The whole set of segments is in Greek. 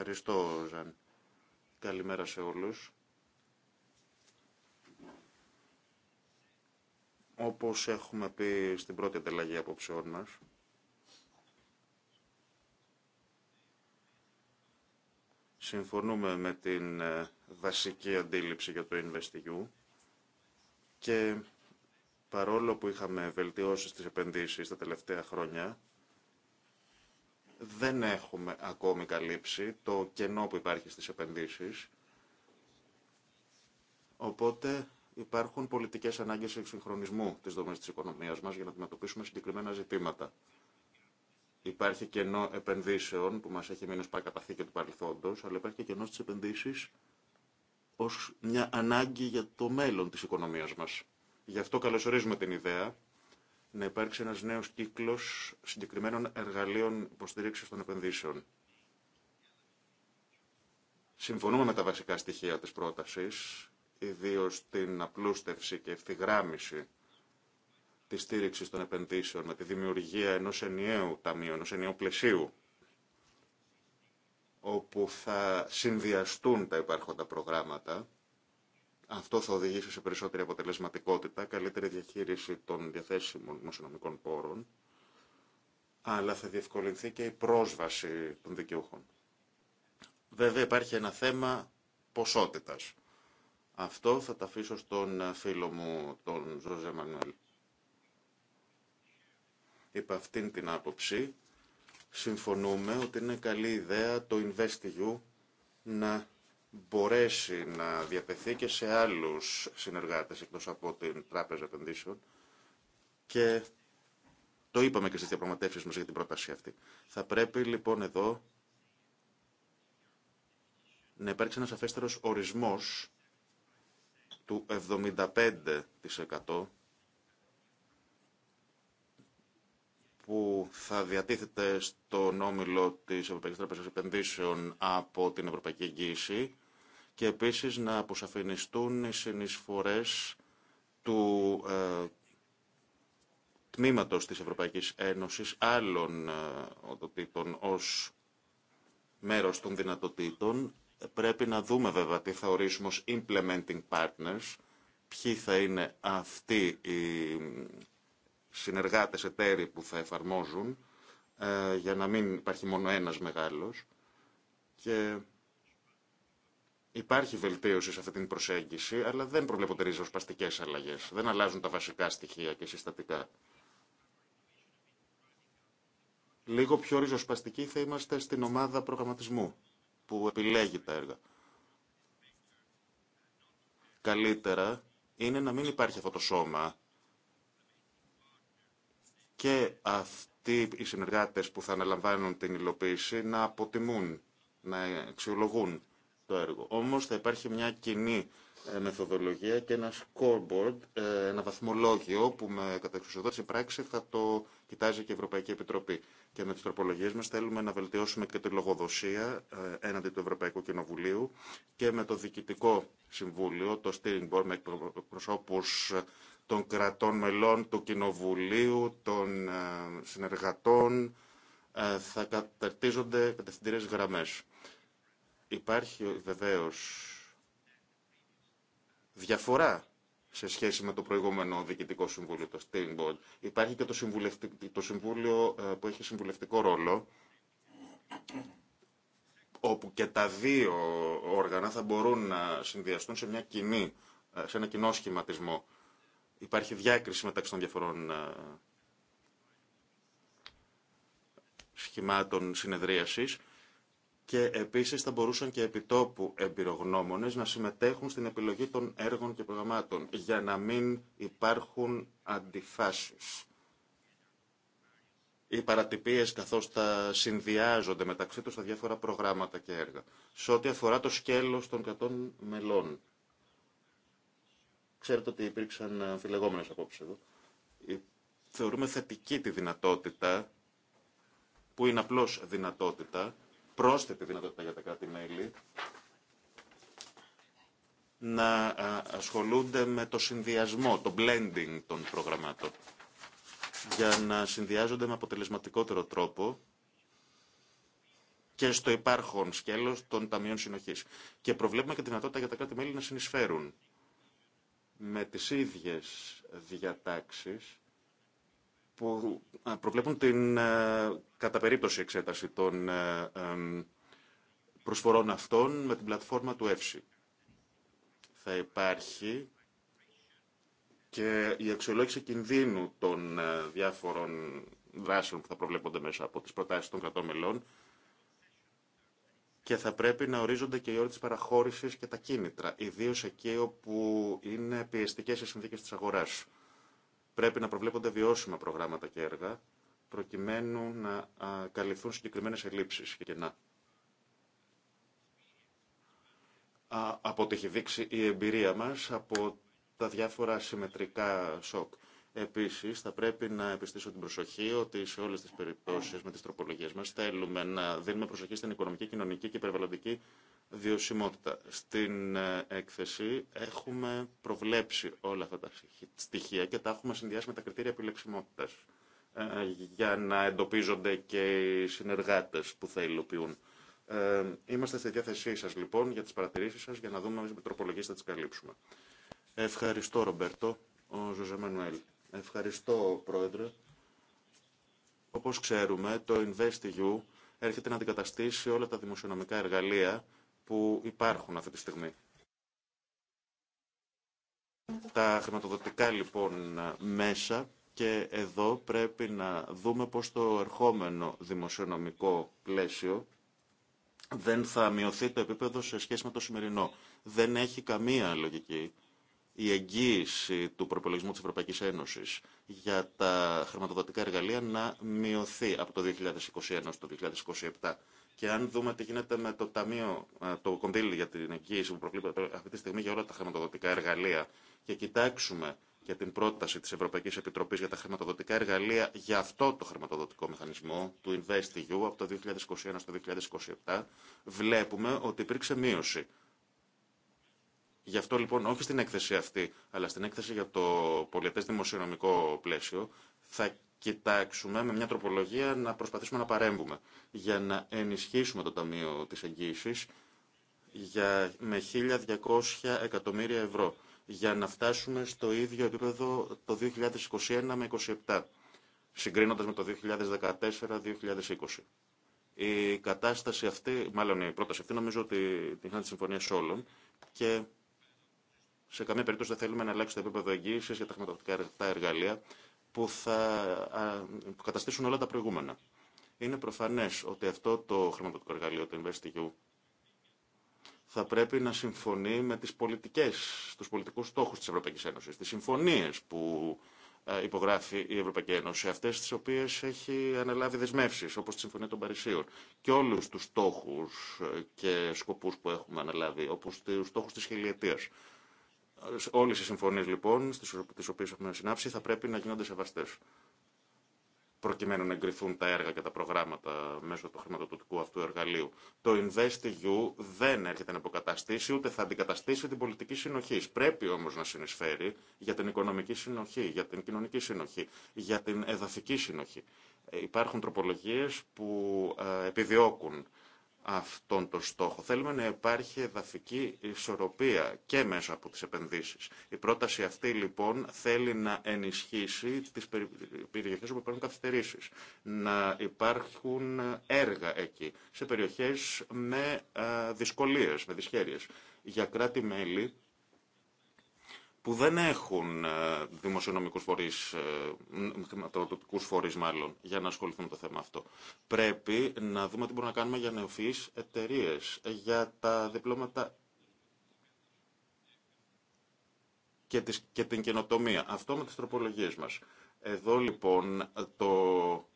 Ευχαριστώ, Ζαν. Καλημέρα σε όλους. Όπως έχουμε πει στην πρώτη ανταλλαγή απόψεών μας, συμφωνούμε με την ε, βασική αντίληψη για το InvestEU και παρόλο που είχαμε βελτιώσει τις επενδύσεις τα τελευταία χρόνια, δεν έχουμε ακόμη καλύψει το κενό που υπάρχει στις επενδύσεις. Οπότε υπάρχουν πολιτικές ανάγκες εξυγχρονισμού της δομής της οικονομίας μας για να αντιμετωπίσουμε συγκεκριμένα ζητήματα. Υπάρχει κενό επενδύσεων που μας έχει μείνει σπακαταθήκη του παρελθόντος, αλλά υπάρχει και κενό στις επενδύσεις ως μια ανάγκη για το μέλλον της οικονομίας μας. Γι' αυτό καλωσορίζουμε την ιδέα να υπάρξει ένας νέος κύκλος συγκεκριμένων εργαλείων υποστήριξης των επενδύσεων. Συμφωνούμε με τα βασικά στοιχεία της πρότασης, ιδίως την απλούστευση και ευθυγράμμιση τη στήριξη των επενδύσεων, με τη δημιουργία ενός ενιαίου ταμείου, ενός ενιαίου πλαισίου, όπου θα συνδυαστούν τα υπάρχοντα προγράμματα αυτό θα οδηγήσει σε περισσότερη αποτελεσματικότητα, καλύτερη διαχείριση των διαθέσιμων δημοσιονομικών πόρων, αλλά θα διευκολυνθεί και η πρόσβαση των δικαιούχων. Βέβαια υπάρχει ένα θέμα ποσότητας. Αυτό θα τα αφήσω στον φίλο μου, τον Ζωζέ Μανουέλ. Υπ' αυτήν την άποψη συμφωνούμε ότι είναι καλή ιδέα το InvestEU να μπορέσει να διατεθεί και σε άλλους συνεργάτες εκτός από την Τράπεζα Επενδύσεων και το είπαμε και στις διαπραγματεύσεις μας για την πρόταση αυτή. Θα πρέπει λοιπόν εδώ να υπάρξει ένας αφέστερος ορισμός του 75% που θα διατίθεται στον όμιλο της Ευρωπαϊκής Τράπεζας Επενδύσεων από την Ευρωπαϊκή Εγγύηση και επίσης να αποσαφινιστούν οι συνεισφορές του ε, τμήματος της Ευρωπαϊκής Ένωσης άλλων ε, οδοτήτων ως μέρος των δυνατοτήτων. Πρέπει να δούμε βέβαια τι θα ορίσουμε ως implementing partners, ποιοι θα είναι αυτοί οι συνεργάτες, εταίροι που θα εφαρμόζουν ε, για να μην υπάρχει μόνο ένας μεγάλος και υπάρχει βελτίωση σε αυτή την προσέγγιση αλλά δεν προβλέπονται ριζοσπαστικές αλλαγές, δεν αλλάζουν τα βασικά στοιχεία και συστατικά. Λίγο πιο ριζοσπαστικοί θα είμαστε στην ομάδα προγραμματισμού που επιλέγει τα έργα. Καλύτερα είναι να μην υπάρχει αυτό το σώμα και αυτοί οι συνεργάτες που θα αναλαμβάνουν την υλοποίηση να αποτιμούν, να αξιολογούν το έργο. Όμως θα υπάρχει μια κοινή ε, μεθοδολογία και ένα scoreboard, ε, ένα βαθμολόγιο που με καταξιοδότηση πράξη θα το κοιτάζει και η Ευρωπαϊκή Επιτροπή. Και με τις τροπολογίες μας θέλουμε να βελτιώσουμε και τη λογοδοσία ε, έναντι του Ευρωπαϊκού Κοινοβουλίου και με το Διοικητικό Συμβούλιο, το Steering Board με προσώπους των κρατών μελών, του Κοινοβουλίου, των ε, συνεργατών, ε, θα καταρτίζονται κατευθυντήριες γραμμές. Υπάρχει βεβαίως διαφορά σε σχέση με το προηγούμενο Διοικητικό Συμβούλιο, το Steering Board. Υπάρχει και το, το Συμβούλιο ε, που έχει συμβουλευτικό ρόλο, όπου και τα δύο όργανα θα μπορούν να συνδυαστούν σε, μια κοινή, σε ένα κοινό σχηματισμό υπάρχει διάκριση μεταξύ των διαφορών ε, σχημάτων συνεδρίασης και επίσης θα μπορούσαν και επιτόπου εμπειρογνώμονες να συμμετέχουν στην επιλογή των έργων και προγραμμάτων για να μην υπάρχουν αντιφάσεις. ή παρατυπίες καθώς τα συνδυάζονται μεταξύ τους τα διάφορα προγράμματα και έργα. Σε ό,τι αφορά το σκέλος των 100 μελών, Ξέρετε ότι υπήρξαν ε, αμφιλεγόμενε απόψεις εδώ. Ε, θεωρούμε θετική τη δυνατότητα, που είναι απλώ δυνατότητα, πρόσθετη δυνατότητα για τα κράτη-μέλη, να ε, ασχολούνται με το συνδυασμό, το blending των προγραμμάτων για να συνδυάζονται με αποτελεσματικότερο τρόπο και στο υπάρχον σκέλος των Ταμείων Συνοχής. Και προβλέπουμε και τη δυνατότητα για τα κράτη-μέλη να συνεισφέρουν με τις ίδιες διατάξεις που προβλέπουν την ε, κατά περίπτωση εξέταση των ε, προσφορών αυτών με την πλατφόρμα του ΕΦΣΥ. Θα υπάρχει και η αξιολόγηση κινδύνου των ε, διάφορων δράσεων που θα προβλέπονται μέσα από τις προτάσεις των κρατών μελών και θα πρέπει να ορίζονται και οι όροι τη παραχώρηση και τα κίνητρα, ιδίω εκεί όπου είναι πιεστικέ οι συνθήκε τη αγορά. Πρέπει να προβλέπονται βιώσιμα προγράμματα και έργα, προκειμένου να καλυφθούν συγκεκριμένε ελλείψει και κενά. Από ό,τι έχει δείξει η εμπειρία μας από τα διάφορα συμμετρικά σοκ. Επίση, θα πρέπει να επιστήσω την προσοχή ότι σε όλε τι περιπτώσει με τι τροπολογίε μα θέλουμε να δίνουμε προσοχή στην οικονομική, κοινωνική και περιβαλλοντική βιωσιμότητα. Στην ε, έκθεση έχουμε προβλέψει όλα αυτά τα στοιχεία και τα έχουμε συνδυάσει με τα κριτήρια επιλεξιμότητα ε, για να εντοπίζονται και οι συνεργάτες που θα υλοποιούν. Ε, είμαστε στη διάθεσή σας λοιπόν για τις παρατηρήσεις σας για να δούμε με τροπολογίες θα τις καλύψουμε. Ευχαριστώ Ρομπέρτο, ο Ζωζε Μανουέλ. Ευχαριστώ, Πρόεδρε. Όπως ξέρουμε, το InvestEU έρχεται να αντικαταστήσει όλα τα δημοσιονομικά εργαλεία που υπάρχουν αυτή τη στιγμή. Τα χρηματοδοτικά λοιπόν μέσα και εδώ πρέπει να δούμε πως το ερχόμενο δημοσιονομικό πλαίσιο δεν θα μειωθεί το επίπεδο σε σχέση με το σημερινό. Δεν έχει καμία λογική η εγγύηση του προπολογισμού της Ευρωπαϊκής Ένωσης για τα χρηματοδοτικά εργαλεία να μειωθεί από το 2021 στο 2027. Και αν δούμε τι γίνεται με το, ταμείο, ε, το κονδύλι για την εγγύηση που προκλείται αυτή τη στιγμή για όλα τα χρηματοδοτικά εργαλεία και κοιτάξουμε και την πρόταση της Ευρωπαϊκής Επιτροπής για τα χρηματοδοτικά εργαλεία για αυτό το χρηματοδοτικό μηχανισμό του InvestEU από το 2021 στο 2027, βλέπουμε ότι υπήρξε μείωση Γι' αυτό λοιπόν όχι στην έκθεση αυτή, αλλά στην έκθεση για το πολιτές δημοσιονομικό πλαίσιο, θα κοιτάξουμε με μια τροπολογία να προσπαθήσουμε να παρέμβουμε για να ενισχύσουμε το Ταμείο τη Εγγύηση για, με 1.200 εκατομμύρια ευρώ για να φτάσουμε στο ίδιο επίπεδο το 2021 με 27, συγκρίνοντας με το 2014-2020. Η κατάσταση αυτή, μάλλον η πρόταση αυτή, νομίζω ότι την τη συμφωνία όλων και σε καμία περίπτωση δεν θέλουμε να αλλάξει το επίπεδο εγγύηση για τα χρηματοδοτικά εργαλεία που θα που καταστήσουν όλα τα προηγούμενα. Είναι προφανέ ότι αυτό το χρηματοδοτικό εργαλείο, το InvestEU, θα πρέπει να συμφωνεί με τις πολιτικές, τους πολιτικούς στόχους της Ευρωπαϊκής Ένωσης, τις συμφωνίες που υπογράφει η Ευρωπαϊκή Ένωση, αυτές τις οποίες έχει αναλάβει δεσμεύσεις, όπως τη Συμφωνία των Παρισίων, και όλους τους στόχους ε, και σκοπούς που έχουμε αναλάβει, όπως τους στόχους της χιλιετίας. Όλε οι συμφωνίε λοιπόν, τι οποίε έχουμε συνάψει, θα πρέπει να γίνονται σεβαστέ. Προκειμένου να εγκριθούν τα έργα και τα προγράμματα μέσω του χρηματοδοτικού αυτού εργαλείου. Το InvestEU δεν έρχεται να αποκαταστήσει ούτε θα αντικαταστήσει την πολιτική συνοχή. Πρέπει όμω να συνεισφέρει για την οικονομική συνοχή, για την κοινωνική συνοχή, για την εδαφική συνοχή. Ε, υπάρχουν τροπολογίε που ε, επιδιώκουν αυτόν τον στόχο. Θέλουμε να υπάρχει εδαφική ισορροπία και μέσα από τις επενδύσεις. Η πρόταση αυτή λοιπόν θέλει να ενισχύσει τις περιοχές που υπάρχουν καθυστερήσεις, να υπάρχουν έργα εκεί, σε περιοχές με ε, δυσκολίες, με δυσχέρειες. Για κράτη-μέλη που δεν έχουν ε, δημοσιονομικούς φορείς, ε, χρηματοδοτικούς φορείς μάλλον, για να ασχοληθούν με το θέμα αυτό. Πρέπει να δούμε τι μπορούμε να κάνουμε για νεοφυείς εταιρείε, για τα διπλώματα και, και την καινοτομία. Αυτό με τις τροπολογίες μας. Εδώ λοιπόν το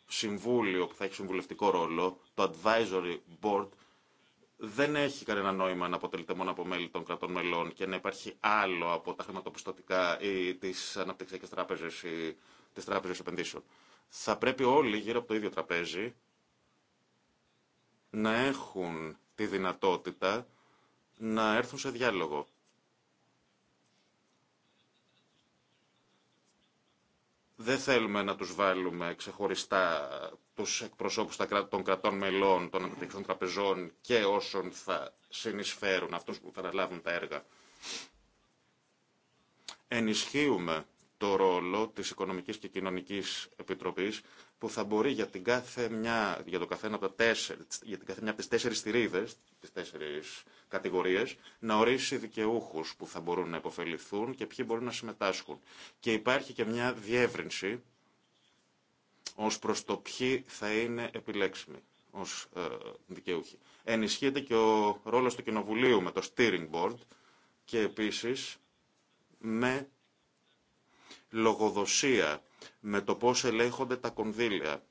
συμβούλιο που θα έχει συμβουλευτικό ρόλο, το advisory board, δεν έχει κανένα νόημα να αποτελείται μόνο από μέλη των κρατών μελών και να υπάρχει άλλο από τα χρηματοπιστωτικά ή τι αναπτυξιακέ τράπεζε ή τι τράπεζε επενδύσεων. Θα πρέπει όλοι γύρω από το ίδιο τραπέζι να έχουν τη δυνατότητα να έρθουν σε διάλογο. Δεν θέλουμε να τους βάλουμε ξεχωριστά του εκπροσώπου των κρατών μελών, των αναπτυξιών τραπεζών και όσων θα συνεισφέρουν, αυτού που θα αναλάβουν τα έργα. Ενισχύουμε το ρόλο της Οικονομικής και Κοινωνικής Επιτροπής που θα μπορεί για, την κάθε μια, για, το καθένα από τα τέσσερι, για την κάθε μια από τις τέσσερις θηρίδες, τις τέσσερις κατηγορίες, να ορίσει δικαιούχους που θα μπορούν να υποφεληθούν και ποιοι μπορούν να συμμετάσχουν. Και υπάρχει και μια διεύρυνση ως προς το ποιοι θα είναι επιλέξιμοι ως ε, δικαιούχοι. Ενισχύεται και ο ρόλος του Κοινοβουλίου με το Steering Board και επίσης με λογοδοσία, με το πώς ελέγχονται τα κονδύλια.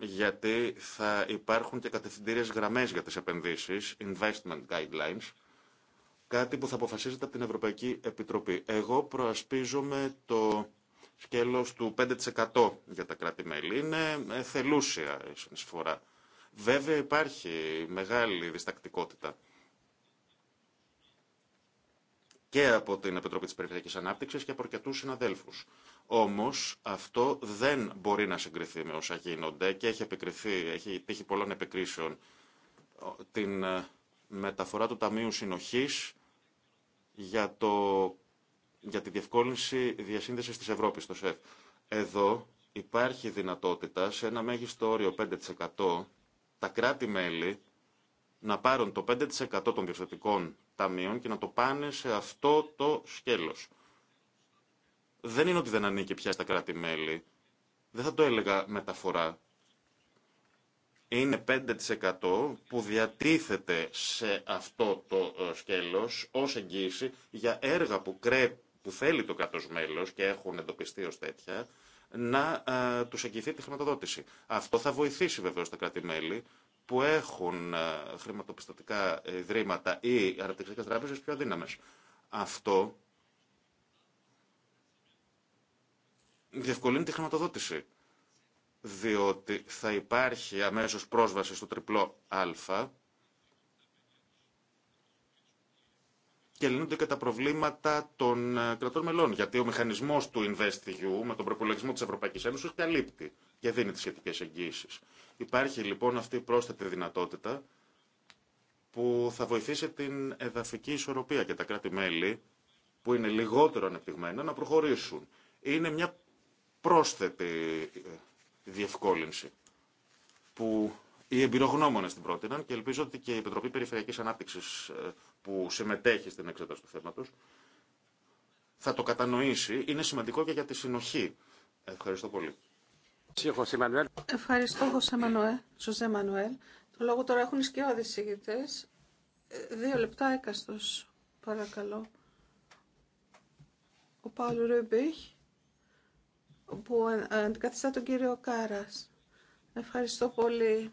Γιατί θα υπάρχουν και κατευθυντήριες γραμμές για τις επενδύσεις, investment guidelines, κάτι που θα αποφασίζεται από την Ευρωπαϊκή Επιτροπή. Εγώ προασπίζομαι το σκέλος του 5% για τα κράτη-μέλη. Είναι ε, θελούσια η συνεισφορά. Βέβαια υπάρχει μεγάλη διστακτικότητα και από την Επιτροπή της Περιφερειακής Ανάπτυξης και από αρκετούς συναδέλφους. Όμως αυτό δεν μπορεί να συγκριθεί με όσα γίνονται και έχει επικριθεί, έχει τύχει πολλών επικρίσεων την ε, μεταφορά του Ταμείου Συνοχής για το για τη διευκόλυνση διασύνδεση της Ευρώπης στο ΣΕΦ. Εδώ υπάρχει δυνατότητα σε ένα μέγιστο όριο 5% τα κράτη-μέλη να πάρουν το 5% των διευθυντικών ταμείων και να το πάνε σε αυτό το σκέλος. Δεν είναι ότι δεν ανήκει πια στα κράτη-μέλη. Δεν θα το έλεγα μεταφορά. Είναι 5% που διατίθεται σε αυτό το ε, σκέλος ως εγγύηση για έργα που που θέλει το κράτο μέλο και έχουν εντοπιστεί ω τέτοια, να ε, του εγγυηθεί τη χρηματοδότηση. Αυτό θα βοηθήσει βεβαίω τα κράτη-μέλη που έχουν ε, χρηματοπιστωτικά ιδρύματα ή αναπτυξιακέ τράπεζε πιο αδύναμε. Αυτό διευκολύνει τη χρηματοδότηση. Διότι θα υπάρχει αμέσως πρόσβαση στο τριπλό α και λύνονται και τα προβλήματα των ε, κρατών μελών. Γιατί ο μηχανισμό του InvestEU με τον προπολογισμό τη Ευρωπαϊκή Ένωση καλύπτει και δίνει τι σχετικέ εγγύσει. Υπάρχει λοιπόν αυτή η πρόσθετη δυνατότητα που θα βοηθήσει την εδαφική ισορροπία και τα κράτη-μέλη που είναι λιγότερο ανεπτυγμένα να προχωρήσουν. Είναι μια πρόσθετη ε, διευκόλυνση που οι εμπειρογνώμονε την πρότειναν και ελπίζω ότι και η Επιτροπή Περιφερειακή Ανάπτυξη ε, που συμμετέχει στην εξέταση του θέματο θα το κατανοήσει. Είναι σημαντικό και για τη συνοχή. Ευχαριστώ πολύ. Ευχαριστώ, Χωσέ Μανουέλ. Ζωζέ Μανουέλ. Το λόγο τώρα έχουν οι σκιώδεις ε, Δύο λεπτά έκαστο. παρακαλώ. Ο Παύλο Ρεμπίχ, που ε, αντικαθιστά τον κύριο Κάρας. Ευχαριστώ πολύ,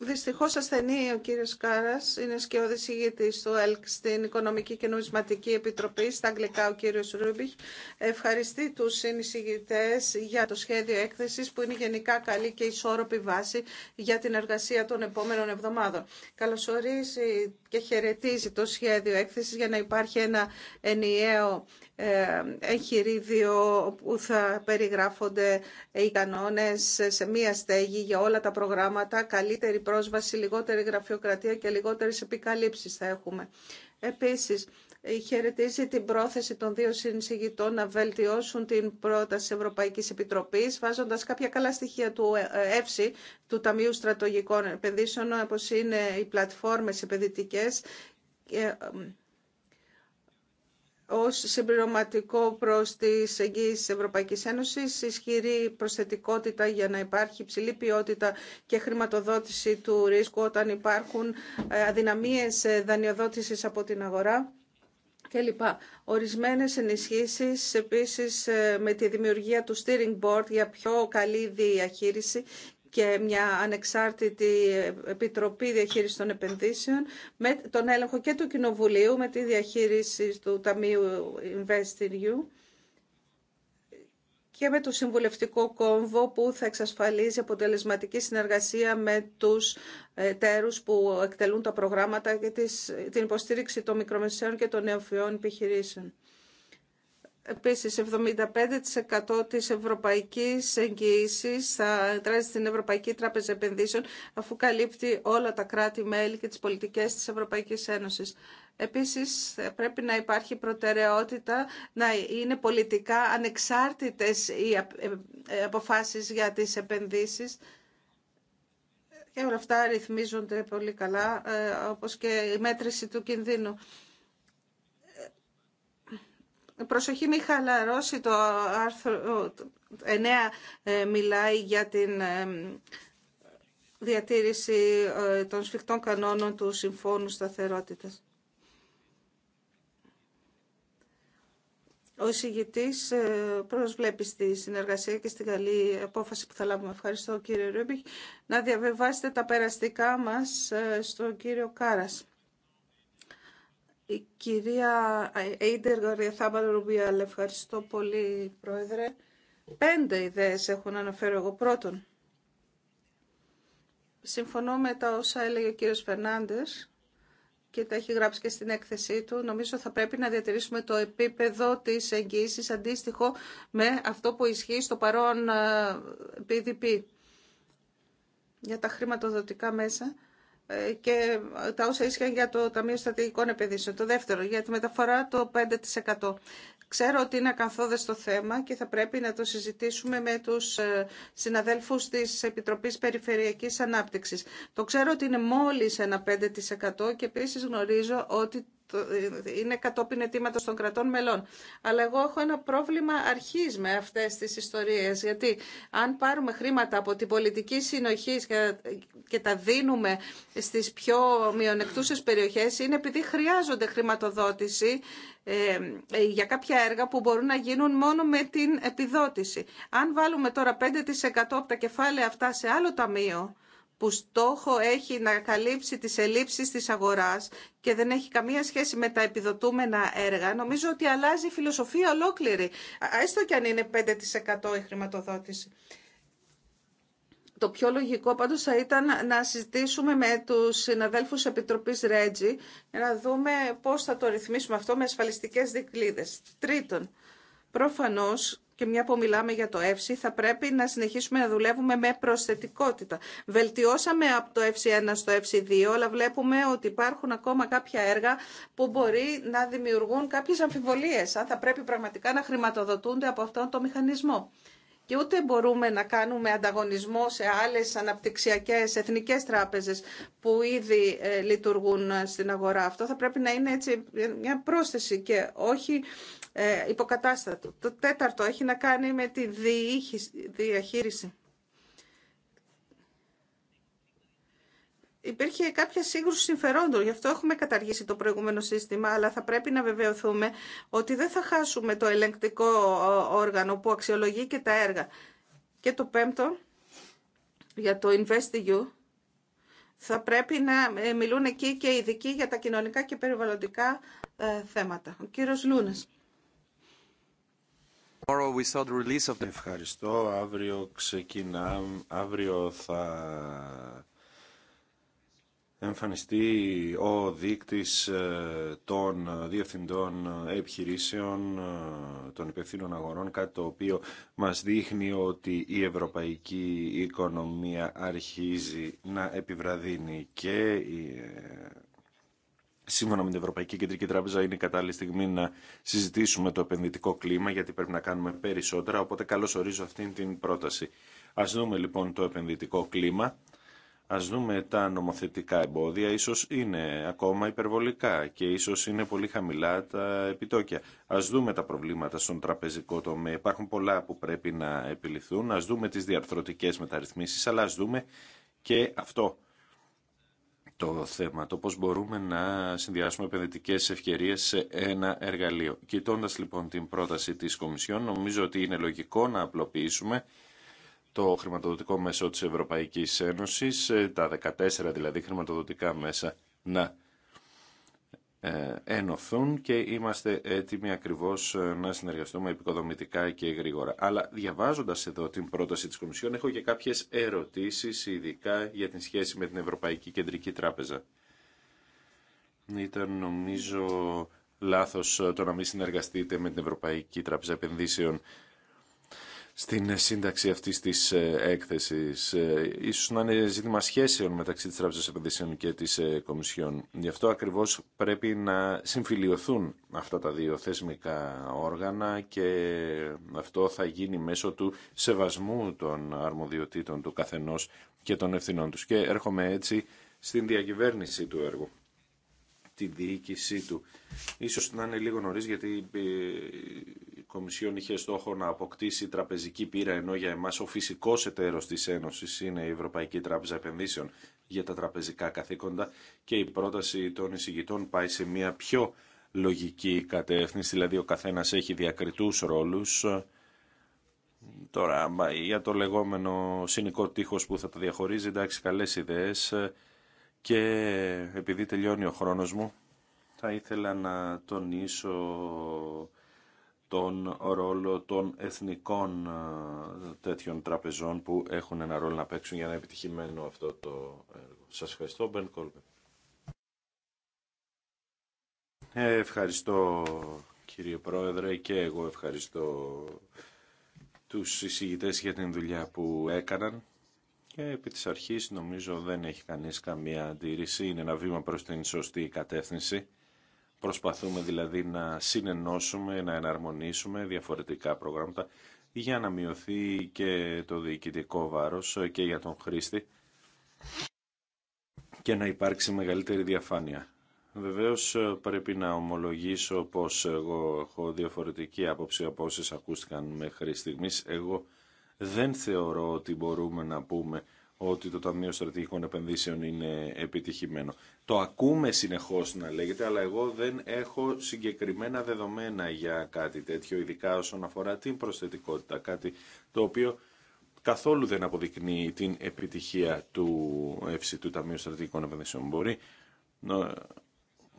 Δυστυχώ ασθενεί ο κύριο Κάρα, είναι σκιώδης ηγητής του ΕΛΚ στην Οικονομική και Νομισματική Επιτροπή, στα αγγλικά ο κύριο Ρούμπιχ. Ευχαριστεί του συνεισηγητέ για το σχέδιο έκθεση που είναι γενικά καλή και ισόρροπη βάση για την εργασία των επόμενων εβδομάδων. Καλωσορίζει και χαιρετίζει το σχέδιο έκθεση για να υπάρχει ένα ενιαίο ε, εγχειρίδιο που θα περιγράφονται οι κανόνε σε μία στέγη για όλα τα προγράμματα, καλύτερη πρόσβαση, λιγότερη γραφειοκρατία και λιγότερες επικαλύψεις θα έχουμε. Επίσης, χαιρετίζει την πρόθεση των δύο συνσηγητών να βελτιώσουν την πρόταση Ευρωπαϊκής Επιτροπής, βάζοντας κάποια καλά στοιχεία του ΕΦΣΥ, του Ταμείου Στρατογικών Επενδύσεων, όπως είναι οι πλατφόρμες επενδυτικές, ως συμπληρωματικό προς τις εγγύησεις της Ευρωπαϊκής Ένωσης, ισχυρή προσθετικότητα για να υπάρχει ψηλή ποιότητα και χρηματοδότηση του ρίσκου όταν υπάρχουν ε, αδυναμίες ε, δανειοδότησης από την αγορά κλπ. Ορισμένες ενισχύσεις επίσης ε, με τη δημιουργία του steering board για πιο καλή διαχείριση και μια ανεξάρτητη επιτροπή διαχείρισης των επενδύσεων με τον έλεγχο και του Κοινοβουλίου με τη διαχείριση του Ταμείου InvestEU και με το συμβουλευτικό κόμβο που θα εξασφαλίζει αποτελεσματική συνεργασία με τους τέρους που εκτελούν τα προγράμματα και την υποστήριξη των μικρομεσαίων και των νεοφυών επιχειρήσεων. Επίσης, 75% της ευρωπαϊκής εγγύησης θα εντράζει στην Ευρωπαϊκή Τράπεζα Επενδύσεων, αφού καλύπτει όλα τα κράτη-μέλη και τις πολιτικές της Ευρωπαϊκής Ένωσης. Επίσης, πρέπει να υπάρχει προτεραιότητα να είναι πολιτικά ανεξάρτητες οι ε, ε, αποφάσεις για τις επενδύσεις και όλα αυτά ρυθμίζονται πολύ καλά, ε, όπως και η μέτρηση του κινδύνου προσοχή μην χαλαρώσει το άρθρο 9 ε, μιλάει για την ε, διατήρηση ε, των σφιχτών κανόνων του Συμφώνου Σταθερότητας. Ο εισηγητής προσβλέπει στη συνεργασία και στην καλή απόφαση που θα λάβουμε. Ευχαριστώ κύριε Ρούμπιχ. Να διαβεβάσετε τα περαστικά μας στον κύριο Κάρας. Η κυρία Αίντερ Γαριαθάμπα Ρουμπιάλ, ευχαριστώ πολύ πρόεδρε. Πέντε ιδέες έχω να αναφέρω εγώ. Πρώτον, συμφωνώ με τα όσα έλεγε ο κύριος Φερνάντες και τα έχει γράψει και στην έκθεσή του. Νομίζω θα πρέπει να διατηρήσουμε το επίπεδο της εγγύησης αντίστοιχο με αυτό που ισχύει στο παρόν PDP ε, για τα χρηματοδοτικά μέσα ε, και τα όσα ίσχυαν για το Ταμείο Στρατηγικών Επενδύσεων. Το δεύτερο, για τη μεταφορά το 5%. Ξέρω ότι είναι ακαθόδες το θέμα και θα πρέπει να το συζητήσουμε με τους ε, συναδέλφους της Επιτροπής Περιφερειακής Ανάπτυξης. Το ξέρω ότι είναι μόλις ένα 5% και επίσης γνωρίζω ότι είναι κατόπιν αιτήματος των κρατών μελών. Αλλά εγώ έχω ένα πρόβλημα αρχής με αυτές τις ιστορίες, γιατί αν πάρουμε χρήματα από την πολιτική συνοχή και τα δίνουμε στις πιο μειονεκτούσες περιοχές, είναι επειδή χρειάζονται χρηματοδότηση ε, ε, για κάποια έργα που μπορούν να γίνουν μόνο με την επιδότηση. Αν βάλουμε τώρα 5% από τα κεφάλαια αυτά σε άλλο ταμείο, που στόχο έχει να καλύψει τις ελλείψεις της αγοράς και δεν έχει καμία σχέση με τα επιδοτούμενα έργα, νομίζω ότι αλλάζει η φιλοσοφία ολόκληρη, έστω και αν είναι 5% η χρηματοδότηση. Το πιο λογικό πάντως θα ήταν να συζητήσουμε με τους συναδέλφους Επιτροπής Ρέτζι για να δούμε πώς θα το ρυθμίσουμε αυτό με ασφαλιστικές δικλίδες. Τρίτον, προφανώς και μια που μιλάμε για το ΕΦΣΙ, θα πρέπει να συνεχίσουμε να δουλεύουμε με προσθετικότητα. Βελτιώσαμε από το ΕΦΣΙ 1 στο ΕΦΣΙ 2, αλλά βλέπουμε ότι υπάρχουν ακόμα κάποια έργα που μπορεί να δημιουργούν κάποιες αμφιβολίες, αν θα πρέπει πραγματικά να χρηματοδοτούνται από αυτόν τον μηχανισμό και ούτε μπορούμε να κάνουμε ανταγωνισμό σε άλλες αναπτυξιακές εθνικές τράπεζες που ήδη ε, λειτουργούν στην αγορά. Αυτό θα πρέπει να είναι έτσι μια πρόσθεση και όχι ε, υποκατάστατο. Το τέταρτο έχει να κάνει με τη διαχείριση. υπήρχε κάποια σύγκρουση συμφερόντων. Γι' αυτό έχουμε καταργήσει το προηγούμενο σύστημα, αλλά θα πρέπει να βεβαιωθούμε ότι δεν θα χάσουμε το ελεγκτικό όργανο που αξιολογεί και τα έργα. Και το πέμπτο, για το InvestEU, θα πρέπει να ε, μιλούν εκεί και ειδικοί για τα κοινωνικά και περιβαλλοντικά ε, θέματα. Ο κύριος Λούνας. Ευχαριστώ. Αύριο ξεκινάμε. Αύριο θα εμφανιστεί ο δείκτης ε, των διευθυντών επιχειρήσεων, ε, των υπευθύνων αγορών, κάτι το οποίο μας δείχνει ότι η ευρωπαϊκή οικονομία αρχίζει να επιβραδύνει και ε, σύμφωνα με την Ευρωπαϊκή Κεντρική Τράπεζα είναι η κατάλληλη στιγμή να συζητήσουμε το επενδυτικό κλίμα γιατί πρέπει να κάνουμε περισσότερα, οπότε καλώς ορίζω αυτήν την πρόταση. Ας δούμε λοιπόν το επενδυτικό κλίμα Ας δούμε τα νομοθετικά εμπόδια, ίσως είναι ακόμα υπερβολικά και ίσως είναι πολύ χαμηλά τα επιτόκια. Ας δούμε τα προβλήματα στον τραπεζικό τομέα, υπάρχουν πολλά που πρέπει να επιληθούν, ας δούμε τις διαρθρωτικές μεταρρυθμίσεις, αλλά ας δούμε και αυτό το θέμα, το πώς μπορούμε να συνδυάσουμε επενδυτικέ ευκαιρίες σε ένα εργαλείο. Κοιτώντας λοιπόν την πρόταση της Κομισιόν, νομίζω ότι είναι λογικό να απλοποιήσουμε το χρηματοδοτικό μέσο της Ευρωπαϊκής Ένωσης, ε, τα 14 δηλαδή χρηματοδοτικά μέσα να ε, ενωθούν και είμαστε έτοιμοι ακριβώς ε, να συνεργαστούμε επικοδομητικά και γρήγορα. Αλλά διαβάζοντας εδώ την πρόταση της Κομισιόν έχω και κάποιες ερωτήσεις ειδικά για την σχέση με την Ευρωπαϊκή Κεντρική Τράπεζα. Ήταν νομίζω λάθος το να μην συνεργαστείτε με την Ευρωπαϊκή Τράπεζα Επενδύσεων στην σύνταξη αυτή τη ε, έκθεση. Ε, ίσως να είναι ζήτημα σχέσεων μεταξύ τη Τράπεζα Επενδύσεων και τη ε, Κομισιόν. Γι' αυτό ακριβώ πρέπει να συμφιλειωθούν αυτά τα δύο θεσμικά όργανα και αυτό θα γίνει μέσω του σεβασμού των αρμοδιοτήτων του καθενό και των ευθυνών του. Και έρχομαι έτσι στην διακυβέρνηση του έργου την διοίκησή του. Ίσως να είναι λίγο νωρίς γιατί Κομισιόν είχε στόχο να αποκτήσει τραπεζική πείρα, ενώ για εμάς ο φυσικός εταίρο τη Ένωση είναι η Ευρωπαϊκή Τράπεζα Επενδύσεων για τα τραπεζικά καθήκοντα και η πρόταση των εισηγητών πάει σε μια πιο λογική κατεύθυνση, δηλαδή ο καθένα έχει διακριτού. ρόλους. Τώρα, για το λεγόμενο συνικό τείχο που θα το διαχωρίζει, εντάξει, καλέ ιδέε. και επειδή τελειώνει ο χρόνος μου, θα ήθελα να τονίσω τον ρόλο των εθνικών ε, τέτοιων τραπεζών που έχουν ένα ρόλο να παίξουν για να επιτυχημένο αυτό το έργο. Σας ευχαριστώ, Μπεν ε, Ευχαριστώ κύριε Πρόεδρε και εγώ ευχαριστώ τους εισηγητές για την δουλειά που έκαναν και επί της αρχής νομίζω δεν έχει κανείς καμία αντίρρηση, είναι ένα βήμα προς την σωστή κατεύθυνση Προσπαθούμε δηλαδή να συνενώσουμε, να εναρμονίσουμε διαφορετικά προγράμματα για να μειωθεί και το διοικητικό βάρος και για τον χρήστη και να υπάρξει μεγαλύτερη διαφάνεια. Βεβαίως πρέπει να ομολογήσω πως εγώ έχω διαφορετική άποψη από όσες ακούστηκαν μέχρι στιγμής. Εγώ δεν θεωρώ ότι μπορούμε να πούμε ότι το Ταμείο Στρατηγικών Επενδύσεων είναι επιτυχημένο. Το ακούμε συνεχώς να λέγεται, αλλά εγώ δεν έχω συγκεκριμένα δεδομένα για κάτι τέτοιο, ειδικά όσον αφορά την προσθετικότητα, κάτι το οποίο καθόλου δεν αποδεικνύει την επιτυχία του ΕΦΣΙ, του Ταμείου Στρατηγικών Επενδύσεων. Μπορεί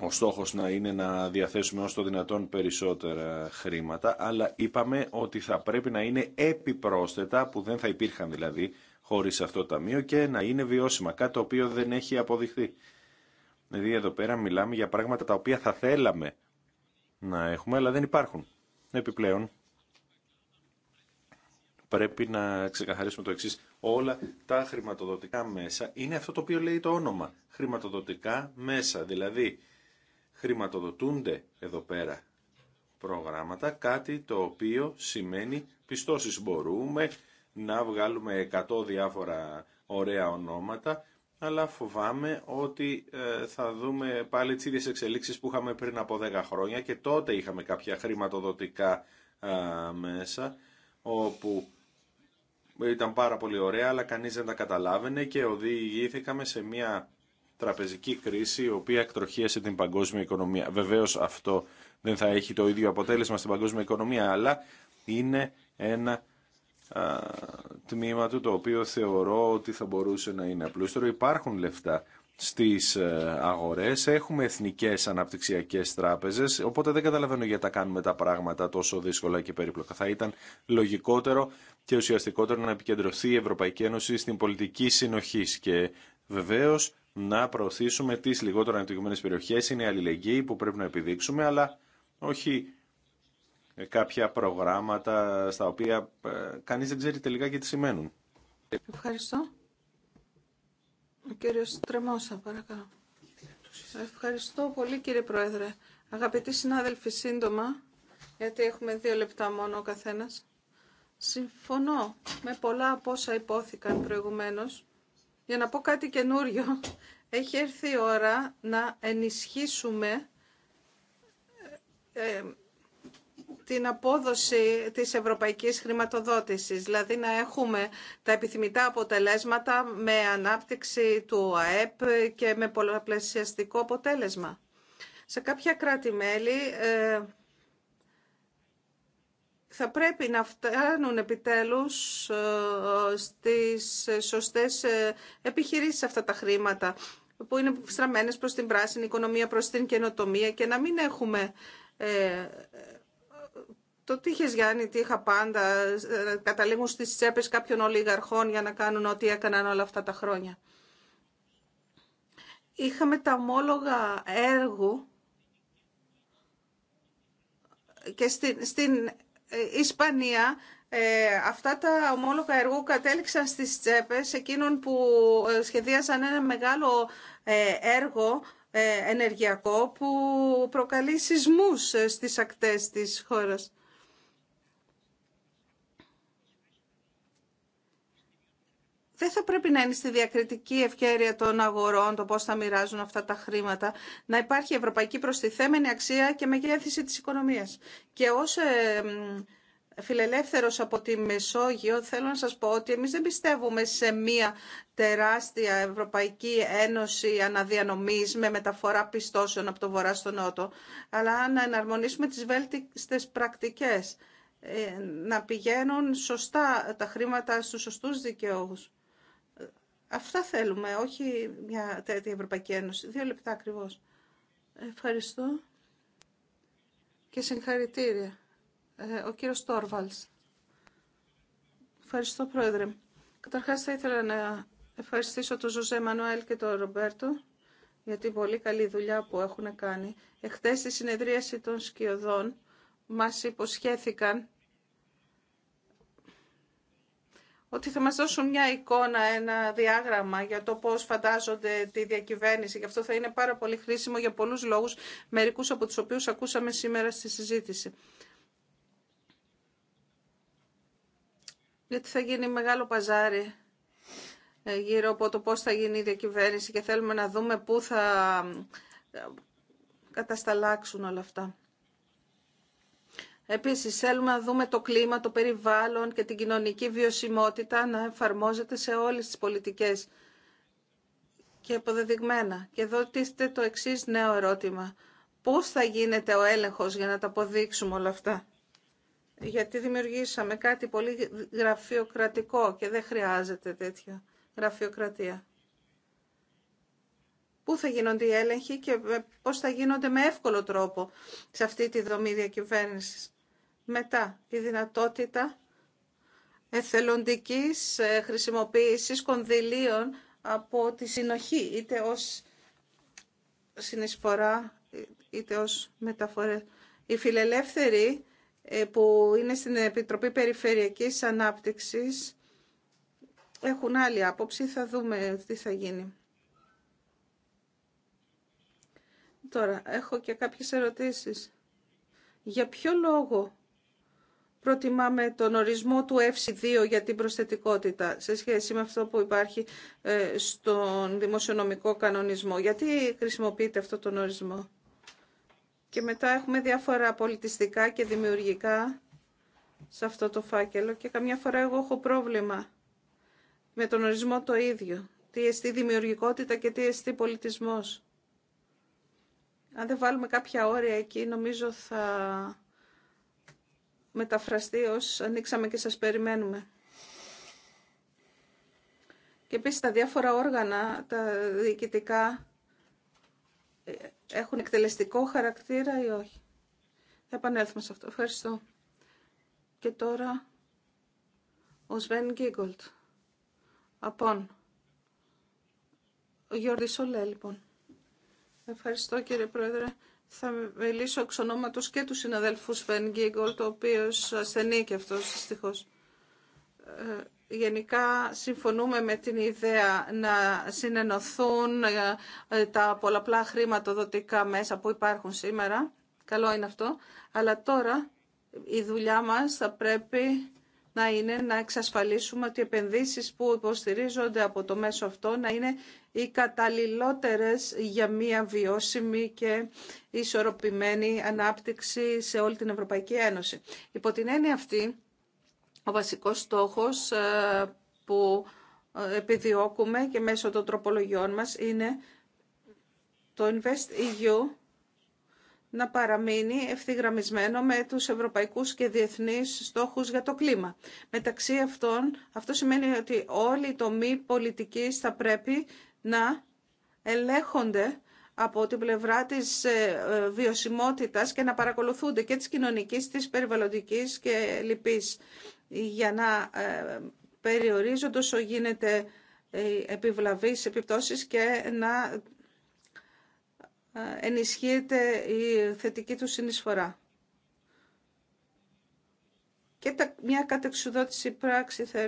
ο στόχος να είναι να διαθέσουμε όσο το δυνατόν περισσότερα χρήματα, αλλά είπαμε ότι θα πρέπει να είναι επιπρόσθετα, που δεν θα υπήρχαν δηλαδή, χωρίς αυτό το ταμείο και να είναι βιώσιμα, κάτι το οποίο δεν έχει αποδειχθεί. Δηλαδή εδώ πέρα μιλάμε για πράγματα τα οποία θα θέλαμε να έχουμε, αλλά δεν υπάρχουν. Επιπλέον, πρέπει να ξεκαθαρίσουμε το εξής. Όλα τα χρηματοδοτικά μέσα είναι αυτό το οποίο λέει το όνομα. Χρηματοδοτικά μέσα, δηλαδή χρηματοδοτούνται εδώ πέρα προγράμματα, κάτι το οποίο σημαίνει πιστώσεις. Μπορούμε να βγάλουμε 100 διάφορα ωραία ονόματα, αλλά φοβάμαι ότι ε, θα δούμε πάλι τις ίδιες εξελίξεις που είχαμε πριν από 10 χρόνια και τότε είχαμε κάποια χρηματοδοτικά μέσα όπου ήταν πάρα πολύ ωραία αλλά κανείς δεν τα καταλάβαινε και οδηγήθηκαμε σε μια τραπεζική κρίση η οποία εκτροχίασε την παγκόσμια οικονομία. Βεβαίως αυτό δεν θα έχει το ίδιο αποτέλεσμα στην παγκόσμια οικονομία αλλά είναι ένα τμήμα του το οποίο θεωρώ ότι θα μπορούσε να είναι απλούστερο. Υπάρχουν λεφτά στις ε, αγορές, έχουμε εθνικές αναπτυξιακές τράπεζες, οπότε δεν καταλαβαίνω γιατί τα κάνουμε τα πράγματα τόσο δύσκολα και περίπλοκα. Θα ήταν λογικότερο και ουσιαστικότερο να επικεντρωθεί η Ευρωπαϊκή Ένωση στην πολιτική συνοχή και βεβαίω να προωθήσουμε τις λιγότερο ανεπτυγμένες περιοχές, είναι η αλληλεγγύη που πρέπει να επιδείξουμε, αλλά όχι κάποια προγράμματα στα οποία ε, κανείς δεν ξέρει τελικά και τι σημαίνουν. Ευχαριστώ. Ο κύριος Τρεμόσα, παρακαλώ. Ευχαριστώ πολύ κύριε Πρόεδρε. Αγαπητοί συνάδελφοι, σύντομα, γιατί έχουμε δύο λεπτά μόνο ο καθένας. Συμφωνώ με πολλά από όσα υπόθηκαν προηγουμένως. Για να πω κάτι καινούριο, έχει έρθει η ώρα να ενισχύσουμε ε, ε, την απόδοση της ευρωπαϊκής χρηματοδότησης, δηλαδή να έχουμε τα επιθυμητά αποτελέσματα με ανάπτυξη του ΑΕΠ και με πολλαπλασιαστικό αποτέλεσμα. Σε κάποια κράτη-μέλη ε, θα πρέπει να φτάνουν επιτέλους ε, στις σωστές ε, επιχειρήσεις αυτά τα χρήματα που είναι στραμμένες προς την πράσινη οικονομία, προς την καινοτομία και να μην έχουμε το τι είχε Γιάννη, τι είχα πάντα, ε, καταλήγουν στις τσέπες κάποιων ολιγαρχών για να κάνουν ό,τι έκαναν όλα αυτά τα χρόνια. Είχαμε τα ομόλογα έργου και στην, στην ε, Ισπανία ε, αυτά τα ομόλογα εργού κατέληξαν στις τσέπες εκείνων που ε, σχεδίασαν ένα μεγάλο έργο ενεργειακό που προκαλεί σεισμούς στις ακτές της χώρας. δεν θα πρέπει να είναι στη διακριτική ευκαιρία των αγορών το πώς θα μοιράζουν αυτά τα χρήματα, να υπάρχει ευρωπαϊκή προστιθέμενη αξία και μεγέθυνση της οικονομίας. Και ως ε, φιλελεύθερος από τη Μεσόγειο θέλω να σας πω ότι εμείς δεν πιστεύουμε σε μία τεράστια Ευρωπαϊκή Ένωση αναδιανομής με μεταφορά πιστώσεων από το βορρά στο νότο, αλλά να εναρμονίσουμε τις βέλτιστες πρακτικές ε, να πηγαίνουν σωστά τα χρήματα στους σωστούς δικαιώους. Αυτά θέλουμε, όχι μια τέτοια Ευρωπαϊκή Ένωση. Δύο λεπτά ακριβώς. Ευχαριστώ και συγχαρητήρια. Ε, ο κύριος Τόρβαλς. Ευχαριστώ, Πρόεδρε. Καταρχάς θα ήθελα να ευχαριστήσω τον Ζωζέ Μανουέλ και τον Ρομπέρτο για την πολύ καλή δουλειά που έχουν κάνει. Εχθές στη συνεδρίαση των σκιωδών μας υποσχέθηκαν ότι θα μας δώσουν μια εικόνα, ένα διάγραμμα για το πώς φαντάζονται τη διακυβέρνηση. Γι' αυτό θα είναι πάρα πολύ χρήσιμο για πολλούς λόγους, μερικούς από τους οποίους ακούσαμε σήμερα στη συζήτηση. Γιατί θα γίνει μεγάλο παζάρι ε, γύρω από το πώς θα γίνει η διακυβέρνηση και θέλουμε να δούμε πού θα ε, κατασταλάξουν όλα αυτά. Επίσης θέλουμε να δούμε το κλίμα, το περιβάλλον και την κοινωνική βιωσιμότητα να εφαρμόζεται σε όλες τις πολιτικές και αποδεδειγμένα. Και εδώ τίθεται το εξής νέο ερώτημα. Πώς θα γίνεται ο έλεγχος για να τα αποδείξουμε όλα αυτά. Γιατί δημιουργήσαμε κάτι πολύ γραφειοκρατικό και δεν χρειάζεται τέτοια γραφειοκρατία. Πού θα γίνονται οι έλεγχοι και πώς θα γίνονται με εύκολο τρόπο σε αυτή τη δομή διακυβέρνησης. Μετά, η δυνατότητα εθελοντικής ε, χρησιμοποίησης κονδυλίων από τη συνοχή, είτε ως συνεισφορά, είτε ως μεταφορέ. Οι φιλελεύθεροι ε, που είναι στην Επιτροπή Περιφερειακής Ανάπτυξης έχουν άλλη άποψη, θα δούμε τι θα γίνει. Τώρα, έχω και κάποιες ερωτήσεις. Για ποιο λόγο προτιμάμε τον ορισμό του FC2 για την προσθετικότητα σε σχέση με αυτό που υπάρχει ε, στον δημοσιονομικό κανονισμό. Γιατί χρησιμοποιείται αυτό τον ορισμό. Και μετά έχουμε διάφορα πολιτιστικά και δημιουργικά σε αυτό το φάκελο και καμιά φορά εγώ έχω πρόβλημα με τον ορισμό το ίδιο. Τι εστί δημιουργικότητα και τι εστί πολιτισμός. Αν δεν βάλουμε κάποια όρια εκεί, νομίζω θα μεταφραστεί ως ανοίξαμε και σας περιμένουμε. Και επίσης τα διάφορα όργανα, τα διοικητικά, ε, έχουν εκτελεστικό χαρακτήρα ή όχι. Θα επανέλθουμε σε αυτό. Ευχαριστώ. Και τώρα ο Σβέν Γκίγκολτ. Απόν. Ο Γιώργη Σολέ, λοιπόν. Ευχαριστώ κύριε Πρόεδρε. Θα μιλήσω εξ ονόματος και του συναδέλφου Σπεν Γκίγκολ, ο οποίος ασθενεί και αυτός δυστυχώς. Ε, γενικά συμφωνούμε με την ιδέα να συνενωθούν ε, ε, τα πολλαπλά χρηματοδοτικά μέσα που υπάρχουν σήμερα. Καλό είναι αυτό. Αλλά τώρα η δουλειά μας θα πρέπει να είναι να εξασφαλίσουμε ότι οι επενδύσεις που υποστηρίζονται από το μέσο αυτό να είναι οι καταλληλότερες για μια βιώσιμη και ισορροπημένη ανάπτυξη σε όλη την Ευρωπαϊκή Ένωση. Υπό την έννοια αυτή, ο βασικός στόχος ε, που ε, επιδιώκουμε και μέσω των τροπολογιών μας είναι το InvestEU, να παραμείνει ευθυγραμμισμένο με τους ευρωπαϊκούς και διεθνείς στόχους για το κλίμα. Μεταξύ αυτών, αυτό σημαίνει ότι όλοι οι τομεί πολιτικής θα πρέπει να ελέγχονται από την πλευρά της ε, ε, βιωσιμότητας και να παρακολουθούνται και της κοινωνικής, της περιβαλλοντικής και λοιπής για να ε, περιορίζονται όσο γίνεται επιβλαβείς επιπτώσεις και να ενισχύεται η θετική του συνεισφορά. Και μια κατεξουδότηση πράξη θα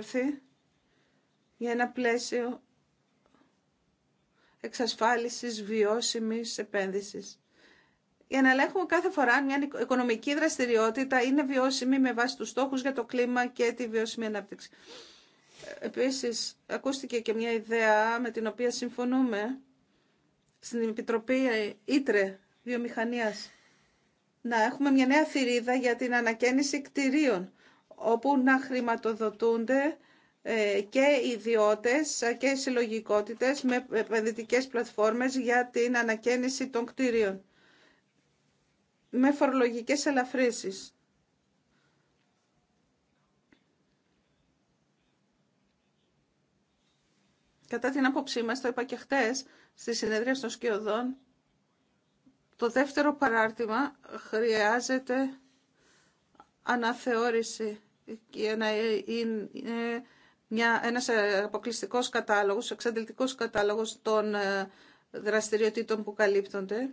για ένα πλαίσιο εξασφάλισης βιώσιμης επένδυσης. Για να ελέγχουμε κάθε φορά αν μια οικονομική δραστηριότητα είναι βιώσιμη με βάση τους στόχους για το κλίμα και τη βιώσιμη ανάπτυξη. Ε, επίσης, ακούστηκε και μια ιδέα με την οποία συμφωνούμε στην Επιτροπή ε, Ήτρε Βιομηχανίας να έχουμε μια νέα θηρίδα για την ανακαίνιση κτηρίων όπου να χρηματοδοτούνται ε, και ιδιώτες ε, και συλλογικότητες με επενδυτικέ πλατφόρμες για την ανακαίνιση των κτηρίων με φορολογικές ελαφρύσεις. Κατά την άποψή μας, το είπα και χτες, στη συνεδρία των Σκιωδών, το δεύτερο παράρτημα χρειάζεται αναθεώρηση και να είναι μια, ένας αποκλειστικός κατάλογος, εξαντλητικός κατάλογος των ε, δραστηριοτήτων που καλύπτονται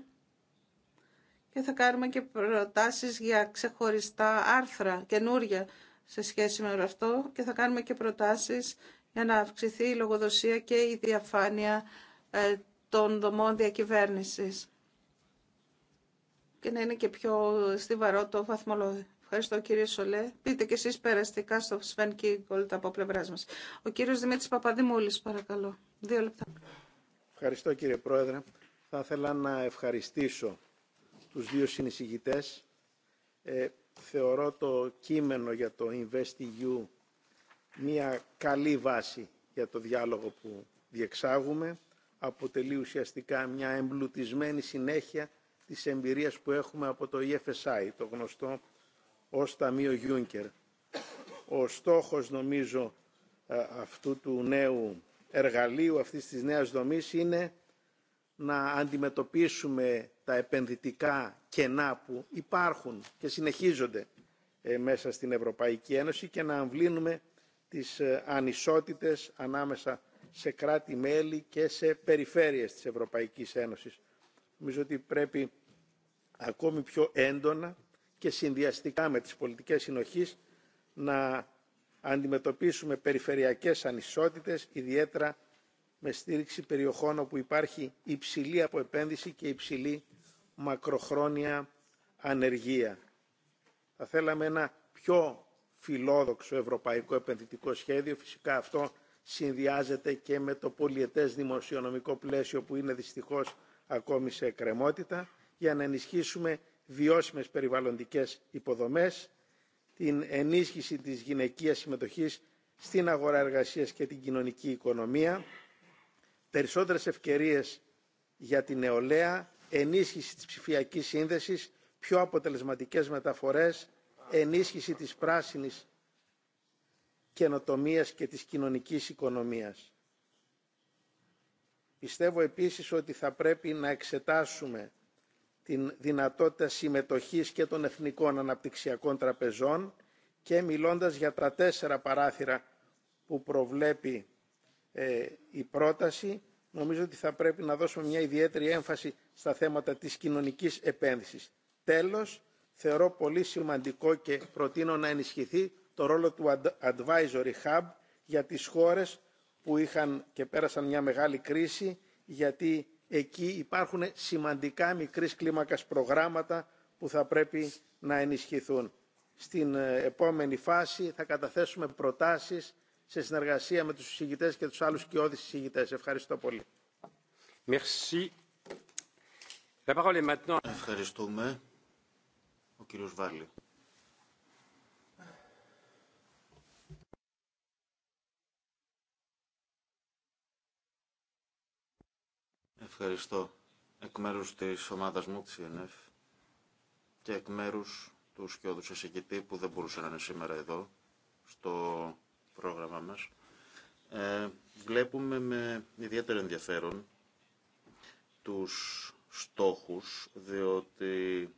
και θα κάνουμε και προτάσεις για ξεχωριστά άρθρα καινούρια σε σχέση με αυτό και θα κάνουμε και προτάσεις για να αυξηθεί η λογοδοσία και η διαφάνεια ε, των δομών διακυβέρνησης και να είναι και πιο στιβαρό το βαθμολόγιο. Ευχαριστώ κύριε Σολέ. Πείτε και εσείς περαστικά στο Σφεν Κίγκολτ από πλευρά μας. Ο κύριος Δημήτρης Παπαδημούλης παρακαλώ. Δύο λεπτά. Ευχαριστώ κύριε Πρόεδρε. Θα ήθελα να ευχαριστήσω τους δύο συνεισηγητές. Ε, θεωρώ το κείμενο για το InvestEU μια καλή βάση για το διάλογο που διεξάγουμε. Αποτελεί ουσιαστικά μια εμπλουτισμένη συνέχεια της εμπειρίας που έχουμε από το EFSI, το γνωστό ως Ταμείο Γιούνκερ. Ο στόχος νομίζω ε, αυτού του νέου εργαλείου, αυτής της νέας δομής είναι να αντιμετωπίσουμε τα επενδυτικά κενά που υπάρχουν και συνεχίζονται ε, μέσα στην Ευρωπαϊκή Ένωση και να αμβλύνουμε τις ε, ανισότητες ανάμεσα σε κράτη-μέλη και σε περιφέρειες της Ευρωπαϊκής Ένωσης. Νομίζω ότι πρέπει ακόμη πιο έντονα και συνδυαστικά με τις πολιτικές συνοχής να αντιμετωπίσουμε περιφερειακές ανισότητες, ιδιαίτερα με στήριξη περιοχών όπου υπάρχει υψηλή αποεπένδυση και υψηλή μακροχρόνια ανεργία. Θα θέλαμε ένα πιο φιλόδοξο ευρωπαϊκό επενδυτικό σχέδιο. Φυσικά αυτό συνδυάζεται και με το πολιετές δημοσιονομικό πλαίσιο που είναι δυστυχώς ακόμη σε εκκρεμότητα για να ενισχύσουμε βιώσιμες περιβαλλοντικές υποδομές, την ενίσχυση της γυναικείας συμμετοχής στην αγορά εργασίας και την κοινωνική οικονομία, περισσότερες ευκαιρίες για την νεολαία, ενίσχυση της ψηφιακής σύνδεσης, πιο αποτελεσματικές μεταφορές, ενίσχυση της πράσινης καινοτομίας και της κοινωνικής οικονομίας. Πιστεύω επίσης ότι θα πρέπει να εξετάσουμε την δυνατότητα συμμετοχής και των εθνικών αναπτυξιακών τραπεζών και μιλώντας για τα τέσσερα παράθυρα που προβλέπει ε, η πρόταση, νομίζω ότι θα πρέπει να δώσουμε μια ιδιαίτερη έμφαση στα θέματα της κοινωνικής επένδυσης. Τέλος, θεωρώ πολύ σημαντικό και προτείνω να ενισχυθεί το ρόλο του Advisory Hub για τις χώρες που είχαν και πέρασαν μια μεγάλη κρίση γιατί εκεί υπάρχουν σημαντικά μικρής κλίμακας προγράμματα που θα πρέπει να ενισχυθούν. Στην ε, επόμενη φάση θα καταθέσουμε προτάσεις σε συνεργασία με τους συζητητές και τους άλλους κοιόδης συζητητές. Ευχαριστώ πολύ. Ευχαριστούμε ο κύριος Βάλλη. Ευχαριστώ εκ μέρου τη ομάδα μου, τη ΕΝΕΦ, και εκ μέρου του σκιώδου εισηγητή που δεν μπορούσε να είναι σήμερα εδώ, στο πρόγραμμα μα. Ε, βλέπουμε με ιδιαίτερο ενδιαφέρον τους στόχους, διότι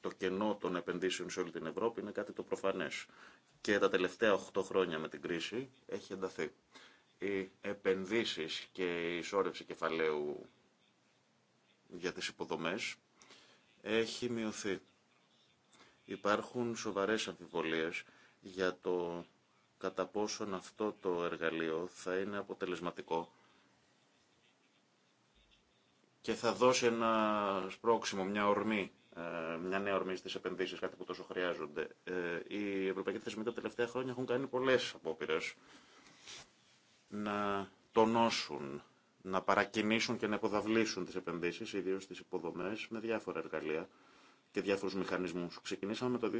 το κενό των επενδύσεων σε όλη την Ευρώπη είναι κάτι το προφανές. Και τα τελευταία 8 χρόνια με την κρίση έχει ενταθεί. Οι επενδύσεις και η σόρευση κεφαλαίου για τις υποδομές έχει μειωθεί. Υπάρχουν σοβαρές αμφιβολίες για το κατά πόσον αυτό το εργαλείο θα είναι αποτελεσματικό και θα δώσει ένα σπρόξιμο, μια ορμή ε, μια νέα ορμή στι επενδύσει, κάτι που τόσο χρειάζονται. Ε, οι ευρωπαϊκοί θεσμοί τα τελευταία χρόνια έχουν κάνει πολλέ απόπειρε να τονώσουν, να παρακινήσουν και να υποδαβλήσουν τι επενδύσει, ιδίω στι υποδομέ, με διάφορα εργαλεία και διάφορου μηχανισμού. Ξεκινήσαμε το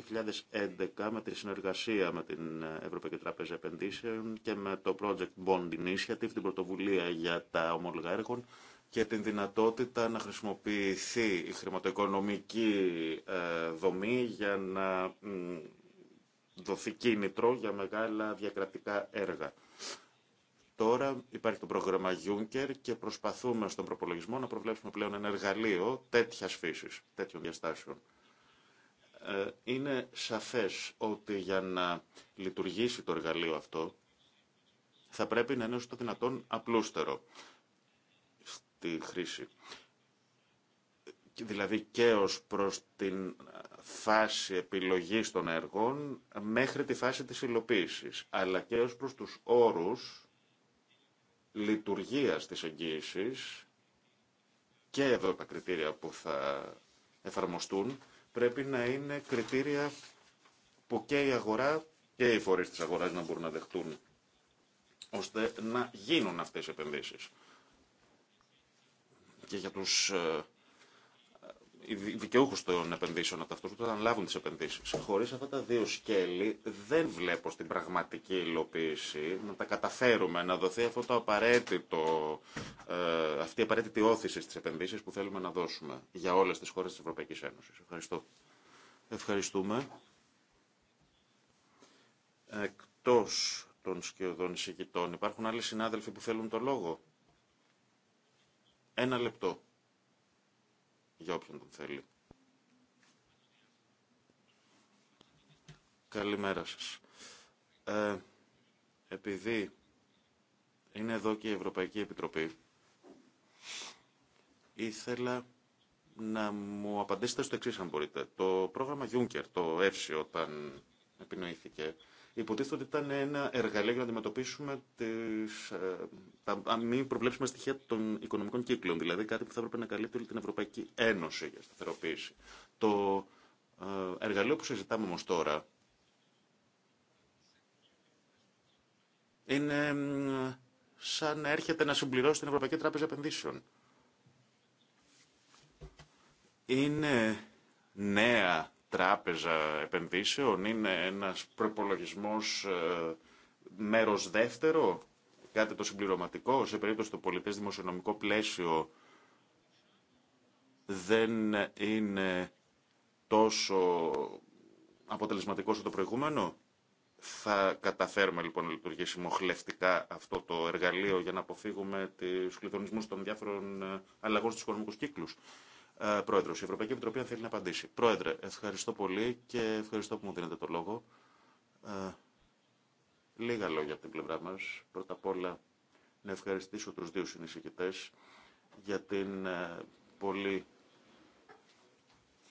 2011 με τη συνεργασία με την Ευρωπαϊκή Τράπεζα Επενδύσεων και με το Project Bond Initiative, την πρωτοβουλία για τα ομόλογα έργων και την δυνατότητα να χρησιμοποιηθεί η χρηματοοικονομική ε, δομή για να δοθεί κίνητρο για μεγάλα διακρατικά έργα. Τώρα υπάρχει το πρόγραμμα Juncker και προσπαθούμε στον προπολογισμό να προβλέψουμε πλέον ένα εργαλείο τέτοια φύση, τέτοιων διαστάσεων. Ε, είναι σαφές ότι για να λειτουργήσει το εργαλείο αυτό θα πρέπει να είναι όσο το δυνατόν απλούστερο τη χρήση. Δηλαδή και ως προς την φάση επιλογής των έργων μέχρι τη φάση της υλοποίησης, αλλά και ως προς τους όρους λειτουργίας της εγγύησης και εδώ τα κριτήρια που θα εφαρμοστούν πρέπει να είναι κριτήρια που και η αγορά και οι φορείς της αγοράς να μπορούν να δεχτούν ώστε να γίνουν αυτές οι επενδύσεις και για τους ε, ε, δικαιούχου των επενδύσεων από αυτού που θα λάβουν τι επενδύσει. Χωρί αυτά τα δύο σκέλη, δεν βλέπω στην πραγματική υλοποίηση να τα καταφέρουμε, να δοθεί αυτό το ε, αυτή η απαραίτητη όθηση στι επενδύσει που θέλουμε να δώσουμε για όλε τι χώρε τη Ευρωπαϊκή Ένωση. Ευχαριστώ. Ευχαριστούμε. Εκτό των σκιωδών εισηγητών, υπάρχουν άλλοι συνάδελφοι που θέλουν το λόγο. Ένα λεπτό. Για όποιον τον θέλει. Καλημέρα σας. Ε, επειδή είναι εδώ και η Ευρωπαϊκή Επιτροπή, ήθελα να μου απαντήσετε στο εξής αν μπορείτε. Το πρόγραμμα Juncker, το ΕΦΣΙ, όταν επινοήθηκε, Υποτίθεται ότι ήταν ένα εργαλείο για να αντιμετωπίσουμε τις, ε, τα μη προβλέψιμα στοιχεία των οικονομικών κύκλων. Δηλαδή κάτι που θα έπρεπε να καλύπτει όλη την Ευρωπαϊκή Ένωση για σταθεροποίηση. Το ε, εργαλείο που συζητάμε όμω τώρα είναι σαν να έρχεται να συμπληρώσει την Ευρωπαϊκή Τράπεζα Επενδύσεων. Είναι νέα τράπεζα επενδύσεων, είναι ένας προπολογισμός ε, μέρος δεύτερο, κάτι το συμπληρωματικό, σε περίπτωση το πολιτές δημοσιονομικό πλαίσιο δεν είναι τόσο αποτελεσματικό στο το προηγούμενο. Θα καταφέρουμε λοιπόν να λειτουργήσει μοχλευτικά αυτό το εργαλείο για να αποφύγουμε του κλειδονισμού των διάφορων ε, αλλαγών στους οικονομικού κύκλου. Ε, Πρόεδρο, η Ευρωπαϊκή Επιτροπή αν θέλει να απαντήσει. Πρόεδρε, ευχαριστώ πολύ και ευχαριστώ που μου δίνετε το λόγο. Ε, λίγα λόγια από την πλευρά μα. Πρώτα απ' όλα να ευχαριστήσω του δύο συνεισηγητέ για την ε, πολύ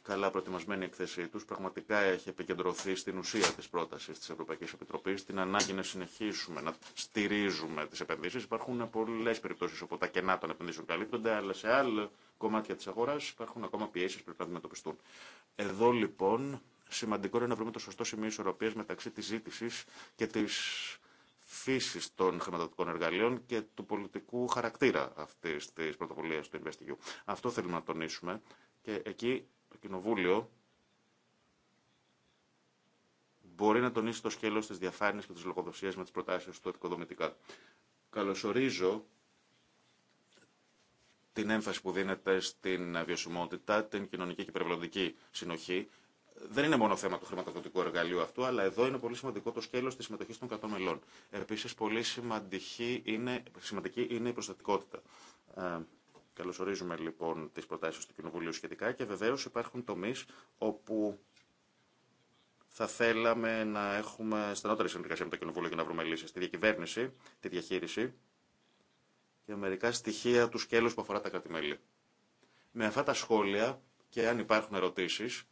καλά προετοιμασμένη εκθέσή του, Πραγματικά έχει επικεντρωθεί στην ουσία τη πρόταση τη Ευρωπαϊκή Επιτροπή. την ανάγκη να συνεχίσουμε να στηρίζουμε τι επενδύσει. Υπάρχουν πολλέ περιπτώσει όπου τα κενά των επενδύσεων καλύπτονται, αλλά σε άλλα κομμάτια τη αγορά υπάρχουν ακόμα πιέσει που πρέπει να αντιμετωπιστούν. Εδώ λοιπόν σημαντικό είναι να βρούμε το σωστό σημείο ισορροπία μεταξύ τη ζήτηση και τη φύσης των χρηματοδοτικών εργαλείων και του πολιτικού χαρακτήρα αυτή της πρωτοβουλίας του InvestEU. Αυτό θέλουμε να τονίσουμε και εκεί το Κοινοβούλιο μπορεί να τονίσει το σκέλος της διαφάνειας και της λογοδοσίας με τις προτάσεις του επικοδομητικά. Καλωσορίζω την έμφαση που δίνεται στην βιωσιμότητα, την κοινωνική και περιβαλλοντική συνοχή. Δεν είναι μόνο θέμα του χρηματοδοτικού εργαλείου αυτού, αλλά εδώ είναι πολύ σημαντικό το σκέλος της συμμετοχής των κρατών μελών. Επίσης, πολύ σημαντική είναι, σημαντική είναι η προστατικότητα. Ε, Καλωσορίζουμε λοιπόν τις προτάσεις του Κοινοβουλίου σχετικά και βεβαίως υπάρχουν τομείς όπου θα θέλαμε να έχουμε στενότερη συνεργασία με το Κοινοβούλιο για να βρούμε λύσεις. Τη διακυβέρνηση, τη διαχείριση και μερικά στοιχεία του σκέλους που αφορά τα κρατημέλη. Με αυτά τα σχόλια και αν υπάρχουν ερωτήσεις,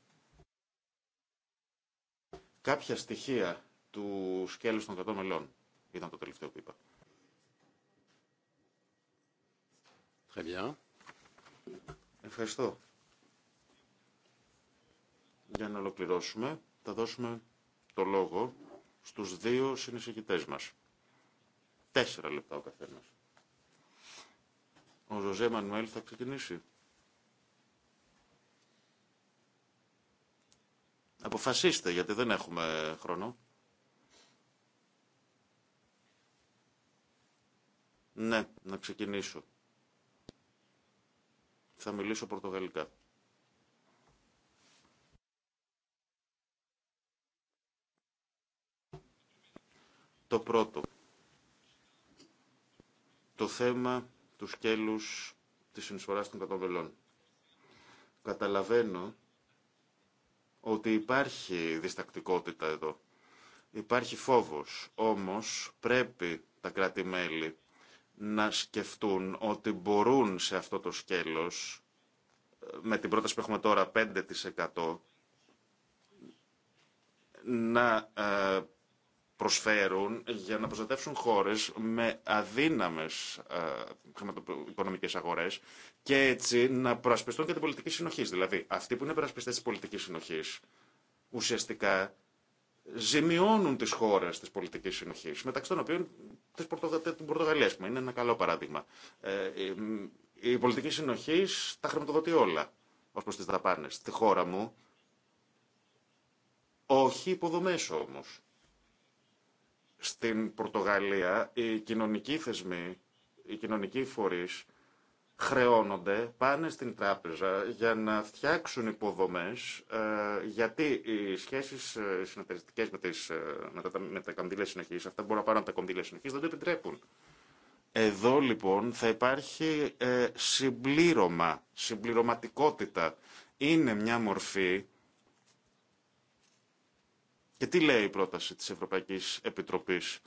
κάποια στοιχεία του σκέλους των κρατών μελών ήταν το τελευταίο που είπα. Très bien. Ευχαριστώ. Για να ολοκληρώσουμε, θα δώσουμε το λόγο στους δύο συνεισηγητές μας. Τέσσερα λεπτά ο καθένας. Ο Ζωζέ Μανουέλ θα ξεκινήσει. Αποφασίστε, γιατί δεν έχουμε χρόνο. Ναι, να ξεκινήσω. Θα μιλήσω πορτογαλικά. Το πρώτο. Το θέμα του σκέλους της συνεισφοράς των κατοβελών. Καταλαβαίνω ότι υπάρχει διστακτικότητα εδώ. Υπάρχει φόβος. Όμως πρέπει τα κράτη-μέλη να σκεφτούν ότι μπορούν σε αυτό το σκέλος, με την πρόταση που έχουμε τώρα 5%, να ε, προσφέρουν για να προστατεύσουν χώρες με αδύναμες ε, οικονομικές αγορές και έτσι να προασπιστούν και την πολιτική συνοχή. Δηλαδή, αυτοί που είναι προασπιστές της πολιτικής συνοχής, ουσιαστικά ζημιώνουν τις χώρες τη πολιτική συνοχή μεταξύ των οποίων της Πορτογαλία που είναι ένα καλό παράδειγμα. Ε, η πολιτική συνοχή τα χρηματοδοτεί όλα ω προ τις δαπάνε Στη χώρα μου, όχι υποδομές όμως. Στην Πορτογαλία, οι κοινωνικοί θεσμοί, οι κοινωνικοί φορεί χρεώνονται, πάνε στην τράπεζα για να φτιάξουν υποδομές, ε, γιατί οι σχέσεις ε, συνεταιριστικές με, τις, ε, με τα, με τα κονδύλια συνεχής, αυτά μπορούν να πάρουν τα κονδύλια συνεχής, δεν το επιτρέπουν. Εδώ λοιπόν θα υπάρχει συμπλήρωμα, συμπληρωματικότητα. Είναι μια μορφή και τι λέει η πρόταση της Ευρωπαϊκής Επιτροπής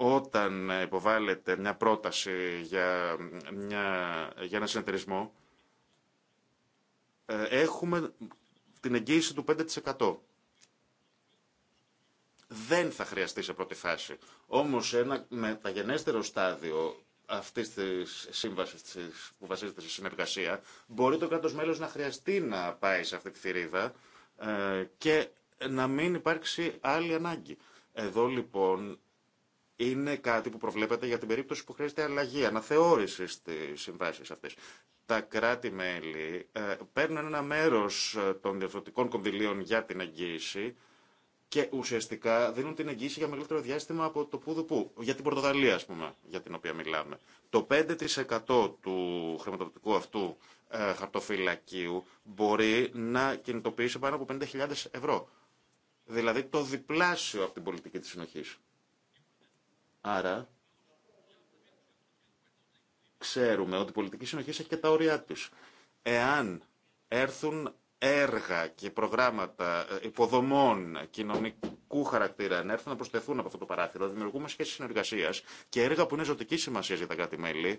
όταν υποβάλλεται μια πρόταση για, μια, για ένα συνεταιρισμό, ε, έχουμε την εγγύηση του 5%. Δεν θα χρειαστεί σε πρώτη φάση. Όμως ένα μεταγενέστερο στάδιο αυτή τη σύμβαση που βασίζεται σε συνεργασία, μπορεί το κράτο μέλο να χρειαστεί να πάει σε αυτή τη θηρίδα ε, και να μην υπάρξει άλλη ανάγκη. Εδώ λοιπόν είναι κάτι που προβλέπεται για την περίπτωση που χρειάζεται αλλαγή, αναθεώρηση στι συμβάσει αυτέ. Τα κράτη-μέλη ε, παίρνουν ένα μέρο ε, των διαφορετικών κονδυλίων για την εγγύηση και ουσιαστικά δίνουν την εγγύηση για μεγαλύτερο διάστημα από το που Για την Πορτογαλία, α πούμε, για την οποία μιλάμε. Το 5% του χρηματοδοτικού αυτού ε, χαρτοφυλακίου μπορεί να κινητοποιήσει πάνω από 50.000 ευρώ. Δηλαδή το διπλάσιο από την πολιτική τη συνοχή. Άρα, ξέρουμε ότι η πολιτική συνοχή έχει και τα όρια τη. Εάν έρθουν έργα και προγράμματα ε, υποδομών κοινωνικού χαρακτήρα αν έρθουν να προσθεθούν από αυτό το παράθυρο, δημιουργούμε σχέσει συνεργασία και έργα που είναι ζωτική σημασία για τα κράτη-μέλη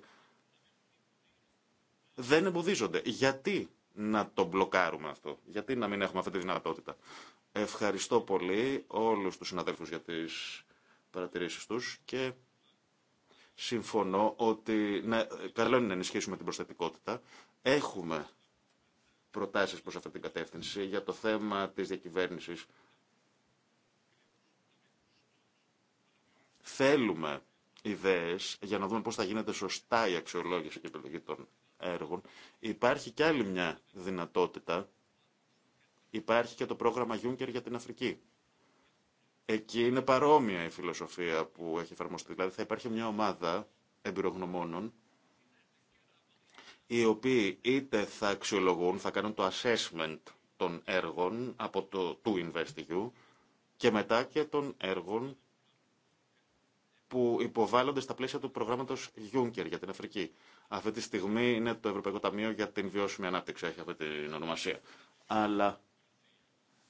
δεν εμποδίζονται. Γιατί να το μπλοκάρουμε αυτό, γιατί να μην έχουμε αυτή τη δυνατότητα. Ευχαριστώ πολύ όλους τους συναδέλφους για τις και συμφωνώ ότι ναι, καλό είναι να ενισχύσουμε την προσθετικότητα. Έχουμε προτάσεις προς αυτή την κατεύθυνση για το θέμα της διακυβέρνησης. Θέλουμε ιδέες για να δούμε πώς θα γίνεται σωστά η αξιολόγηση και η επιλογή των έργων. Υπάρχει και άλλη μια δυνατότητα. Υπάρχει και το πρόγραμμα Juncker για την Αφρική. Εκεί είναι παρόμοια η φιλοσοφία που έχει εφαρμοστεί. Δηλαδή θα υπάρχει μια ομάδα εμπειρογνωμόνων οι οποίοι είτε θα αξιολογούν, θα κάνουν το assessment των έργων από το του InvestEU και μετά και των έργων που υποβάλλονται στα πλαίσια του προγράμματος Juncker για την Αφρική. Αυτή τη στιγμή είναι το Ευρωπαϊκό Ταμείο για την Βιώσιμη Ανάπτυξη, έχει αυτή την ονομασία. Αλλά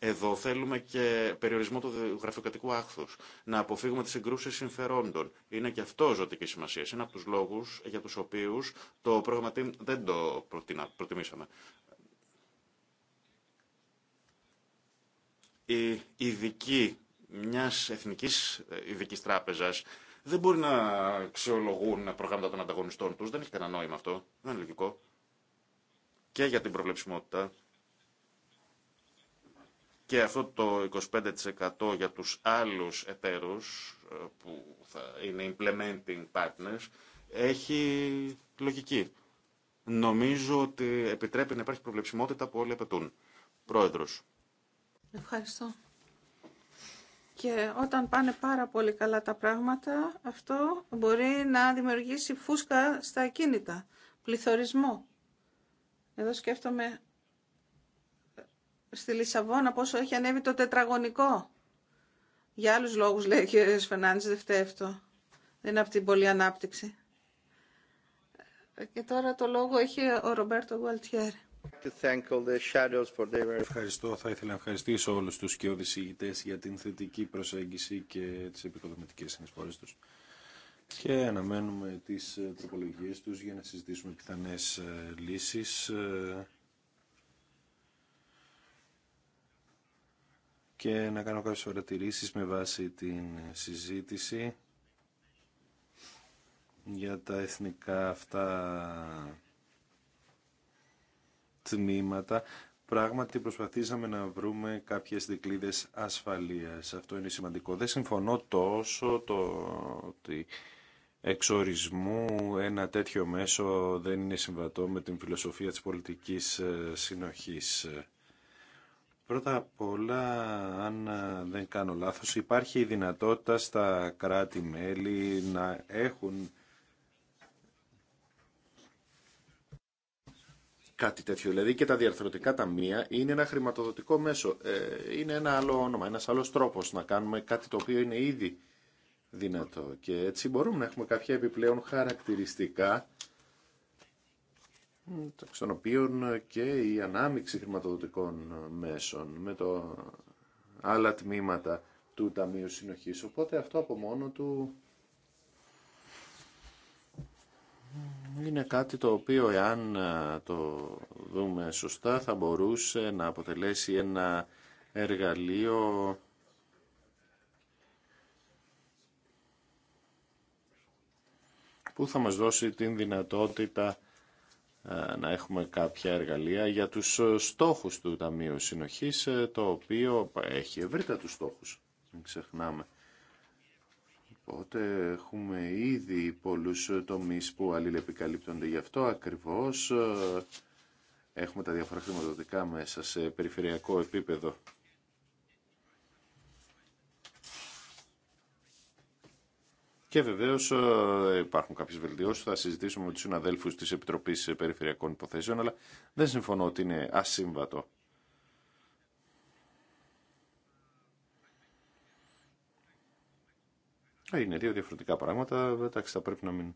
εδώ θέλουμε και περιορισμό του γραφειοκρατικού άκθου. Να αποφύγουμε τι συγκρούσει συμφερόντων. Είναι και αυτό ζωτική σημασία. Είναι από του λόγου για του οποίου το πρόγραμμα team δεν το προτιμήσαμε. Η ειδική μια εθνική ε, ειδική τράπεζα δεν μπορεί να αξιολογούν προγράμματα των ανταγωνιστών του. Δεν έχει κανένα νόημα αυτό. Δεν είναι λογικό. Και για την προβλεψιμότητα και αυτό το 25% για τους άλλους εταίρους ε, που θα είναι implementing partners έχει λογική. Νομίζω ότι επιτρέπει να υπάρχει προβλεψιμότητα που όλοι απαιτούν. Πρόεδρος. Ευχαριστώ. Και όταν πάνε πάρα πολύ καλά τα πράγματα, αυτό μπορεί να δημιουργήσει φούσκα στα ακίνητα, πληθωρισμό. Εδώ σκέφτομαι στη Λισαβόνα πόσο έχει ανέβει το τετραγωνικό. Για άλλους λόγους λέει ο κ. δεν φταίει αυτό. Δεν είναι από την πολλή ανάπτυξη. Και τώρα το λόγο έχει ο Ρομπέρτο Γουαλτιέρη. Ευχαριστώ. Θα ήθελα να ευχαριστήσω όλους τους και ηγητές για την θετική προσέγγιση και τις επικοδομητικές συνεισφορές τους. Και αναμένουμε τις τροπολογίες τους για να συζητήσουμε πιθανές ε, λύσεις ε, και να κάνω κάποιες παρατηρήσεις με βάση την συζήτηση για τα εθνικά αυτά τμήματα. Πράγματι προσπαθήσαμε να βρούμε κάποιες δικλίδες ασφαλείας. Αυτό είναι σημαντικό. Δεν συμφωνώ τόσο το ότι εξορισμού ένα τέτοιο μέσο δεν είναι συμβατό με την φιλοσοφία της πολιτικής συνοχής. Πρώτα απ' όλα, αν ε, δεν κάνω λάθος, υπάρχει η δυνατότητα στα κράτη-μέλη να έχουν κάτι τέτοιο. Δηλαδή και τα διαρθρωτικά ταμεία είναι ένα χρηματοδοτικό μέσο. Ε, είναι ένα άλλο όνομα, ένας άλλος τρόπος να κάνουμε κάτι το οποίο είναι ήδη δυνατό. Και έτσι μπορούμε να έχουμε κάποια επιπλέον χαρακτηριστικά μεταξύ των οποίων και η ανάμειξη χρηματοδοτικών μέσων με το άλλα τμήματα του Ταμείου Συνοχής. Οπότε αυτό από μόνο του είναι κάτι το οποίο εάν το δούμε σωστά θα μπορούσε να αποτελέσει ένα εργαλείο που θα μας δώσει την δυνατότητα ε, να έχουμε κάποια εργαλεία για τους ε, στόχους του Ταμείου Συνοχής, ε, το οποίο έχει τους στόχους, δεν ξεχνάμε. Οπότε έχουμε ήδη πολλούς τομείς που αλληλεπικαλύπτονται γι' αυτό ακριβώς. Έχουμε τα διαφορά χρηματοδοτικά μέσα σε περιφερειακό επίπεδο Και βεβαίω ε, υπάρχουν κάποιε βελτιώσει. Θα συζητήσουμε με του συναδέλφου τη Επιτροπή Περιφερειακών Υποθέσεων, αλλά δεν συμφωνώ ότι είναι ασύμβατο. Ε, είναι δύο διαφορετικά πράγματα. Εντάξει, θα πρέπει να μην.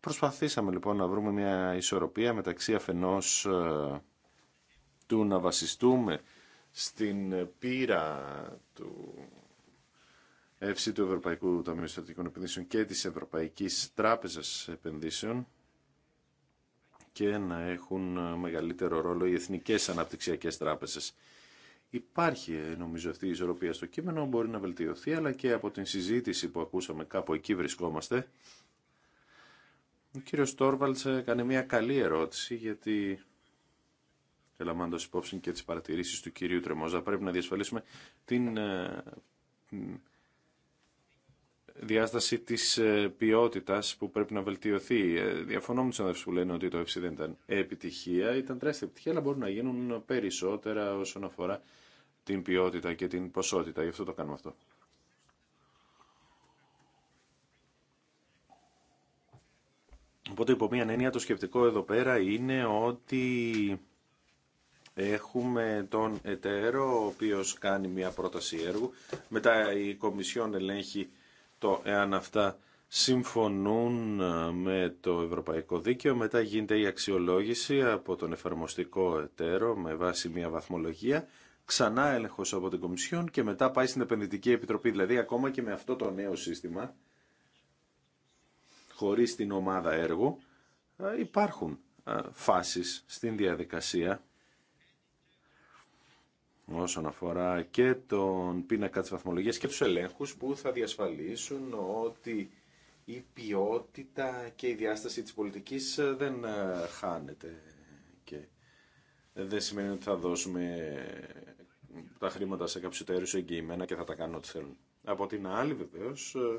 Προσπαθήσαμε λοιπόν να βρούμε μια ισορροπία μεταξύ αφενός ε, του να βασιστούμε στην πείρα του ΕΦΣΥ του Ευρωπαϊκού Ταμείου Στρατηγικών Επενδύσεων και της Ευρωπαϊκής Τράπεζας Επενδύσεων και να έχουν μεγαλύτερο ρόλο οι εθνικές αναπτυξιακές τράπεζες. Υπάρχει νομίζω αυτή η ισορροπία στο κείμενο, μπορεί να βελτιωθεί, αλλά και από την συζήτηση που ακούσαμε κάπου εκεί βρισκόμαστε. Ο κύριος Τόρβαλτς έκανε μια καλή ερώτηση γιατί ελαμβάνοντας υπόψη και τις παρατηρήσεις του κυρίου Τρεμόζα πρέπει να διασφαλίσουμε την ε, διάσταση της ε, ποιότητα που πρέπει να βελτιωθεί. Ε, διαφωνώ με του που λένε ότι το FC δεν ήταν επιτυχία. Ήταν τεράστια επιτυχία, αλλά μπορούν να γίνουν περισσότερα όσον αφορά την ποιότητα και την ποσότητα. Γι' αυτό το κάνουμε αυτό. Οπότε υπό μία έννοια το σκεπτικό εδώ πέρα είναι ότι έχουμε τον εταίρο ο οποίος κάνει μία πρόταση έργου, μετά η Κομισιόν ελέγχει το εάν αυτά συμφωνούν ε, με το Ευρωπαϊκό Δίκαιο. Μετά γίνεται η αξιολόγηση από τον εφαρμοστικό εταίρο με βάση μια βαθμολογία. Ξανά έλεγχο από την Κομισιόν και μετά πάει στην Επενδυτική Επιτροπή. Δηλαδή ακόμα και με αυτό το νέο σύστημα, Χωρί την ομάδα έργου, ε, υπάρχουν ε, φάσεις στην διαδικασία όσον αφορά και τον πίνακα της βαθμολογίας και τους ελέγχους που θα διασφαλίσουν ότι η ποιότητα και η διάσταση της πολιτικής δεν ε, χάνεται και δεν σημαίνει ότι θα δώσουμε τα χρήματα σε κάποιους εταίρους εγγυημένα και θα τα κάνουν ό,τι θέλουν. Από την άλλη βεβαίως ε,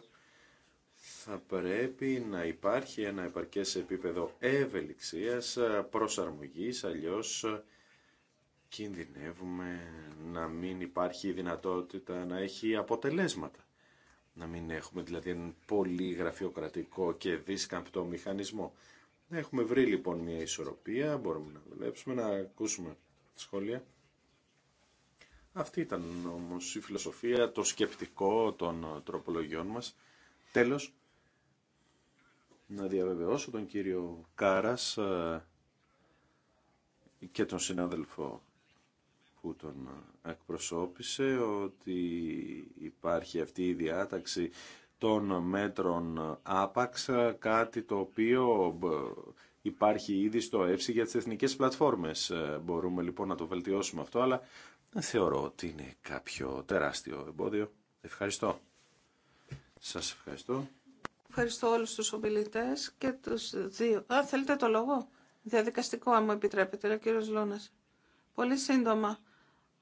θα πρέπει να υπάρχει ένα επαρκές επίπεδο ευελιξίας, ε, προσαρμογής, αλλιώς κινδυνεύουμε να μην υπάρχει δυνατότητα να έχει αποτελέσματα. Να μην έχουμε δηλαδή έναν πολύ γραφειοκρατικό και δίσκαμπτο μηχανισμό. Έχουμε βρει λοιπόν μια ισορροπία, μπορούμε να δουλέψουμε, να ακούσουμε σχόλια. Αυτή ήταν όμως η φιλοσοφία, το σκεπτικό των τροπολογιών μας. Τέλος, να διαβεβαιώσω τον κύριο Κάρας ε, και τον συνάδελφο που τον εκπροσώπησε ότι υπάρχει αυτή η διάταξη των μέτρων άπαξ, κάτι το οποίο υπάρχει ήδη στο ΕΨΙ για τις εθνικές πλατφόρμες. Μπορούμε λοιπόν να το βελτιώσουμε αυτό, αλλά θεωρώ ότι είναι κάποιο τεράστιο εμπόδιο. Ευχαριστώ. Σας ευχαριστώ. Ευχαριστώ όλους τους ομιλητές και τους δύο. Α, θέλετε το λόγο. Διαδικαστικό, αν μου επιτρέπετε, ο κύριος Λόνας. Πολύ σύντομα.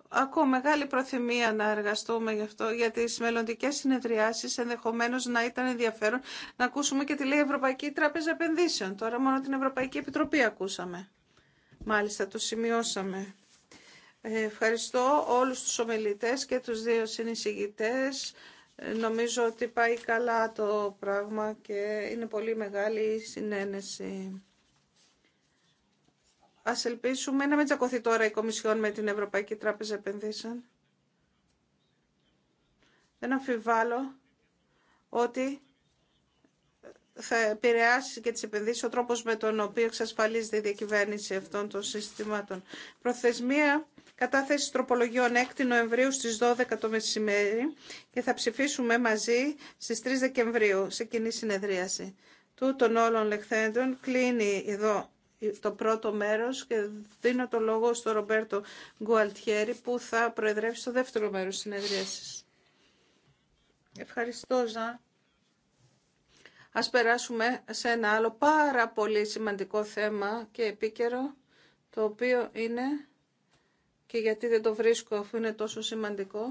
Ακούω μεγάλη προθυμία να εργαστούμε γι' αυτό, γιατί τι μελλοντικέ συνεδριάσεις ενδεχομένως να ήταν ενδιαφέρον να ακούσουμε και τη λέει Ευρωπαϊκή Τράπεζα Επενδύσεων. Τώρα μόνο την Ευρωπαϊκή Επιτροπή ακούσαμε. Μάλιστα, το σημειώσαμε. Ε, ευχαριστώ όλους τους ομιλητές και τους δύο συνεισηγητές. Ε, νομίζω ότι πάει καλά το πράγμα και είναι πολύ μεγάλη η συνένεση. Ας ελπίσουμε να μην τσακωθεί τώρα η Κομισιόν με την Ευρωπαϊκή Τράπεζα Επενδύσεων. Δεν αμφιβάλλω ότι θα επηρεάσει και τις επενδύσεις ο τρόπος με τον οποίο εξασφαλίζεται η διακυβέρνηση αυτών των συστημάτων. Προθεσμία κατάθεση τροπολογιών 6 Νοεμβρίου στις 12 το μεσημέρι και θα ψηφίσουμε μαζί στις 3 Δεκεμβρίου σε κοινή συνεδρίαση. Τούτων όλων λεχθέντων κλείνει εδώ το πρώτο μέρος και δίνω το λόγο στον Ρομπέρτο Γκουαλτιέρη που θα προεδρεύσει το δεύτερο μέρος της συνεδρίασης. Ευχαριστώ, Ζα. Ας περάσουμε σε ένα άλλο πάρα πολύ σημαντικό θέμα και επίκαιρο, το οποίο είναι, και γιατί δεν το βρίσκω αφού είναι τόσο σημαντικό.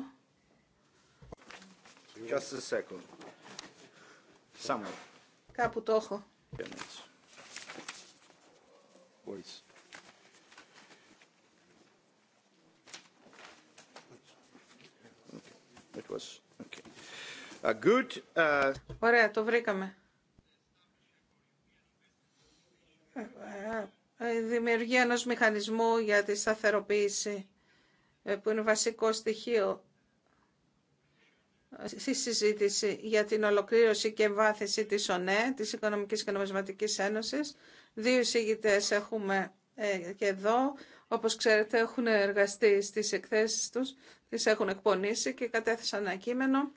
Just a second. Somewhere. Κάπου το έχω. Uh, uh, Ωραία, το βρήκαμε. Ε, ε, Δημιουργία ενός μηχανισμού για τη σταθεροποίηση ε, που είναι βασικό στοιχείο στη συζήτηση για την ολοκλήρωση και βάθηση της ΟΝΕ, της Οικονομικής και Νομισματικής Ένωσης, Δύο εισηγητές έχουμε ε, και εδώ. Όπως ξέρετε έχουν εργαστεί στις εκθέσεις τους, τις έχουν εκπονήσει και κατέθεσαν ένα κείμενο.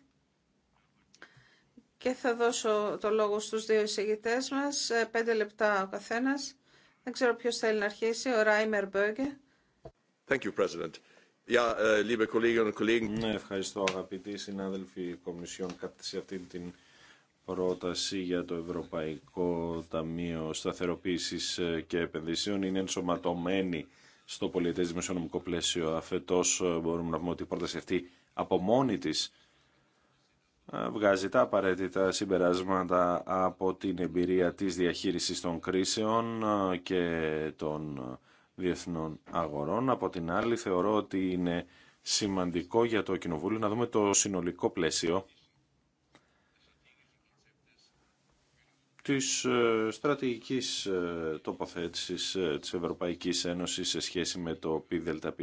Και θα δώσω το λόγο στους δύο εισηγητές μας, ε, πέντε λεπτά ο καθένας. Δεν ξέρω ποιος θέλει να αρχίσει, ο Ράιμερ Μπέγκε. ευχαριστώ αγαπητοί συνάδελφοι Κομισιόν κατά αυτήν την πρόταση για το Ευρωπαϊκό Ταμείο Σταθεροποίησης και Επενδύσεων είναι ενσωματωμένη στο πολιτέ δημοσιονομικό πλαίσιο. Αφετός ε, μπορούμε να πούμε ότι η πρόταση αυτή από μόνη τη. Ε, βγάζει τα απαραίτητα συμπεράσματα από την εμπειρία της διαχείρισης των κρίσεων ε, και των διεθνών αγορών. Από την άλλη θεωρώ ότι είναι σημαντικό για το Κοινοβούλιο να δούμε το συνολικό πλαίσιο της ε, στρατηγικής ε, τοποθέτησης ε, της Ευρωπαϊκής Ένωσης σε σχέση με το ΠΔΠ.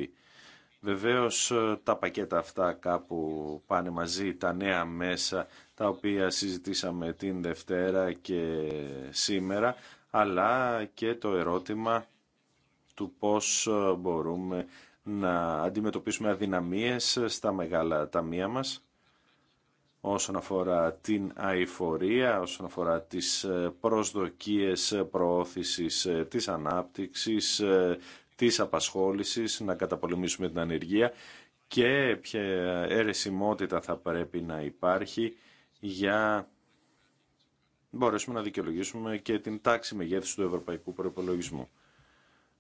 Βεβαίως τα πακέτα αυτά κάπου πάνε μαζί, τα νέα μέσα τα οποία συζητήσαμε την Δευτέρα και σήμερα, αλλά και το ερώτημα του πώς μπορούμε να αντιμετωπίσουμε αδυναμίες στα μεγάλα ταμεία μας όσον αφορά την αηφορία, όσον αφορά τις ε, προσδοκίες προώθησης ε, της ανάπτυξης, ε, της απασχόλησης, να καταπολεμήσουμε την ανεργία και ποια αιρεσιμότητα θα πρέπει να υπάρχει για να μπορέσουμε να δικαιολογήσουμε και την τάξη μεγέθυνση του ευρωπαϊκού προπολογισμού.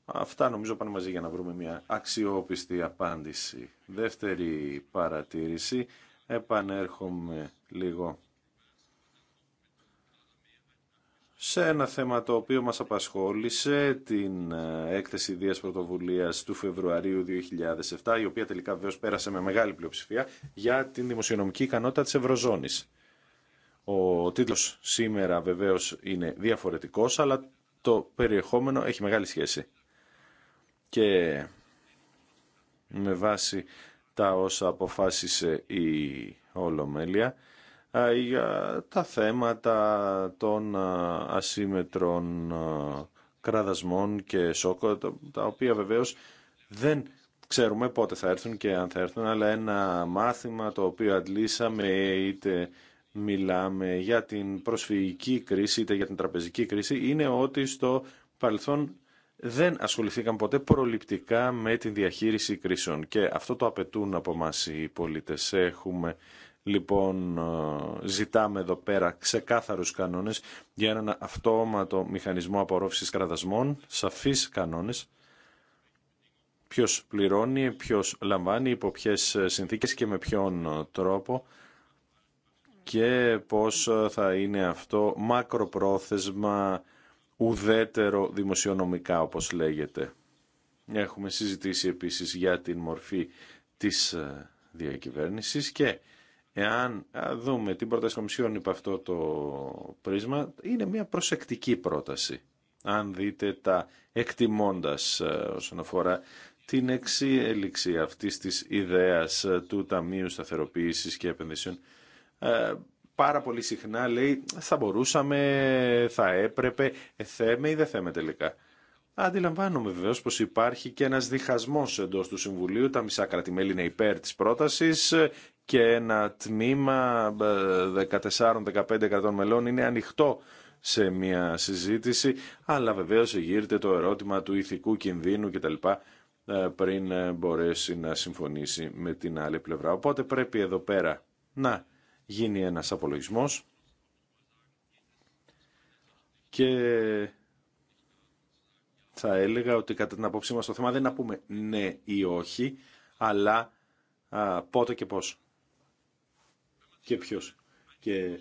Αυτά νομίζω πάνε μαζί για να βρούμε μια αξιόπιστη απάντηση. Δεύτερη παρατήρηση επανέρχομαι λίγο σε ένα θέμα το οποίο μας απασχόλησε την ε, έκθεση Δίας πρωτοβουλίας του Φεβρουαρίου 2007 η οποία τελικά βεβαίω πέρασε με μεγάλη πλειοψηφία για την δημοσιονομική ικανότητα της Ευρωζώνης. Ο τίτλος σήμερα βεβαίως είναι διαφορετικός αλλά το περιεχόμενο έχει μεγάλη σχέση. Και με βάση τα όσα αποφάσισε η Ολομέλεια για τα θέματα των ασύμετρων κραδασμών και σόκο, τα οποία βεβαίως δεν ξέρουμε πότε θα έρθουν και αν θα έρθουν, αλλά ένα μάθημα το οποίο αντλήσαμε είτε μιλάμε για την προσφυγική κρίση είτε για την τραπεζική κρίση είναι ότι στο παρελθόν δεν ασχοληθήκαν ποτέ προληπτικά με την διαχείριση κρίσεων και αυτό το απαιτούν από μας οι πολίτες. Έχουμε λοιπόν ε, ζητάμε εδώ πέρα ξεκάθαρους κανόνες για έναν αυτόματο μηχανισμό απορρόφησης κραδασμών, σαφείς κανόνες ποιος πληρώνει, ποιος λαμβάνει, υπό ποιες συνθήκες και με ποιον τρόπο και πώς θα είναι αυτό μακροπρόθεσμα ουδέτερο δημοσιονομικά όπως λέγεται. Έχουμε συζητήσει επίσης για την μορφή της ε, διακυβέρνησης και εάν δούμε την πρόταση Κομισιόν υπ' αυτό το πρίσμα, είναι μια προσεκτική πρόταση. Αν δείτε τα εκτιμώντας ε, όσον αφορά την εξέλιξη αυτής της ιδέας ε, του Ταμείου Σταθεροποίησης και Επενδύσεων, πάρα πολύ συχνά λέει θα μπορούσαμε, θα έπρεπε, ε, θέμε ή δεν θέμε τελικά. Αντιλαμβάνομαι βεβαίω πω υπάρχει και ένα διχασμό εντό του Συμβουλίου. Τα μισά κρατημέλη είναι υπέρ τη πρόταση και ένα τμήμα 14-15 ε, κρατών μελών είναι ανοιχτό σε μια συζήτηση. Αλλά βεβαίω γύρεται το ερώτημα του ηθικού κινδύνου κτλ. Ε, πριν μπορέσει να συμφωνήσει με την άλλη πλευρά. Οπότε πρέπει εδώ πέρα να γίνει ένας απολογισμός και θα έλεγα ότι κατά την απόψή μας το θέμα δεν να πούμε ναι ή όχι, αλλά α, πότε και πώς και ποιος. Και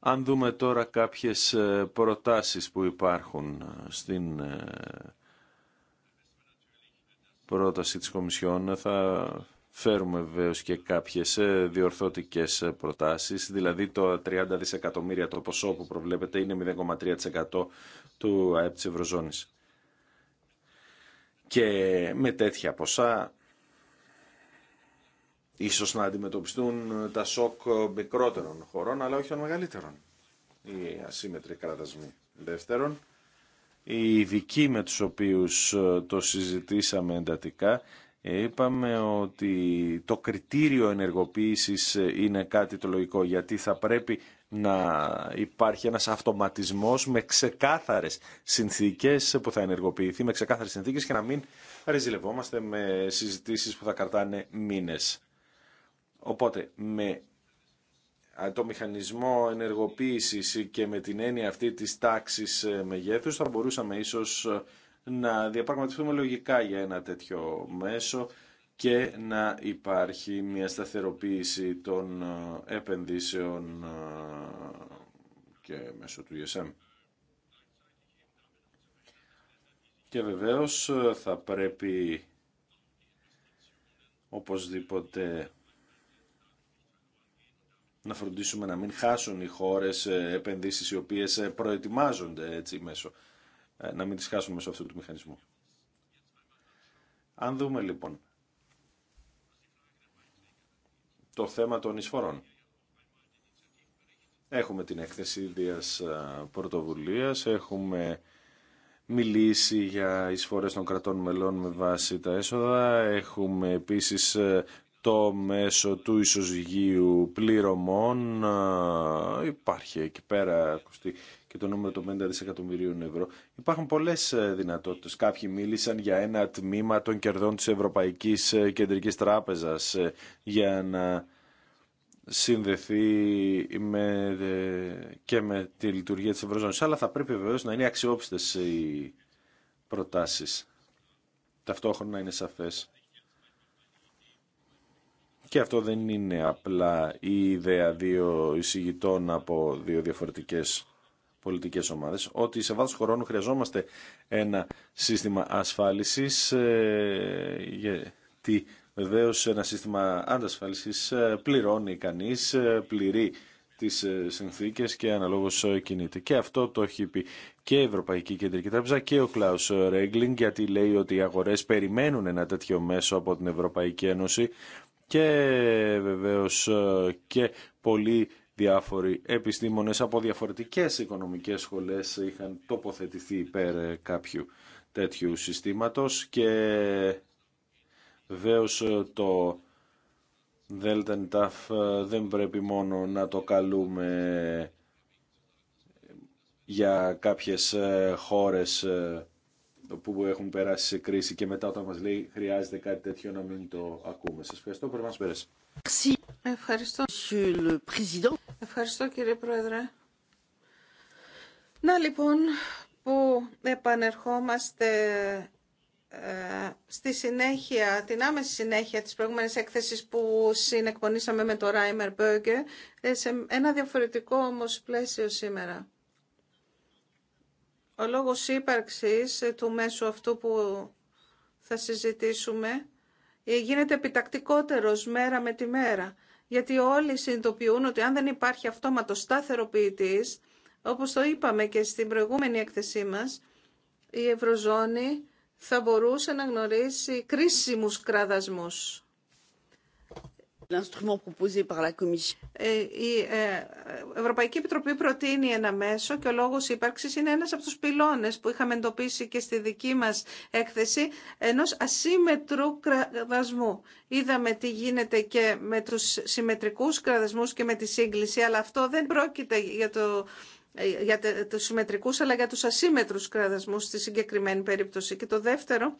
αν δούμε τώρα κάποιες ε, προτάσεις που υπάρχουν ε, στην ε, πρόταση της Κομισιόν, θα φέρουμε βεβαίω και κάποιες ε, διορθωτικές ε, προτάσεις, δηλαδή το 30 δισεκατομμύρια το ποσό που προβλέπετε είναι 0,3% του ΑΕΠ της Ευρωζώνης. Και με τέτοια ποσά ίσως να αντιμετωπιστούν ε, τα σοκ μικρότερων χωρών, αλλά όχι των μεγαλύτερων, οι ασύμετροι κράτασμοι. Δεύτερον, οι ειδικοί με τους οποίους το συζητήσαμε εντατικά Είπαμε ότι το κριτήριο ενεργοποίησης είναι κάτι το λογικό, γιατί θα πρέπει να υπάρχει ένας αυτοματισμός με ξεκάθαρες συνθήκες που θα ενεργοποιηθεί, με ξεκάθαρες συνθήκες και να μην ρεζιλευόμαστε με συζητήσεις που θα καρτάνε μήνες. Οπότε, με το μηχανισμό ενεργοποίησης και με την έννοια αυτή της τάξης μεγέθους θα μπορούσαμε ίσως να διαπραγματευτούμε λογικά για ένα τέτοιο μέσο και να υπάρχει μια σταθεροποίηση των ε, επενδύσεων ε, και μέσω του ESM. Και βεβαίως ε, θα πρέπει οπωσδήποτε να φροντίσουμε να μην χάσουν οι χώρες επενδύσεις οι οποίες προετοιμάζονται έτσι μέσω ε, να μην τις χάσουμε μέσω αυτού του μηχανισμού. Αν δούμε λοιπόν το θέμα των εισφορών. Έχουμε την έκθεση ίδιας ε, πρωτοβουλίας, έχουμε μιλήσει για εισφορές των κρατών μελών με βάση τα έσοδα, έχουμε επίσης ε, το μέσο του ισοζυγίου πληρωμών, υπάρχει εκεί πέρα ακουστή το νούμερο των 50 δισεκατομμυρίων ευρώ. Υπάρχουν πολλέ ε, δυνατότητε. Κάποιοι μίλησαν για ένα τμήμα των κερδών της Ευρωπαϊκής ε, Κεντρικής Τράπεζας ε, για να συνδεθεί με, και με τη λειτουργία της Ευρωζώνης. Αλλά θα πρέπει βεβαίως να είναι αξιόπιστες οι προτάσεις. Ταυτόχρονα είναι σαφές. Και αυτό δεν είναι απλά η ιδέα δύο εισηγητών από δύο διαφορετικές πολιτικές ομάδες ότι σε βάθο χρόνου χρειαζόμαστε ένα σύστημα ασφάλισης ε, γιατί βεβαίως ένα σύστημα αντασφάλισης ε, πληρώνει κανείς, ε, πληρεί τις συνθήκες και αναλόγως κινείται. Και αυτό το έχει πει και η Ευρωπαϊκή Κεντρική Τράπεζα και ο Κλάου Ρέγκλινγκ γιατί λέει ότι οι αγορές περιμένουν ένα τέτοιο μέσο από την Ευρωπαϊκή Ένωση και βεβαίως και πολλοί διάφοροι επιστήμονες από διαφορετικές οικονομικές σχολές είχαν τοποθετηθεί υπέρ ε, κάποιου τέτοιου συστήματος και βεβαίω ε, το ΔΕΛΤΑΝΤΑΦ ε, δεν πρέπει μόνο να το καλούμε για κάποιες χώρες που έχουν περάσει σε κρίση και μετά όταν μας λέει χρειάζεται κάτι τέτοιο να μην το ακούμε. Σας ευχαριστώ. Πρέπει να Ευχαριστώ. κύριε Πρόεδρε. Να λοιπόν που επανερχόμαστε ε, στη συνέχεια, την άμεση συνέχεια της προηγούμενης έκθεσης που συνεκπονήσαμε με το Ράιμερ Burger, ε, σε ένα διαφορετικό όμως πλαίσιο σήμερα. Ο λόγος ύπαρξης ε, του μέσου αυτού που θα συζητήσουμε ε, γίνεται επιτακτικότερος μέρα με τη μέρα. Γιατί όλοι συνειδητοποιούν ότι αν δεν υπάρχει αυτόματο σταθεροποιητής, όπως το είπαμε και στην προηγούμενη έκθεσή μας, η Ευρωζώνη θα μπορούσε να γνωρίσει κρίσιμους κραδασμούς. Ε, η ε, Ευρωπαϊκή Επιτροπή προτείνει ένα μέσο και ο λόγο ύπαρξη είναι ένα από του πυλώνε που είχαμε εντοπίσει και στη δική μα έκθεση ενό ασύμετρου κραδασμού. Είδαμε τι γίνεται και με του συμμετρικούς κραδασμού και με τη σύγκληση, αλλά αυτό δεν πρόκειται για το ε, για τους συμμετρικούς αλλά για τους ασύμετρους κραδασμούς στη συγκεκριμένη περίπτωση. Και το δεύτερο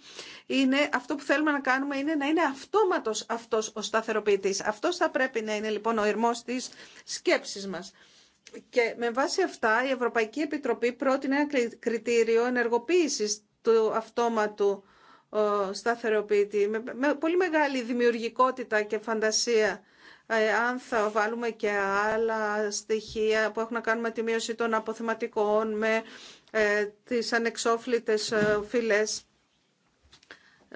είναι αυτό που θέλουμε να κάνουμε είναι να είναι αυτόματος αυτός ο σταθεροποιητής. Αυτός θα πρέπει να είναι λοιπόν ο ερμός της σκέψης μας. Και με βάση αυτά η Ευρωπαϊκή Επιτροπή πρότεινε ένα κριτήριο ενεργοποίησης του αυτόματου σταθεροποιητή με πολύ μεγάλη δημιουργικότητα και φαντασία ε, αν θα βάλουμε και άλλα στοιχεία που έχουν να κάνουν με τη μείωση των αποθεματικών, με ε, τις ανεξόφλητες ε, φυλές.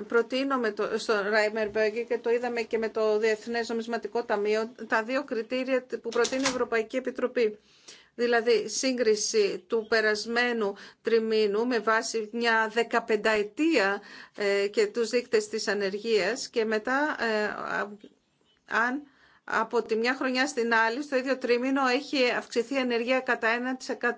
Προτείνω με το, στο Ράιμερ και το είδαμε και με το Διεθνές Νομισματικό Ταμείο τα δύο κριτήρια που προτείνει η Ευρωπαϊκή Επιτροπή. Δηλαδή σύγκριση του περασμένου τριμήνου με βάση μια δεκαπενταετία και τους δείκτες της ανεργίας και μετά αν από τη μια χρονιά στην άλλη, στο ίδιο τρίμηνο, έχει αυξηθεί η ενεργεία κατά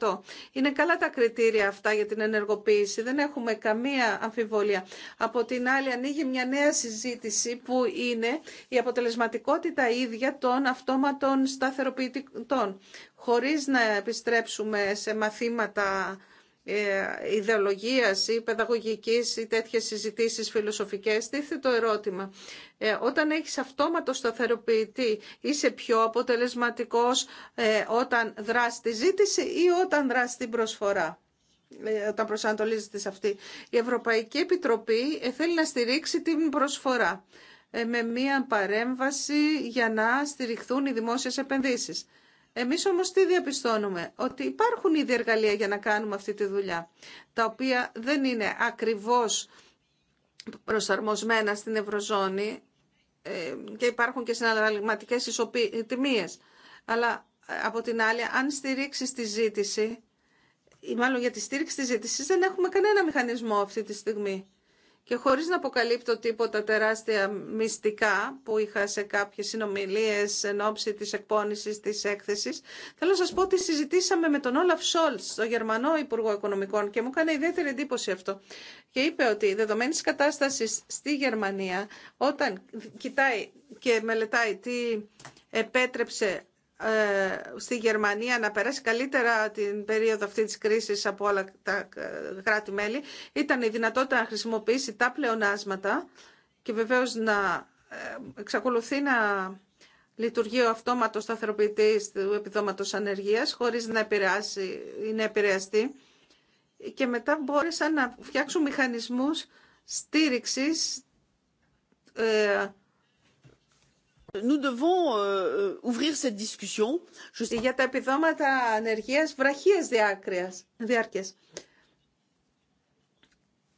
1%. Είναι καλά τα κριτήρια αυτά για την ενεργοποίηση, δεν έχουμε καμία αμφιβολία. Από την άλλη, ανοίγει μια νέα συζήτηση που είναι η αποτελεσματικότητα ίδια των αυτόματων σταθεροποιητικών, χωρίς να επιστρέψουμε σε μαθήματα ε, Ιδεολογία ή πεδαγωγική ή τέτοιε συζητήσει φιλοσοφικέ τίθε το ερώτημα ε, όταν έχει αυτόματο σταθεροποιητή είσαι αποτελεστικό ε, όταν δράσει τη ζήτηση ή όταν δράσει την προσφορά όταν προσανατολίζει αυτή Η Ευρωπαϊκή τιθεται το ερωτημα οταν θέλει αποτελεσματικος οταν δρασει τη ζητηση η οταν δρασει την προσφορά με μία παρέμβαση για να στηριχθούν οι δημόσιες επενδύσεις. Εμείς όμως τι διαπιστώνουμε, ότι υπάρχουν ήδη εργαλεία για να κάνουμε αυτή τη δουλειά, τα οποία δεν είναι ακριβώς προσαρμοσμένα στην Ευρωζώνη ε, και υπάρχουν και συναλλαγματικές ισοτιμίες. Αλλά ε, από την άλλη, αν στηρίξει τη ζήτηση, ή μάλλον για τη στήριξη της ζήτησης, δεν έχουμε κανένα μηχανισμό αυτή τη στιγμή και χωρίς να αποκαλύπτω τίποτα τεράστια μυστικά που είχα σε κάποιες συνομιλίες εν ώψη της εκπόνησης της έκθεσης, θέλω να σας πω ότι συζητήσαμε με τον Όλαφ Σόλτς, τον Γερμανό Υπουργό Οικονομικών και μου έκανε ιδιαίτερη εντύπωση αυτό. Και είπε ότι δεδομένης κατάσταση στη Γερμανία, όταν κοιτάει και μελετάει τι επέτρεψε ε, στη Γερμανία να περάσει καλύτερα την περίοδο αυτή της κρίσης από όλα τα κράτη-μέλη ήταν η δυνατότητα να χρησιμοποιήσει τα πλεονάσματα και βεβαίως να ε, εξακολουθεί να λειτουργεί ο αυτόματος σταθεροποιητής του επιδόματος ανεργίας χωρίς να, επηρεάσει, να επηρεαστεί και μετά μπόρεσαν να φτιάξουν μηχανισμούς στήριξης ε, Nous devons euh, ouvrir cette discussion. Για τα επιδόματα ανεργίας βραχίας διάρκεια.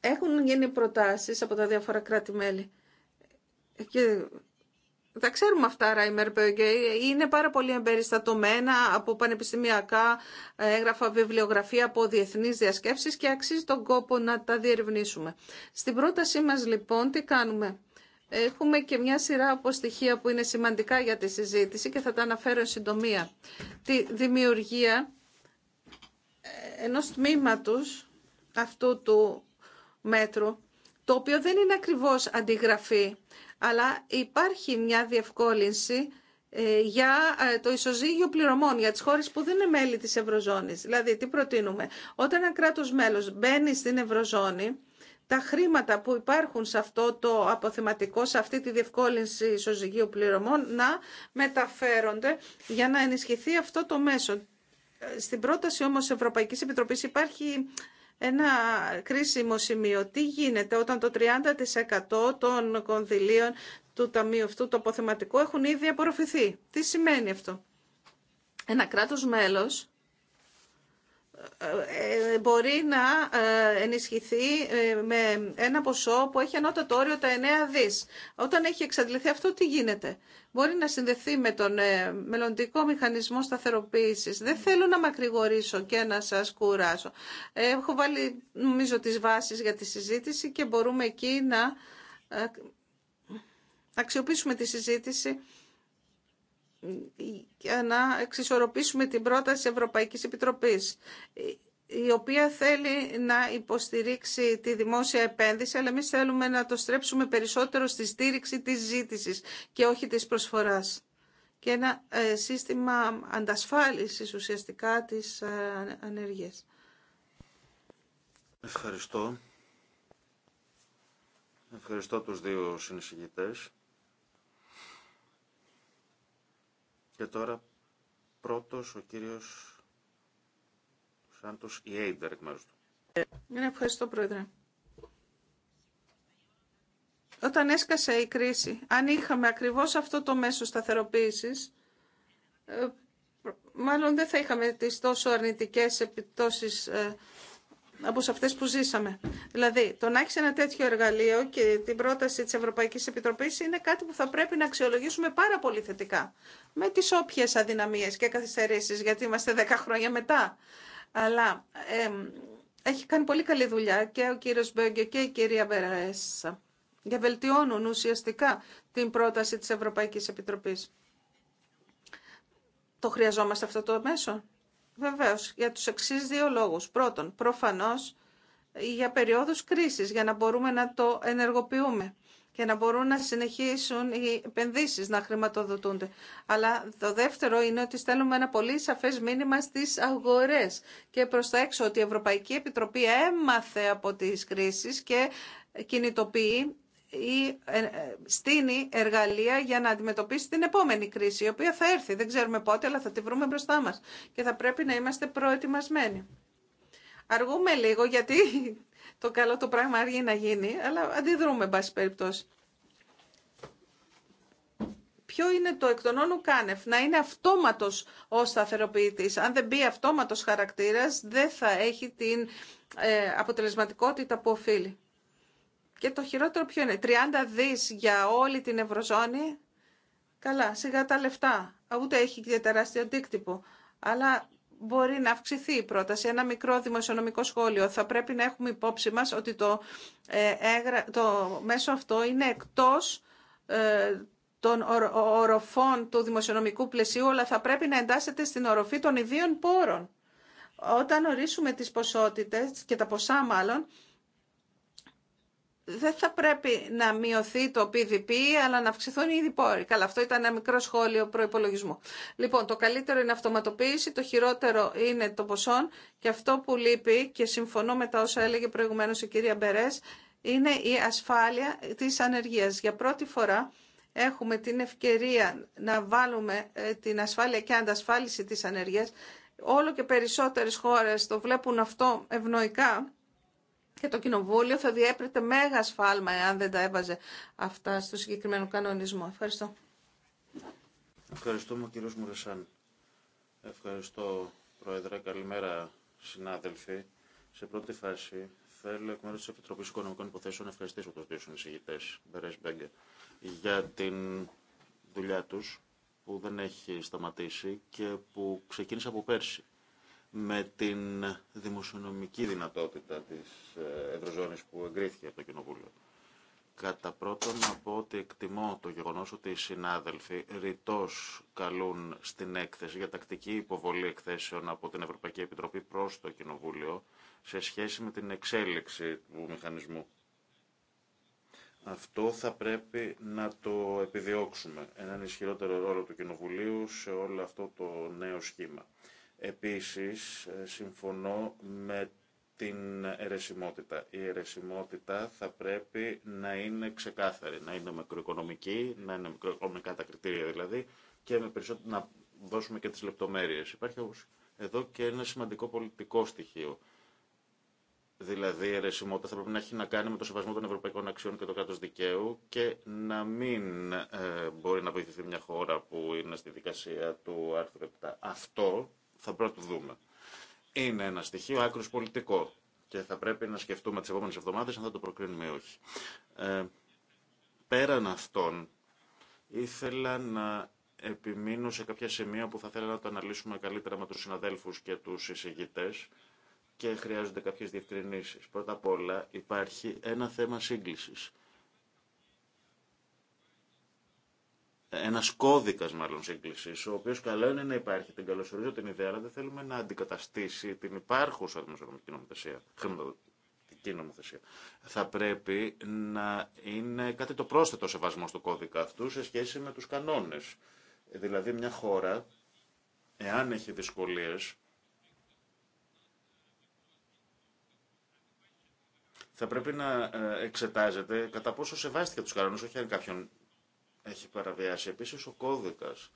Έχουν γίνει προτάσεις από τα διάφορα κράτη-μέλη. Και τα ξέρουμε αυτά, Ράιμερ είναι πάρα πολύ εμπεριστατωμένα από πανεπιστημιακά έγγραφα, βιβλιογραφία, από διεθνείς διασκέψεις και αξίζει τον κόπο να τα διερευνήσουμε. Στην πρότασή μας λοιπόν τι κάνουμε. Έχουμε και μια σειρά από στοιχεία που είναι σημαντικά για τη συζήτηση και θα τα αναφέρω εν συντομία. Τη δημιουργία ε, ενός τμήματος αυτού του μέτρου, το οποίο δεν είναι ακριβώς αντιγραφή, αλλά υπάρχει μια διευκόλυνση ε, για ε, το ισοζύγιο πληρωμών για τις χώρες που δεν είναι μέλη της Ευρωζώνης. Δηλαδή, τι προτείνουμε. Όταν ένα κράτος μέλος μπαίνει στην Ευρωζώνη, τα χρήματα που υπάρχουν σε αυτό το αποθεματικό, σε αυτή τη διευκόλυνση ισοζυγίου πληρωμών, να μεταφέρονται για να ενισχυθεί αυτό το μέσο. Στην πρόταση όμως Ευρωπαϊκής Επιτροπής υπάρχει ένα κρίσιμο σημείο. Τι γίνεται όταν το 30% των κονδυλίων του Ταμείου αυτού, το αποθεματικό, έχουν ήδη απορροφηθεί. Τι σημαίνει αυτό. Ένα κράτος μέλος ε, μπορεί να ε, ενισχυθεί ε, με ένα ποσό που έχει ανώτατο όριο τα 9 δις. Όταν έχει εξαντληθεί αυτό, τι γίνεται. Μπορεί να συνδεθεί με τον μελλοντικό μηχανισμό σταθεροποίησης. Δεν θέλω να μακρηγορήσω και να σας κουράσω. Έχω βάλει, νομίζω, τις βάσεις για τη συζήτηση και μπορούμε εκεί να αξιοποιήσουμε τη συζήτηση για να εξισορροπήσουμε την πρόταση Ευρωπαϊκής Επιτροπής η οποία θέλει να υποστηρίξει τη δημόσια επένδυση, αλλά εμεί θέλουμε να το στρέψουμε περισσότερο στη στήριξη της ζήτησης και όχι της προσφοράς. Και ένα ε, σύστημα αντασφάλισης ουσιαστικά της ε, ανεργίας. Ευχαριστώ. Ευχαριστώ τους δύο συνεισηγητές. Και τώρα πρώτος ο κύριος Σάντος Ιέιντερ εκ μέρους του. Ναι, ευχαριστώ πρόεδρε. Όταν έσκασε η κρίση, αν είχαμε ακριβώς αυτό το μέσο σταθεροποίησης, ε, μάλλον δεν θα είχαμε τις τόσο αρνητικές επιπτώσεις ε, από αυτές που ζήσαμε. Δηλαδή, το να έχει ένα τέτοιο εργαλείο και την πρόταση της Ευρωπαϊκής Επιτροπής είναι κάτι που θα πρέπει να αξιολογήσουμε πάρα πολύ θετικά. Με τι όποιε αδυναμίες και καθυστερήσει γιατί είμαστε δέκα χρόνια μετά. Αλλά έχει κάνει πολύ καλή δουλειά και ο κύριο Μπέγκε και η κυρία Μπεραέσσα για βελτιώνουν ουσιαστικά την πρόταση της Ευρωπαϊκής Επιτροπής. Το χρειαζόμαστε αυτό το μέσο. Βεβαίως, για τους εξή δύο λόγους. Πρώτον, προφανώς για περίοδους κρίσης, για να μπορούμε να το ενεργοποιούμε και να μπορούν να συνεχίσουν οι επενδύσεις να χρηματοδοτούνται. Αλλά το δεύτερο είναι ότι στέλνουμε ένα πολύ σαφές μήνυμα στις αγορές και προς τα έξω ότι η Ευρωπαϊκή Επιτροπή έμαθε από τις κρίσεις και κινητοποιεί ή ε, ε, στείνει εργαλεία για να αντιμετωπίσει την επόμενη κρίση, η οποία θα έρθει. Δεν ξέρουμε πότε, αλλά θα τη βρούμε μπροστά μας και θα πρέπει να είμαστε προετοιμασμένοι. Αργούμε λίγο γιατί το καλό το πράγμα αργεί να γίνει, αλλά αντιδρούμε, εν πάση περιπτώσει. Ποιο είναι το εκ των όνων κάνευ, να είναι αυτόματος ο σταθεροποιητής. Αν δεν μπει αυτόματος χαρακτήρας, δεν θα έχει την ε, αποτελεσματικότητα που οφείλει. Και το χειρότερο ποιο είναι, 30 δις για όλη την Ευρωζώνη. Καλά, σιγά τα λεφτά. Ούτε έχει και τεράστιο αντίκτυπο. Αλλά μπορεί να αυξηθεί η πρόταση. Ένα μικρό δημοσιονομικό σχόλιο. Θα πρέπει να έχουμε υπόψη μας ότι το, ε, το μέσο αυτό είναι εκτός ε, των οροφών του δημοσιονομικού πλαισίου, αλλά θα πρέπει να εντάσσεται στην οροφή των ιδίων πόρων. Όταν ορίσουμε τις ποσότητες και τα ποσά μάλλον, δεν θα πρέπει να μειωθεί το PVP, αλλά να αυξηθούν οι διπόροι. Καλά, αυτό ήταν ένα μικρό σχόλιο προπολογισμού. Λοιπόν, το καλύτερο είναι αυτοματοποίηση, το χειρότερο είναι το ποσόν και αυτό που λείπει και συμφωνώ με τα όσα έλεγε προηγουμένως η κυρία Μπερές, είναι η ασφάλεια της ανεργίας. Για πρώτη φορά έχουμε την ευκαιρία να βάλουμε ε, την ασφάλεια και αντασφάλιση της ανεργίας. Όλο και περισσότερες χώρες το βλέπουν αυτό ευνοϊκά και το Κοινοβούλιο θα διέπρεπε μέγα σφάλμα εάν δεν τα έβαζε αυτά στο συγκεκριμένο κανονισμό. Ευχαριστώ. Ευχαριστούμε κύριο Μουρεσάν. Ευχαριστώ Πρόεδρε. Καλημέρα συνάδελφοι. Σε πρώτη φάση θέλω εκ μέρου τη Επιτροπή Οικονομικών Υποθέσεων να ευχαριστήσω του δύο συνεισηγητέ, Μπερέ Μπέγκε, για την δουλειά του που δεν έχει σταματήσει και που ξεκίνησε από πέρσι με την δημοσιονομική δυνατότητα της ε, Ευρωζώνης που εγκρίθηκε από το Κοινοβούλιο. Κατά πρώτον να πω ότι εκτιμώ το γεγονός ότι οι συνάδελφοι ρητός καλούν στην έκθεση για τακτική υποβολή εκθέσεων από την Ευρωπαϊκή Επιτροπή προς το Κοινοβούλιο σε σχέση με την εξέλιξη του μηχανισμού. Αυτό θα πρέπει να το επιδιώξουμε, έναν ισχυρότερο ρόλο του Κοινοβουλίου σε όλο αυτό το νέο σχήμα. Επίσης, ε, συμφωνώ με την αιρεσιμότητα. Η αιρεσιμότητα θα πρέπει να είναι ξεκάθαρη, να είναι μικροοικονομική, να είναι μικροοικονομικά τα κριτήρια δηλαδή και με περισσότερο να δώσουμε και τις λεπτομέρειες. Υπάρχει όμως εδώ και ένα σημαντικό πολιτικό στοιχείο. Δηλαδή η αιρεσιμότητα θα πρέπει να έχει να κάνει με το σεβασμό των ευρωπαϊκών αξιών και το κράτο δικαίου και να μην ε, μπορεί να βοηθηθεί μια χώρα που είναι στη δικασία του άρθρου 7. Αυτό θα πρέπει δούμε. Είναι ένα στοιχείο άκρο πολιτικό και θα πρέπει να σκεφτούμε τι επόμενε εβδομάδε αν θα το προκρίνουμε ή όχι. Ε, πέραν αυτών, ήθελα να επιμείνω σε κάποια σημεία που θα θέλαμε να το αναλύσουμε καλύτερα με τους συναδέλφους και τους εισηγητές και χρειάζονται κάποιες διευκρινήσεις. Πρώτα απ' όλα υπάρχει ένα θέμα σύγκλησης. ένα κώδικα μάλλον σύγκληση, ο οποίο καλό είναι να υπάρχει. Την καλωσορίζω την ιδέα, αλλά δεν θέλουμε να αντικαταστήσει την υπάρχουσα δημοσιονομική νομοθεσία. νομοθεσία. Θα πρέπει να είναι κάτι το πρόσθετο σεβασμό του κώδικα αυτού σε σχέση με του κανόνε. Δηλαδή, μια χώρα, εάν έχει δυσκολίε, θα πρέπει να ε, εξετάζεται κατά πόσο σεβάστηκε του κανόνε, όχι αν κάποιον έχει παραβιάσει. Επίσης ο κώδικας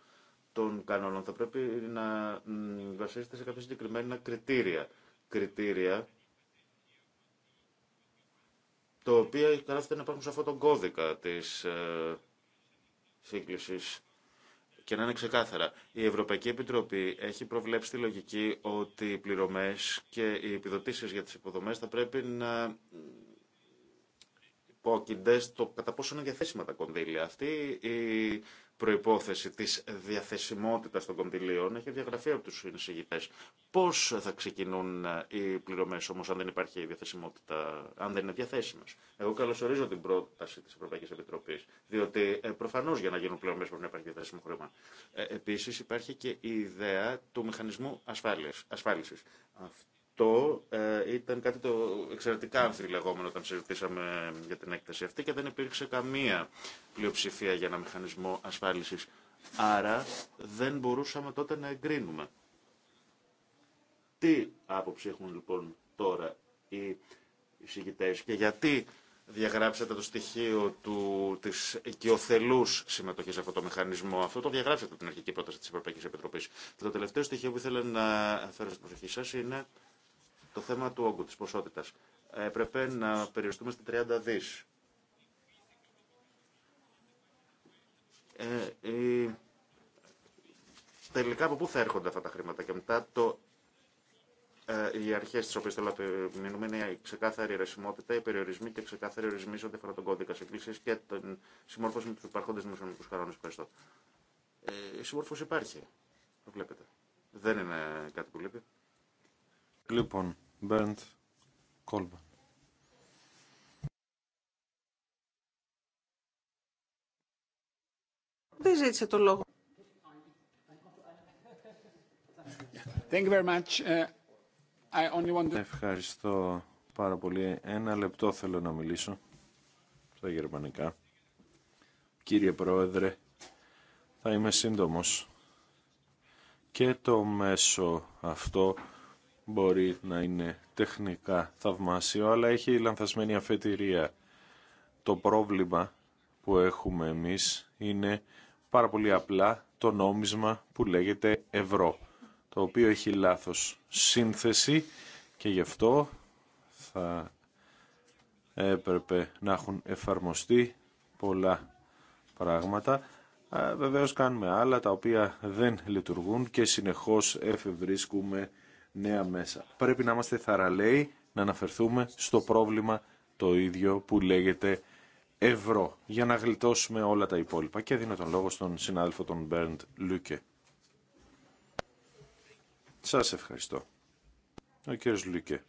των κανόνων θα πρέπει να βασίζεται σε κάποια συγκεκριμένα κριτήρια. Κριτήρια τα οποία γράφεται να υπάρχουν σε αυτόν τον κώδικα της ε, και να είναι ξεκάθαρα. Η Ευρωπαϊκή Επιτροπή έχει προβλέψει τη λογική ότι οι πληρωμές και οι επιδοτήσεις για τις υποδομές θα πρέπει να υπόκεινται στο κατά πόσο είναι διαθέσιμα τα κονδύλια. Αυτή η προϋπόθεση της διαθεσιμότητας των κονδυλίων έχει διαγραφεί από τους συνεισηγητές. Πώς θα ξεκινούν ε, οι πληρωμές όμως αν δεν υπάρχει διαθεσιμότητα, αν δεν είναι διαθέσιμες. Εγώ καλωσορίζω την πρόταση της Ευρωπαϊκής Επιτροπής, διότι ε, προφανώς για να γίνουν πληρωμές πρέπει να υπάρχει διαθέσιμο χρήμα. Ε, επίσης υπάρχει και η ιδέα του μηχανισμού ασφάλειας, ασφάλισης. Αυτό το ε, ήταν κάτι το εξαιρετικά αμφιλεγόμενο όταν συζητήσαμε για την έκταση αυτή και δεν υπήρξε καμία πλειοψηφία για ένα μηχανισμό ασφάλισης. Άρα δεν μπορούσαμε τότε να εγκρίνουμε. Τι άποψη έχουν λοιπόν τώρα οι εισηγητές και γιατί διαγράψατε το στοιχείο του, της οικειοθελούς συμμετοχής σε αυτό το μηχανισμό. Αυτό το διαγράψατε την αρχική πρόταση της Ευρωπαϊκής Επιτροπής. Και το τελευταίο στοιχείο που ήθελα να φέρω στην προσοχή σας είναι το θέμα του όγκου, της ποσότητας. Ε, έπρεπε να περιοριστούμε στα 30 δις. Ε, η... Τελικά από πού θα έρχονται αυτά τα χρήματα και μετά το ε, οι αρχέ τι οποίε θέλω να επιμείνουμε είναι η ξεκάθαρη ρεσιμότητα, οι περιορισμοί και ξεκάθαροι ορισμοί σε ό,τι αφορά τον κώδικα συγκλήση και την συμμόρφωση με του υπαρχόντες δημοσιονομικού κανόνες. Ευχαριστώ. Ε, η συμμόρφωση υπάρχει. Το βλέπετε. Δεν είναι κάτι που λείπει. Λοιπόν, Bernd Δεν το λόγο. Uh, Ευχαριστώ πάρα πολύ. Ένα λεπτό θέλω να μιλήσω στα γερμανικά. Κύριε Πρόεδρε, θα είμαι σύντομος. Και το μέσο αυτό μπορεί να είναι τεχνικά θαυμάσιο, αλλά έχει λανθασμένη αφετηρία. Το πρόβλημα που έχουμε εμείς είναι πάρα πολύ απλά το νόμισμα που λέγεται ευρώ, το οποίο έχει λάθος σύνθεση και γι' αυτό θα έπρεπε να έχουν εφαρμοστεί πολλά πράγματα. Βεβαίως κάνουμε άλλα τα οποία δεν λειτουργούν και συνεχώς εφευρίσκουμε νέα μέσα. Πρέπει να είμαστε θαραλέοι να αναφερθούμε στο πρόβλημα το ίδιο που λέγεται ευρώ για να γλιτώσουμε όλα τα υπόλοιπα. Και δίνω τον λόγο στον συνάδελφο τον Μπέρντ Λούκε. Σας ευχαριστώ. Ο κύριος Λούκε.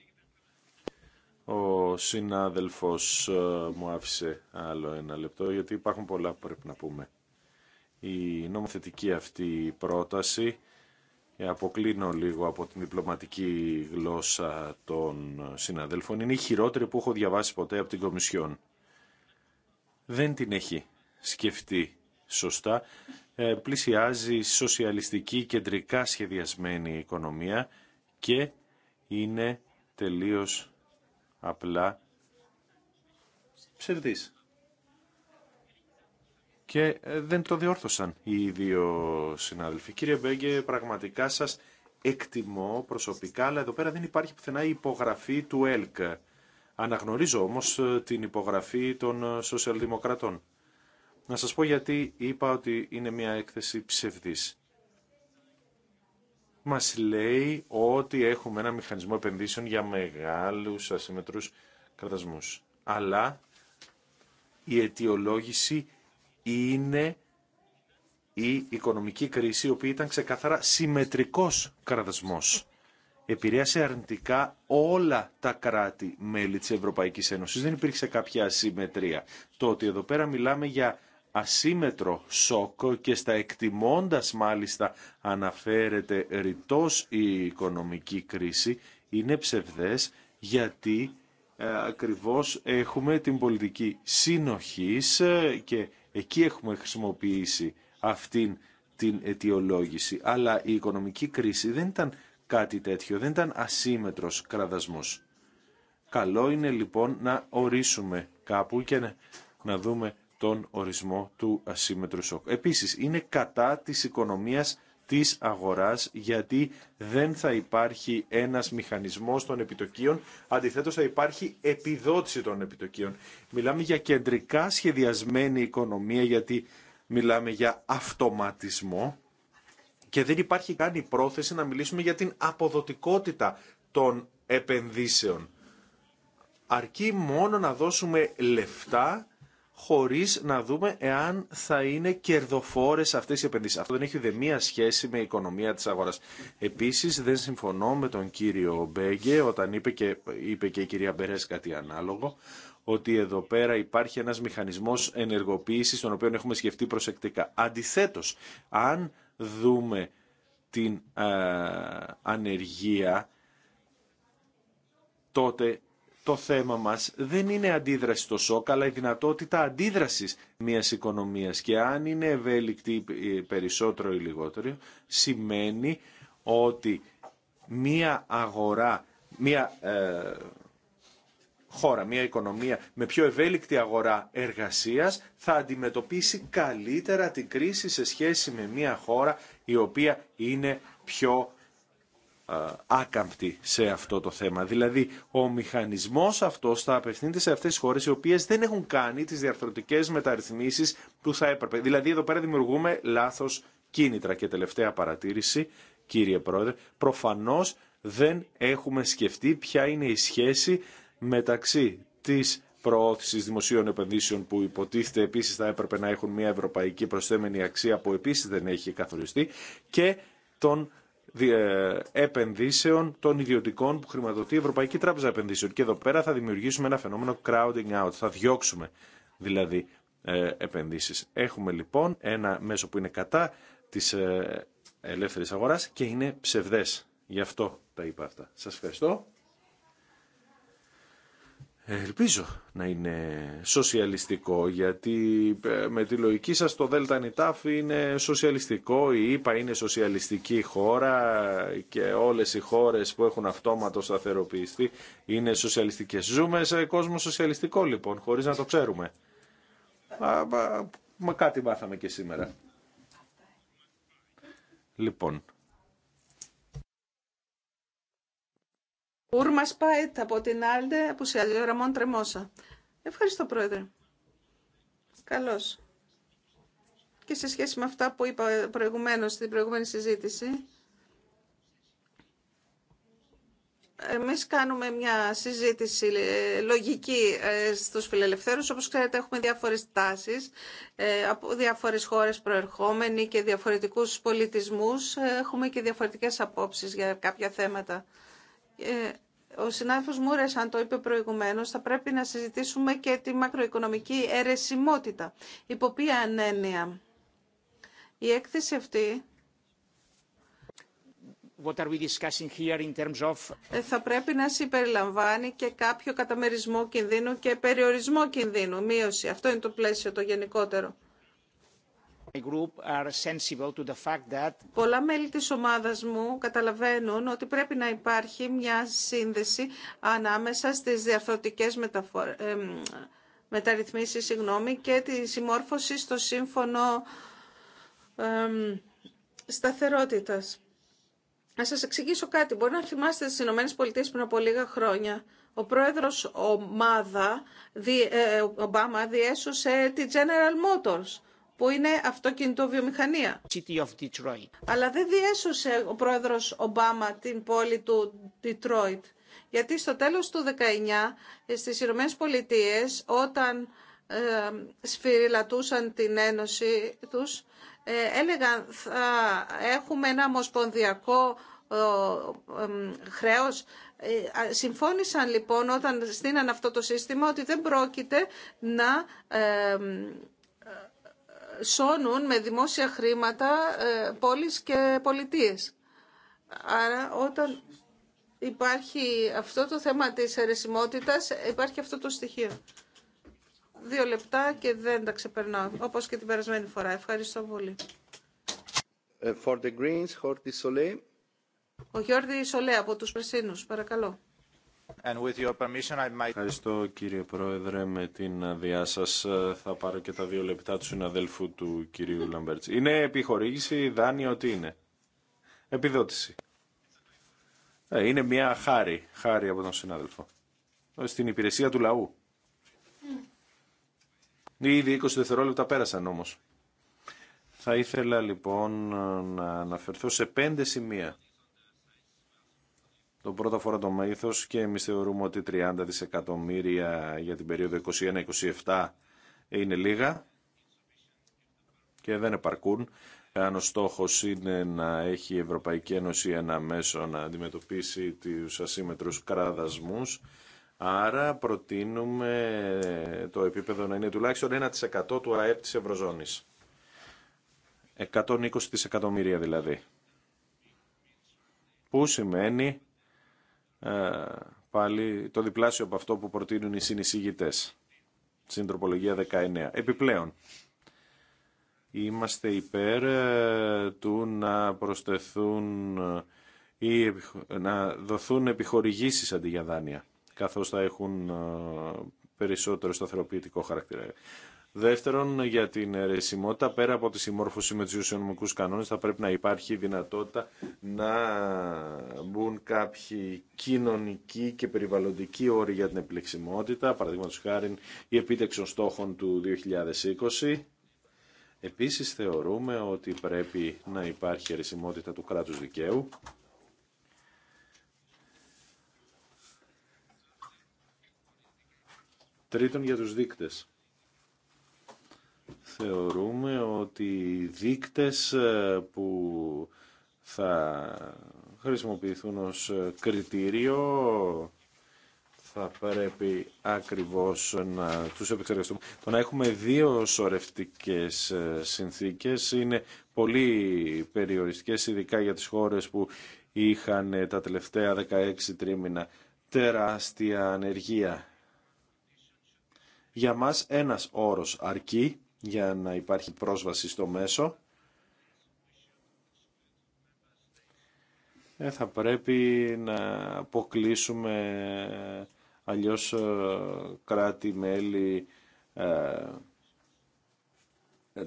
Ο συνάδελφος ε, μου άφησε άλλο ένα λεπτό γιατί υπάρχουν πολλά που πρέπει να πούμε. Η νομοθετική αυτή πρόταση ε, αποκλίνω λίγο από την διπλωματική γλώσσα των συναδέλφων, είναι η χειρότερη που έχω διαβάσει ποτέ από την Κομισιόν. Δεν την έχει σκεφτεί σωστά. Ε, πλησιάζει σοσιαλιστική κεντρικά σχεδιασμένη οικονομία και είναι τελείως απλά ψευδής και ε, δεν το διόρθωσαν οι δύο συνάδελφοι. Κύριε Μπέγκε, πραγματικά σας εκτιμώ προσωπικά, αλλά εδώ πέρα δεν υπάρχει πουθενά η υπογραφή του ΕΛΚ. Αναγνωρίζω όμως ε, την υπογραφή των ε, σοσιαλδημοκρατών. Να σας πω γιατί είπα ότι είναι μια έκθεση ψευδής. Μας λέει ότι έχουμε ένα μηχανισμό επενδύσεων για μεγάλους ασύμμετρους κρατασμούς. Αλλά η αιτιολόγηση είναι η οικονομική κρίση, η οποία ήταν ξεκαθαρά συμμετρικός κραδασμός. Επηρέασε αρνητικά όλα τα κράτη-μέλη της Ευρωπαϊκής Ένωσης. Δεν υπήρξε κάποια ασυμμετρία. Το ότι εδώ πέρα μιλάμε για ασύμετρο σοκ και στα εκτιμώντας μάλιστα αναφέρεται ρητός η οικονομική κρίση είναι ψευδές γιατί ε, ακριβώς έχουμε την πολιτική συνοχής ε, και Εκεί έχουμε χρησιμοποιήσει αυτήν την αιτιολόγηση. Αλλά η οικονομική κρίση δεν ήταν κάτι τέτοιο, δεν ήταν ασύμετρος κραδασμός. Καλό είναι λοιπόν να ορίσουμε κάπου και να, δούμε τον ορισμό του ασύμετρου σοκ. Επίσης, είναι κατά της οικονομίας της αγοράς γιατί δεν θα υπάρχει ένας μηχανισμός των επιτοκίων, αντιθέτως θα υπάρχει επιδότηση των επιτοκίων. Μιλάμε για κεντρικά σχεδιασμένη οικονομία γιατί μιλάμε για αυτοματισμό και δεν υπάρχει καν η πρόθεση να μιλήσουμε για την αποδοτικότητα των επενδύσεων. Αρκεί μόνο να δώσουμε λεφτά χωρίς να δούμε εάν θα είναι κερδοφόρες αυτές οι επενδύσεις. Αυτό δεν έχει ούτε μία σχέση με η οικονομία της αγοράς. Επίσης δεν συμφωνώ με τον κύριο Μπέγκε όταν είπε και, είπε και η κυρία Μπερέ κάτι ανάλογο ότι εδώ πέρα υπάρχει ένας μηχανισμός ενεργοποίησης τον οποίο έχουμε σκεφτεί προσεκτικά. Αντιθέτως, αν δούμε την ε, ανεργία τότε το θέμα μας δεν είναι αντίδραση στο σοκ, αλλά η δυνατότητα αντίδρασης μιας οικονομίας. Και αν είναι ευέλικτη περισσότερο ή λιγότερο, σημαίνει ότι μια αγορά, μια ε, χώρα, μια οικονομία με πιο ευέλικτη αγορά εργασίας θα αντιμετωπίσει καλύτερα την κρίση σε σχέση με μια χώρα η οποία είναι πιο ε, άκαμπτη σε αυτό το θέμα. Δηλαδή, ο μηχανισμό αυτό θα απευθύνεται σε αυτέ τι χώρε οι οποίε δεν έχουν κάνει τι διαρθρωτικές μεταρρυθμίσει που θα έπρεπε. Δηλαδή, εδώ πέρα δημιουργούμε λάθο κίνητρα. Και τελευταία παρατήρηση, κύριε Πρόεδρε, προφανώς δεν έχουμε σκεφτεί ποια είναι η σχέση μεταξύ τη προωθηση δημοσίων επενδύσεων που υποτίθεται επίση θα έπρεπε να έχουν μια ευρωπαϊκή προσθέμενη αξία που επίση δεν έχει καθοριστεί και των ε, επενδύσεων των ιδιωτικών που χρηματοδοτεί η Ευρωπαϊκή Τράπεζα Επενδύσεων. Και εδώ πέρα θα δημιουργήσουμε ένα φαινόμενο crowding out. Θα διώξουμε δηλαδή ε, επενδύσεις. Έχουμε λοιπόν ένα μέσο που είναι κατά της ε, ελεύθερης αγοράς και είναι ψευδές. Γι' αυτό τα είπα αυτά. Σας ευχαριστώ. Ελπίζω να είναι σοσιαλιστικό, γιατί ε, με τη λογική σας το Δέλτα είναι σοσιαλιστικό, η ΕΠΑ είναι σοσιαλιστική χώρα και όλες οι χώρες που έχουν αυτόματο σταθεροποιηθεί είναι σοσιαλιστικές. Ζούμε σε κόσμο σοσιαλιστικό λοιπόν, χωρίς να το ξέρουμε. Μα κάτι μάθαμε και σήμερα. Λοιπόν, Ούρμα Σπάιτ από την Άλντε, από ο Τρεμόσα. Ευχαριστώ, Πρόεδρε. Καλώ. Και σε σχέση με αυτά που είπα προηγουμένως στην προηγούμενη συζήτηση, εμείς κάνουμε μια συζήτηση ε, λογική ε, στους φιλελευθέρους. Όπως ξέρετε, έχουμε διάφορες τάσεις ε, από διάφορες χώρες προερχόμενοι και διαφορετικούς πολιτισμούς. Έχουμε και διαφορετικές απόψεις για κάποια θέματα. Ε, ο συνάδελφος Μούρες, αν το είπε προηγουμένως, θα πρέπει να συζητήσουμε και τη μακροοικονομική αιρεσιμότητα. Υπό ποια ανένεια. Η έκθεση αυτή What are we here in terms of... Ε, θα πρέπει να συμπεριλαμβάνει και κάποιο καταμερισμό κινδύνου και περιορισμό κινδύνου, μείωση. Αυτό είναι το πλαίσιο το γενικότερο. Πολλά μέλη της ομάδας μου καταλαβαίνουν ότι πρέπει να υπάρχει μια σύνδεση ανάμεσα στις διαφορετικές μεταφορ... μεταρρυθμίσεις συγγνώμη, και τη συμμόρφωση στο σύμφωνο σταθερότητα. σταθερότητας. Να σας εξηγήσω κάτι. Μπορεί να θυμάστε στις Ηνωμένες Πολιτείες πριν από λίγα χρόνια ο πρόεδρος ομάδα, δι, ε, Ομπάμα διέσωσε τη General Motors που είναι αυτοκινητοβιομηχανία. City of Detroit. Αλλά δεν διέσωσε ο πρόεδρος Ομπάμα την πόλη του Detroit. Γιατί στο τέλος του 19 στις Ηνωμένες Πολιτείες όταν ε, σφυριλατούσαν την ένωση τους ε, έλεγαν θα έχουμε ένα μοσπονδιακό ε, ε, χρέος. Ε, συμφώνησαν λοιπόν όταν στείναν αυτό το σύστημα ότι δεν πρόκειται να ε, σώνουν με δημόσια χρήματα ε, πόλεις και πολιτείες. Άρα όταν υπάρχει αυτό το θέμα της αιρεσιμότητας, υπάρχει αυτό το στοιχείο. Δύο λεπτά και δεν τα ξεπερνάω, όπως και την περασμένη φορά. Ευχαριστώ πολύ. Ε, for the Greens, Ο Γιώργη Σολέ από τους Πρεσίνους, παρακαλώ. Ευχαριστώ κύριε Πρόεδρε. Με την αδειά σα ε, θα πάρω και τα δύο λεπτά του συναδέλφου του κυρίου Λαμπέρτ. Είναι επιχορήγηση, δάνειο, τι είναι. Επιδότηση. Ε, είναι μια χάρη, χάρη από τον συνάδελφο. Ε, στην υπηρεσία του λαού. Mm. Ήδη 20 δευτερόλεπτα πέρασαν όμως. Θα ήθελα λοιπόν να αναφερθώ σε πέντε σημεία το πρώτο φορά το μέγεθο και εμεί θεωρούμε ότι 30 δισεκατομμύρια για την περίοδο 21-27 είναι λίγα και δεν επαρκούν. Αν ο στόχος είναι να έχει η Ευρωπαϊκή Ένωση ένα μέσο να αντιμετωπίσει τους ασύμετρου κραδασμού. άρα προτείνουμε το επίπεδο να είναι τουλάχιστον 1% του ΑΕΠ τη Ευρωζώνη. 120 δισεκατομμύρια δηλαδή. Που σημαίνει ε, πάλι το διπλάσιο από αυτό που προτείνουν οι συνεισήγητες στην τροπολογία 19. Επιπλέον, είμαστε υπέρ ε, του να προσθεθούν ε, ή να δοθούν επιχορηγήσεις αντί για δάνεια, καθώς θα έχουν περισσότερο σταθεροποιητικό χαρακτήρα. Δεύτερον, για την αιρεσιμότητα, πέρα από τη συμμόρφωση με του ουσιονομικού κανόνε, θα πρέπει να υπάρχει δυνατότητα να μπουν κάποιοι κοινωνικοί και περιβαλλοντικοί όροι για την επιλεξιμότητα, παραδείγματο χάρη η επίτευξη των στόχων του 2020. Επίσης θεωρούμε ότι πρέπει να υπάρχει αιρεσιμότητα του κράτους δικαίου. Τρίτον για τους δείκτες θεωρούμε ότι οι δείκτες ε, που θα χρησιμοποιηθούν ως ε, κριτήριο θα πρέπει ακριβώς να τους επεξεργαστούμε. Το να έχουμε δύο σορευτικές ε, συνθήκες είναι πολύ περιοριστικές, ειδικά για τις χώρες που είχαν τα τελευταία 16 τρίμηνα τεράστια ανεργία. Για μας ένας όρος αρκεί για να υπάρχει πρόσβαση στο μέσο. Ε, θα πρέπει να αποκλείσουμε αλλιώς ε, κράτη-μέλη ε,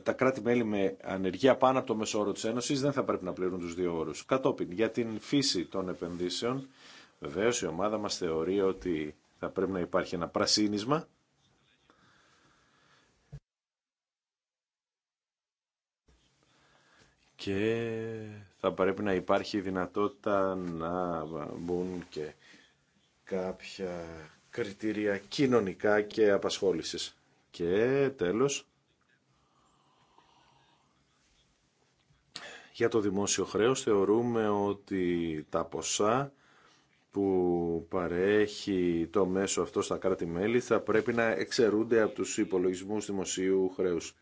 τα κράτη-μέλη με ανεργία πάνω από το όρο της Ένωσης δεν θα πρέπει να πληρούν τους δύο όρους. Κατόπιν, για την φύση των επενδύσεων, βεβαίως η ομάδα μας θεωρεί ότι θα πρέπει να υπάρχει ένα πρασίνισμα και θα πρέπει να υπάρχει δυνατότητα να μπουν και κάποια κριτήρια κοινωνικά και απασχόλησης. Και τέλος, για το δημόσιο χρέος θεωρούμε ότι τα ποσά που παρέχει το μέσο αυτό στα κράτη-μέλη θα πρέπει να εξαιρούνται από τους υπολογισμούς δημοσίου χρέους.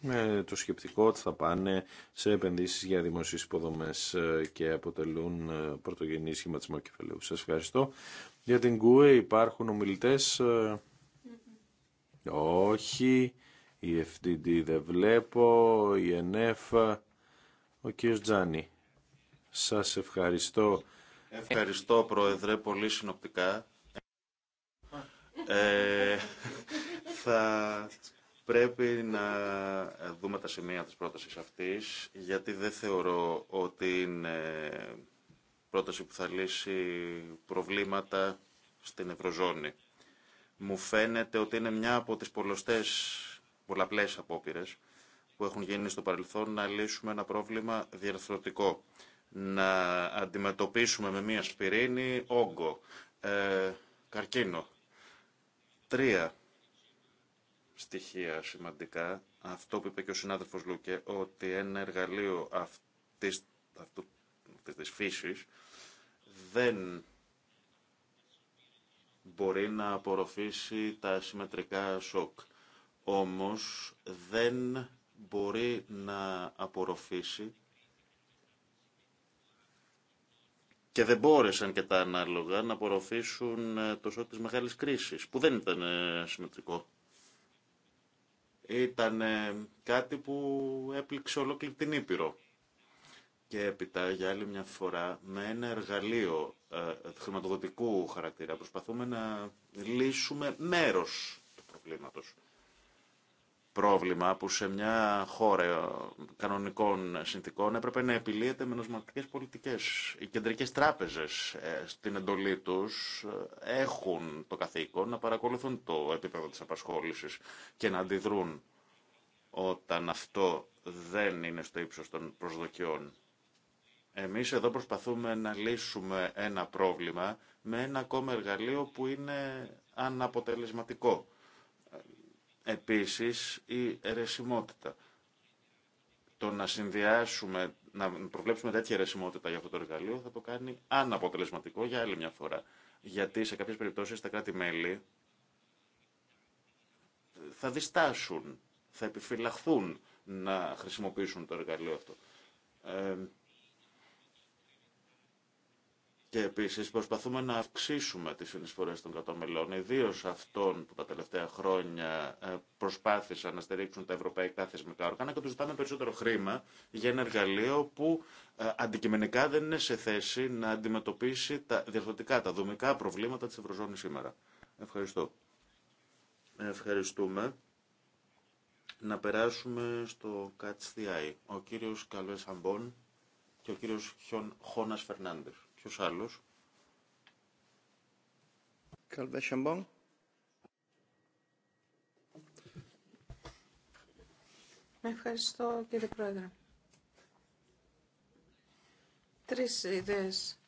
με το σκεπτικό ότι θα πάνε σε επενδύσεις για δημοσίες υποδομές ε, και αποτελούν ε, πρωτογενή σχηματισμό κεφαλαίου. Σας ευχαριστώ. Για την ΚΟΕ υπάρχουν ομιλητές. Ε? Όχι. Η FDD δεν βλέπω. Η ΕΝΕΦ. Ο κ. Τζάνι. Σας ευχαριστώ. Ευχαριστώ Πρόεδρε πολύ συνοπτικά. θα Πρέπει να ε, δούμε τα σημεία της πρότασης αυτής, γιατί δεν θεωρώ ότι είναι πρόταση που θα λύσει προβλήματα στην Ευρωζώνη. Μου φαίνεται ότι είναι μια από τις πολλωστές, πολλαπλές απόπειρες που έχουν γίνει στο παρελθόν να λύσουμε ένα πρόβλημα διαρθρωτικό. Να αντιμετωπίσουμε με μια σπιρίνη όγκο, ε, καρκίνο. Τρία στοιχεία σημαντικά. Αυτό που είπε και ο συνάδελφος Λούκε, ότι ένα εργαλείο αυτής, αυτού, αυτής της φύσης δεν μπορεί να απορροφήσει τα συμμετρικά σοκ. Όμως δεν μπορεί να απορροφήσει και δεν μπόρεσαν και τα ανάλογα να απορροφήσουν ε, το σοκ της μεγάλης κρίσης, που δεν ήταν ε, συμμετρικό. Ήταν ε, κάτι που έπληξε ολόκληρη την Ήπειρο. Και έπειτα, για άλλη μια φορά, με ένα εργαλείο ε, χρηματοδοτικού χαρακτήρα προσπαθούμε να λύσουμε μέρος του προβλήματος πρόβλημα που σε μια χώρα κανονικών συνθήκων έπρεπε να επιλύεται με νοσματικές πολιτικές. Οι κεντρικές τράπεζες ε, στην εντολή τους ε, έχουν το καθήκον να παρακολουθούν το επίπεδο της απασχόλησης και να αντιδρούν όταν αυτό δεν είναι στο ύψος των προσδοκιών. Εμείς εδώ προσπαθούμε να λύσουμε ένα πρόβλημα με ένα ακόμα εργαλείο που είναι αναποτελεσματικό Επίσης, η αιρεσιμότητα. Το να συνδυάσουμε, να προβλέψουμε τέτοια αιρεσιμότητα για αυτό το εργαλείο θα το κάνει αναποτελεσματικό για άλλη μια φορά. Γιατί σε κάποιες περιπτώσεις τα κράτη-μέλη θα διστάσουν, θα επιφυλαχθούν να χρησιμοποιήσουν το εργαλείο αυτό. Ε, και επίση προσπαθούμε να αυξήσουμε τι συνεισφορέ των μελών, ιδίω αυτών που τα τελευταία χρόνια ε, προσπάθησαν να στηρίξουν τα ευρωπαϊκά θεσμικά όργανα και του ζητάμε περισσότερο χρήμα για ένα εργαλείο που ε, αντικειμενικά δεν είναι σε θέση να αντιμετωπίσει τα διαφορετικά, τα δομικά προβλήματα τη Ευρωζώνη σήμερα. Ευχαριστώ. Ευχαριστούμε. Να περάσουμε στο Catch the Eye. Ο κύριος Καλουέ Αμπών και ο κύριος Χιον Χώνας Ποιος άλλος? Με Ευχαριστώ κύριε Πρόεδρε. Τρεις ιδέες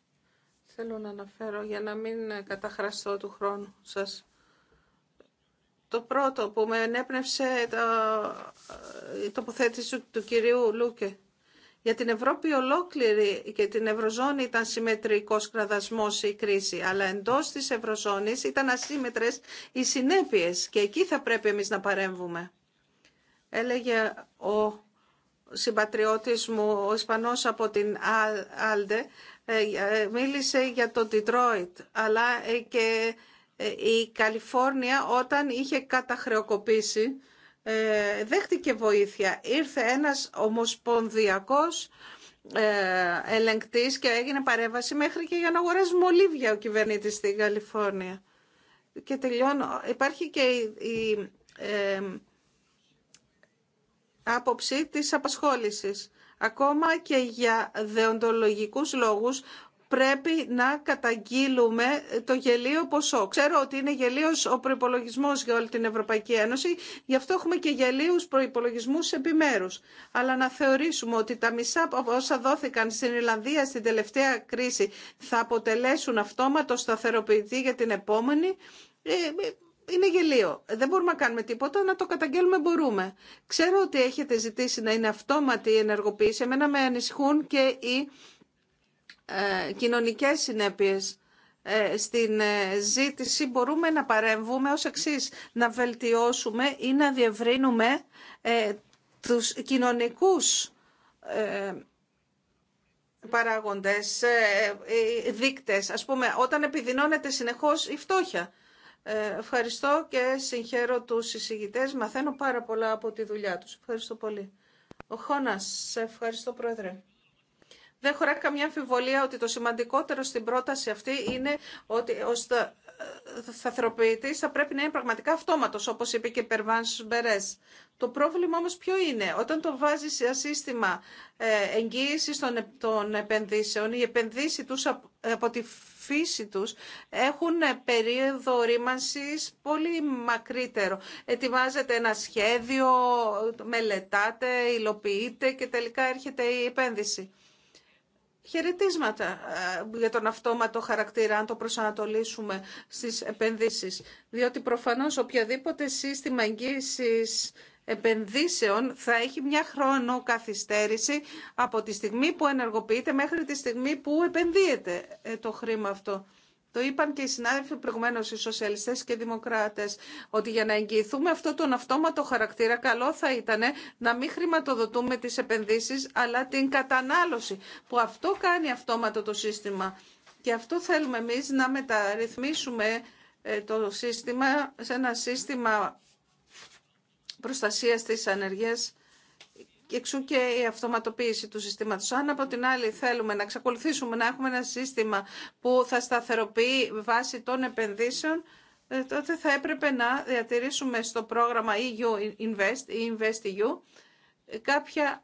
θέλω να αναφέρω για να μην καταχραστώ του χρόνου σας. Το πρώτο που με ενέπνευσε το... η ε, τοποθέτηση του κυρίου Λούκε για την Ευρώπη ολόκληρη και την Ευρωζώνη ήταν συμμετρικός κραδασμός η κρίση, αλλά εντός της Ευρωζώνης ήταν ασύμετρες οι συνέπειες και εκεί θα πρέπει εμείς να παρέμβουμε. Έλεγε ο συμπατριώτης μου, ο Ισπανός από την Άλντε, ε, ε, μίλησε για το Τιτρόιτ, αλλά ε, και η Καλιφόρνια όταν είχε καταχρεοκοπήσει ε, δέχτηκε βοήθεια. Ήρθε ένας ομοσπονδιακός ε, ελεγκτής και έγινε παρέμβαση μέχρι και για να αγοράζει μολύβια ο κυβερνήτης στην Καλιφόρνια. Και τελειώνω. Υπάρχει και η, ε, άποψη της απασχόλησης. Ακόμα και για δεοντολογικούς λόγους πρέπει να καταγγείλουμε το γελίο ποσό. Ξέρω ότι είναι γελίος ο προπολογισμό για όλη την Ευρωπαϊκή Ένωση, γι' αυτό έχουμε και γελίους προϋπολογισμούς επιμέρους. Αλλά να θεωρήσουμε ότι τα μισά όσα δόθηκαν στην Ιρλανδία στην τελευταία κρίση θα αποτελέσουν αυτόματο σταθεροποιητή για την επόμενη, ε, είναι γελίο. Δεν μπορούμε να κάνουμε τίποτα, να το καταγγέλουμε μπορούμε. Ξέρω ότι έχετε ζητήσει να είναι αυτόματη η ενεργοποίηση. Εμένα με ανησυχούν και οι ε, κοινωνικές συνέπειες ε, στην ε, ζήτηση μπορούμε να παρεμβούμε ως εξής, να βελτιώσουμε ή να διευρύνουμε τους κοινωνικούς παράγοντες, δείκτες. Ας πούμε, όταν επιδεινώνεται συνεχώς η φτώχεια. Ευχαριστώ και συγχαίρω τους συζητητές. δικτες ας πάρα πολλά από τη δουλειά τους. Ευχαριστώ πολύ. Ο Χώνας, σε ευχαριστώ πρόεδρε. Δεν χωράει καμία αμφιβολία ότι το σημαντικότερο στην πρόταση αυτή είναι ότι ο σταθεροποιητής ε, θα πρέπει να είναι πραγματικά αυτόματος, όπως είπε και η Περβάνς Μπερές. Το πρόβλημα όμως ποιο είναι, όταν το βάζει σε σύστημα ε, εγγύησης ε, των επενδύσεων, οι επενδύσεις τους από τη φύση τους έχουν περίοδο ρήμανσης πολύ μακρύτερο. Ετοιμάζεται ένα σχέδιο, μελετάτε, υλοποιείτε και τελικά έρχεται η επένδυση χαιρετίσματα ε, για τον αυτόματο χαρακτήρα αν το προσανατολίσουμε στις επενδύσεις. Διότι προφανώς οποιαδήποτε σύστημα εγγύησης επενδύσεων θα έχει μια χρόνο καθυστέρηση από τη στιγμή που ενεργοποιείται μέχρι τη στιγμή που επενδύεται ε, το χρήμα αυτό. Το είπαν και οι συνάδελφοι προηγουμένω, οι σοσιαλιστέ και οι δημοκράτες, ότι για να εγγυηθούμε αυτό τον αυτόματο χαρακτήρα, καλό θα ήταν να μην χρηματοδοτούμε τις επενδύσεις, αλλά την κατανάλωση, που αυτό κάνει αυτόματο το σύστημα. Και αυτό θέλουμε εμείς να μεταρρυθμίσουμε ε, το σύστημα σε ένα σύστημα προστασίας της ανεργίας Εξού και η αυτοματοποίηση του συστηματο. Αν από την άλλη θέλουμε να εξακολουθήσουμε να έχουμε ένα σύστημα που θα σταθεροποιεί βάσει των επενδύσεων, ε, τότε θα έπρεπε να διατηρήσουμε στο πρόγραμμα EU Invest ή e Invest EU κάποια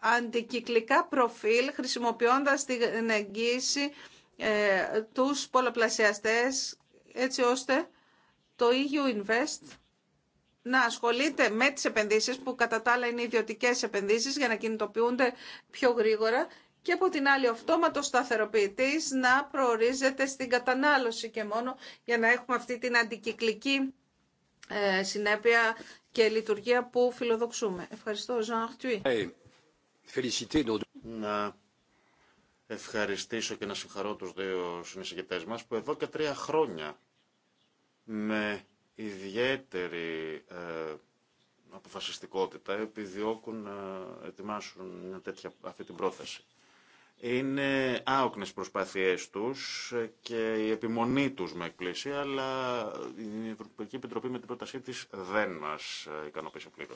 αντικυκλικά προφίλ χρησιμοποιώντας την εγγύηση ε, τους πολλαπλασιαστές έτσι ώστε το EU Invest να ασχολείται με τις επενδύσεις που κατά τα άλλα είναι ιδιωτικές επενδύσεις για να κινητοποιούνται πιο γρήγορα και από την άλλη αυτόματο σταθεροποιητής να προορίζεται στην κατανάλωση και μόνο για να έχουμε αυτή την αντικυκλική ε, συνέπεια και λειτουργία που φιλοδοξούμε. Ευχαριστώ, Ζαν Να ευχαριστήσω και να συγχαρώ τους δύο συνεισηγητές μας που εδώ και τρία χρόνια με ιδιαίτερη ε, αποφασιστικότητα επιδιώκουν να ετοιμάσουν μια τέτοια, αυτή την πρόταση. Είναι άοκνες προσπάθειές τους και η επιμονή τους με εκπλήσει, αλλά η Ευρωπαϊκή Επιτροπή με την πρότασή της δεν μας ικανοποίησε πλήρω.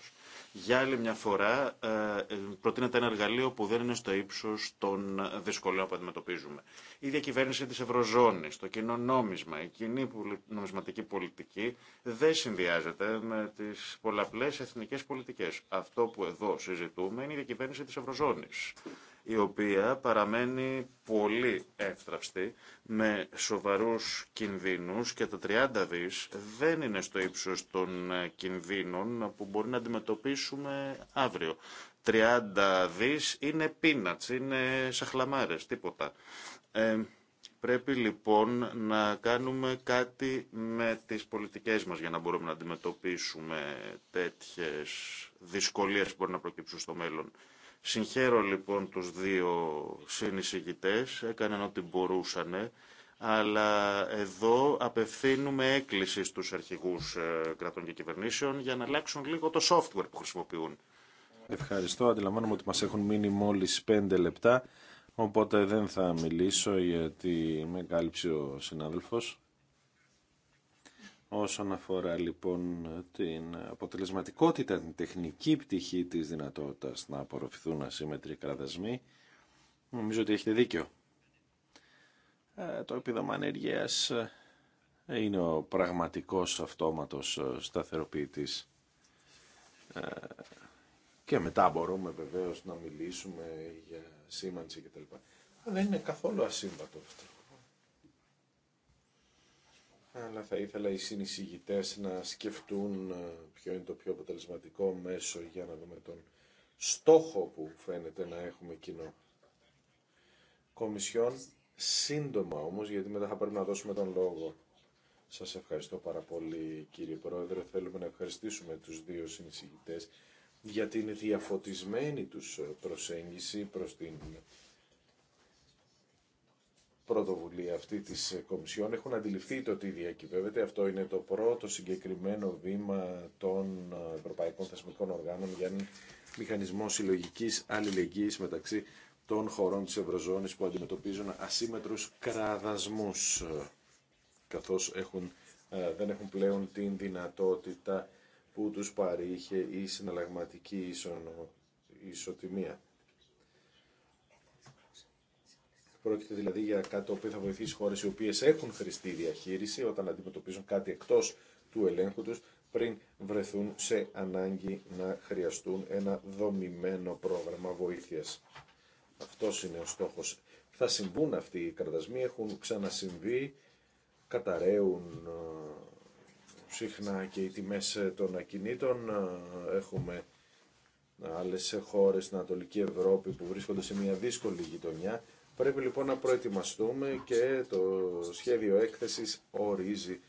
Για άλλη μια φορά ε, προτείνεται ένα εργαλείο που δεν είναι στο ύψος των δυσκολιών που αντιμετωπίζουμε. Η διακυβέρνηση της Ευρωζώνης, το κοινό νόμισμα, η κοινή νομισματική πολιτική δεν συνδυάζεται με τις πολλαπλές εθνικές πολιτικές. Αυτό που εδώ συζητούμε είναι η διακυβέρνηση της Ευρωζώνης η οποία παραμένει πολύ εύθραυστη με σοβαρούς κινδύνους και τα 30 δις δεν είναι στο ύψος των ε, κινδύνων που μπορεί να αντιμετωπίσουμε αύριο. 30 δις είναι πίνατς, είναι σαχλαμάρες, τίποτα. Ε, πρέπει λοιπόν να κάνουμε κάτι με τις πολιτικές μας για να μπορούμε να αντιμετωπίσουμε τέτοιες δυσκολίες που μπορεί να προκύψουν στο μέλλον. Συγχαίρω λοιπόν τους δύο συνεισηγητές, έκαναν ό,τι μπορούσαν, αλλά εδώ απευθύνουμε έκκληση στους αρχηγούς ε, κρατών και κυβερνήσεων για να αλλάξουν λίγο το software που χρησιμοποιούν. Ευχαριστώ. Αντιλαμβάνομαι ότι μας έχουν μείνει μόλις πέντε λεπτά, οπότε δεν θα μιλήσω γιατί με κάλυψε ο συνάδελφος. Όσον αφορά λοιπόν την αποτελεσματικότητα, την τεχνική πτυχή της δυνατότητας να απορροφηθούν ασύμμετροι κραδασμοί, νομίζω ότι έχετε δίκιο. Ε, το επίδομα ανεργίας ε, είναι ο πραγματικός αυτόματος ε, σταθεροποιητής. Και μετά μπορούμε βεβαίως να μιλήσουμε για σήμανση κτλ. Αλλά δεν είναι καθόλου ασύμβατο αυτό αλλά θα ήθελα οι συνεισηγητές να σκεφτούν ε, ποιο είναι το πιο αποτελεσματικό μέσο για να δούμε τον στόχο που φαίνεται να έχουμε κοινό. Κομισιόν, σύντομα όμως, γιατί μετά θα πρέπει να δώσουμε τον λόγο. Σας ευχαριστώ πάρα πολύ κύριε Πρόεδρε. Θέλουμε να ευχαριστήσουμε τους δύο συνεισηγητές για την διαφωτισμένη τους ε, προσέγγιση προς την πρωτοβουλία αυτή της Κομισιόν έχουν αντιληφθεί το τι διακυβεύεται. Αυτό είναι το πρώτο συγκεκριμένο βήμα των ε, Ευρωπαϊκών Θεσμικών Οργάνων για έναν μηχανισμό συλλογική αλληλεγγύης μεταξύ των χωρών της Ευρωζώνης που αντιμετωπίζουν ασύμετρους κραδασμούς ε, καθώς έχουν, ε, δεν έχουν πλέον την δυνατότητα που τους παρήχε η συναλλαγματική ισοτιμία. Πρόκειται δηλαδή για κάτι το οποίο θα βοηθήσει χώρε οι οποίε έχουν χρηστή διαχείριση όταν αντιμετωπίζουν κάτι εκτό του ελέγχου του πριν βρεθούν σε ανάγκη να χρειαστούν ένα δομημένο πρόγραμμα βοήθεια. Αυτό είναι ο στόχο. Θα συμβούν αυτοί οι κρατασμοί, έχουν ξανασυμβεί, καταραίουν ε, συχνά και οι τιμέ των ακινήτων. Ε, έχουμε ε, άλλε χώρε στην Ανατολική Ευρώπη που βρίσκονται σε μια δύσκολη γειτονιά Πρέπει λοιπόν να προετοιμαστούμε και το σχέδιο έκθεσης ορίζει,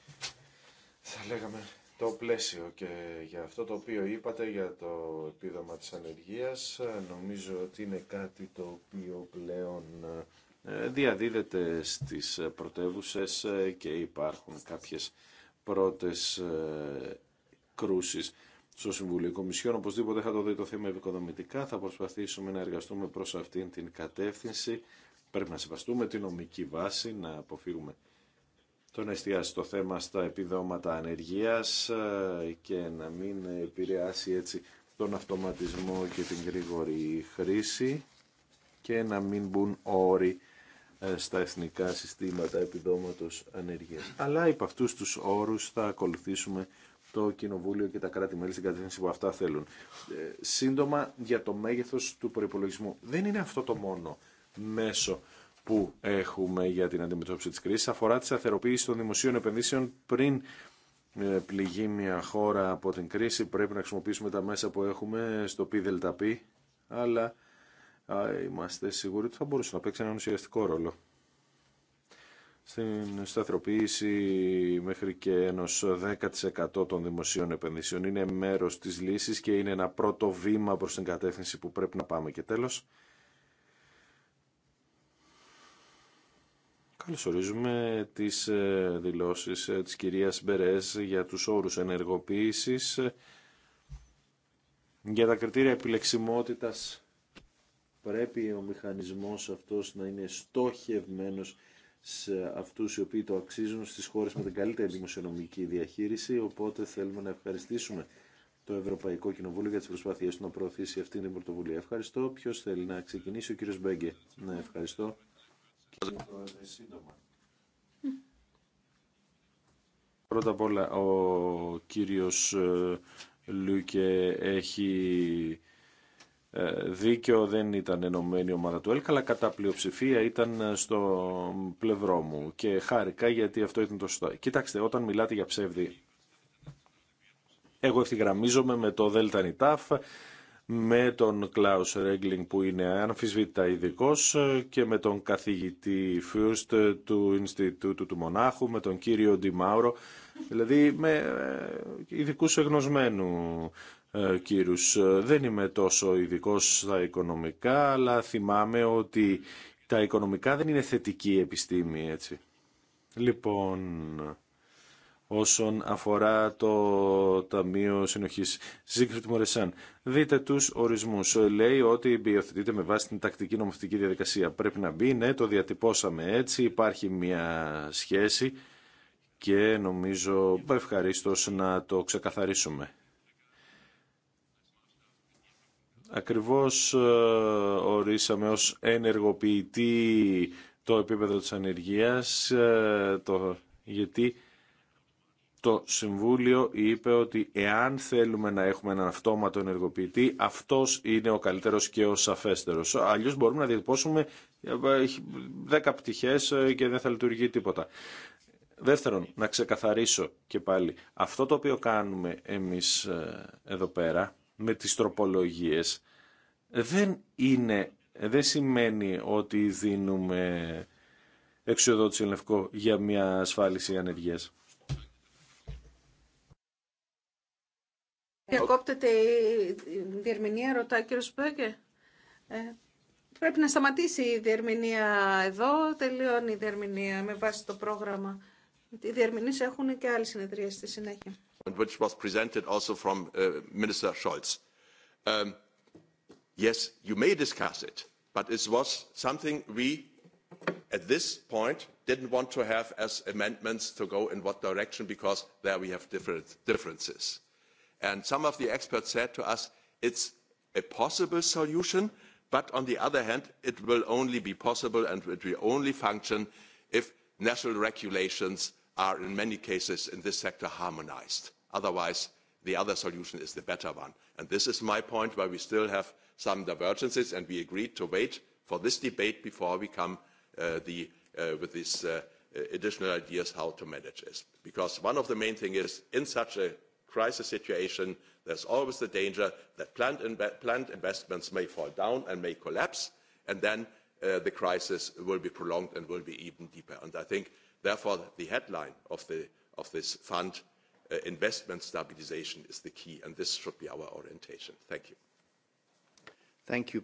θα λέγαμε, το πλαίσιο και για αυτό το οποίο είπατε για το επίδομα της ανεργίας νομίζω ότι είναι κάτι το οποίο πλέον ε, διαδίδεται στις πρωτεύουσες ε, και υπάρχουν κάποιες πρώτες ε, κρούσεις στο Συμβουλίο Κομισιόν. Οπωσδήποτε θα το δει το θέμα επικοδομητικά. Θα προσπαθήσουμε να εργαστούμε προς αυτήν την κατεύθυνση Πρέπει να σεβαστούμε την νομική βάση, να αποφύγουμε τον να εστιάσει το θέμα στα επιδόματα ανεργίας ε, και να μην επηρεάσει έτσι τον αυτοματισμό και την γρήγορη χρήση και να μην μπουν όροι ε, στα εθνικά συστήματα επιδόματος ανεργίας. Αλλά υπ' αυτούς τους όρους θα ακολουθήσουμε το Κοινοβούλιο και τα κράτη-μέλη στην κατεύθυνση που αυτά θέλουν. Ε, σύντομα για το μέγεθος του προϋπολογισμού. Δεν είναι αυτό το μόνο μέσο που έχουμε για την αντιμετώπιση της κρίσης αφορά τη σταθεροποίηση των δημοσίων επενδύσεων πριν ε, πληγεί μια χώρα από την κρίση. Πρέπει να χρησιμοποιήσουμε τα μέσα που έχουμε στο ΠΔΠ, αλλά είμαστε σίγουροι ότι θα μπορούσε να παίξει έναν ουσιαστικό ρόλο στην σταθεροποίηση μέχρι και ενός 10% των δημοσίων επενδύσεων. Είναι μέρος της λύσης και είναι ένα πρώτο βήμα προς την κατεύθυνση που πρέπει να πάμε. Και τέλος, Καλωσορίζουμε τις ε, δηλώσεις ε, της κυρίας Μπερές για τους όρους ενεργοποίησης, ε, για τα κριτήρια επιλεξιμότητας πρέπει ο μηχανισμός αυτός να είναι στόχευμένος σε αυτούς οι οποίοι το αξίζουν στις χώρες με την καλύτερη δημοσιονομική διαχείριση, οπότε θέλουμε να ευχαριστήσουμε το Ευρωπαϊκό Κοινοβούλιο για τις προσπάθειές του να προωθήσει αυτή την πρωτοβουλία. Ευχαριστώ. Ποιος θέλει να ξεκινήσει, ο κύριος Μπέγκε. Ναι, ευχαριστώ. Πρώτα απ' όλα ο κύριος ε, Λούκε έχει ε, δίκιο, δεν ήταν ενωμένη ομάδα του ΕΛΚ, αλλά κατά πλειοψηφία ήταν ε, στο πλευρό μου και χάρηκα γιατί αυτό ήταν το σωστό. Κοιτάξτε, όταν μιλάτε για ψεύδι, εγώ ευθυγραμμίζομαι με το ΔΕΛΤΑ με τον Κλάους Ρέγκλινγκ που είναι αναμφισβήτητα ειδικό και με τον καθηγητή Φιούστ του Ινστιτούτου του Μονάχου, με τον κύριο Ντιμάουρο, δηλαδή με ε, ειδικού εγνωσμένου ε, κύρους. Δεν είμαι τόσο ειδικό στα οικονομικά, αλλά θυμάμαι ότι τα οικονομικά δεν είναι θετική επιστήμη, έτσι. Λοιπόν, όσον αφορά το Ταμείο Συνοχής. του Μορεσάν, δείτε τους ορισμούς. Λέει ότι υιοθετείται με βάση την τακτική νομοθετική διαδικασία. Πρέπει να μπει, ναι, το διατυπώσαμε έτσι, υπάρχει μια σχέση και νομίζω ευχαριστώ να το ξεκαθαρίσουμε. Ακριβώς ε, ορίσαμε ως ενεργοποιητή το επίπεδο της ανεργίας, ε, το, γιατί το Συμβούλιο είπε ότι εάν θέλουμε να έχουμε έναν αυτόματο ενεργοποιητή, αυτός είναι ο καλύτερος και ο σαφέστερος. Αλλιώς μπορούμε να διατυπώσουμε 10 ε, πτυχές ε, και δεν θα λειτουργεί τίποτα. Δεύτερον, να ξεκαθαρίσω και πάλι, αυτό το οποίο κάνουμε εμείς ε, εδώ πέρα, με τις τροπολογίες, δεν είναι, δεν σημαίνει ότι δίνουμε εξοδότηση λευκό για μια ασφάλιση ανεργίας. Διακόπτεται η διερμηνία, ρωτάει ο κύριος Μπέγκε. Ε, πρέπει να σταματήσει η διερμηνία εδώ, τελειώνει η διερμηνία με βάση το πρόγραμμα. Οι διερμηνείς έχουν και άλλη συνεδρία στη συνέχεια. Which was presented also from uh, Minister Scholz. Um, yes, you may discuss it, but it was something we, at this point, didn't want to have as amendments to go in what direction, because there we have different differences and some of the experts said to us it's a possible solution but on the other hand it will only be possible and it will only function if national regulations are in many cases in this sector harmonized. otherwise the other solution is the better one and this is my point where we still have some divergences and we agreed to wait for this debate before we come with these additional ideas how to manage this because one of the main things is in such a crisis situation there's always the danger that planned investments may fall down and may collapse and then the crisis will be prolonged and will be even deeper. and i think therefore the headline of this fund investment stabilization is the key and this should be our orientation. thank you.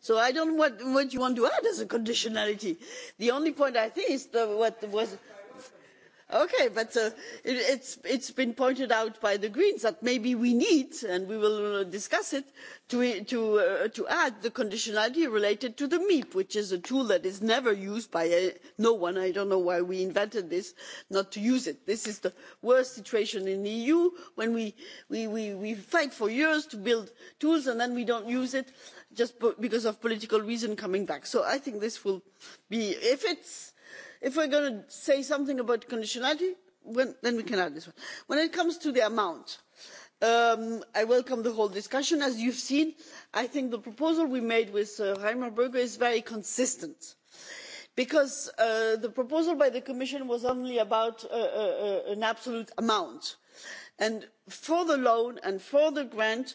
so i don't know what you want to add as a conditionality. the only point i think is what was okay but it's it's been pointed out by the greens that maybe we need and we will discuss it to to to add the conditionality related to the meep which is a tool that is never used by no one i don't know why we invented this not to use it. this is the worst situation in the eu when we fight for years to build tools and then we don't use it just because of political reason coming back. so i think this will be if it's if we're going to say something about conditionality then we can add this one. when it comes to the amount i welcome the whole discussion. as you've seen i think the proposal we made with reimer bge is very consistent because the proposal by the commission was only about an absolute amount and for the loan and for the grant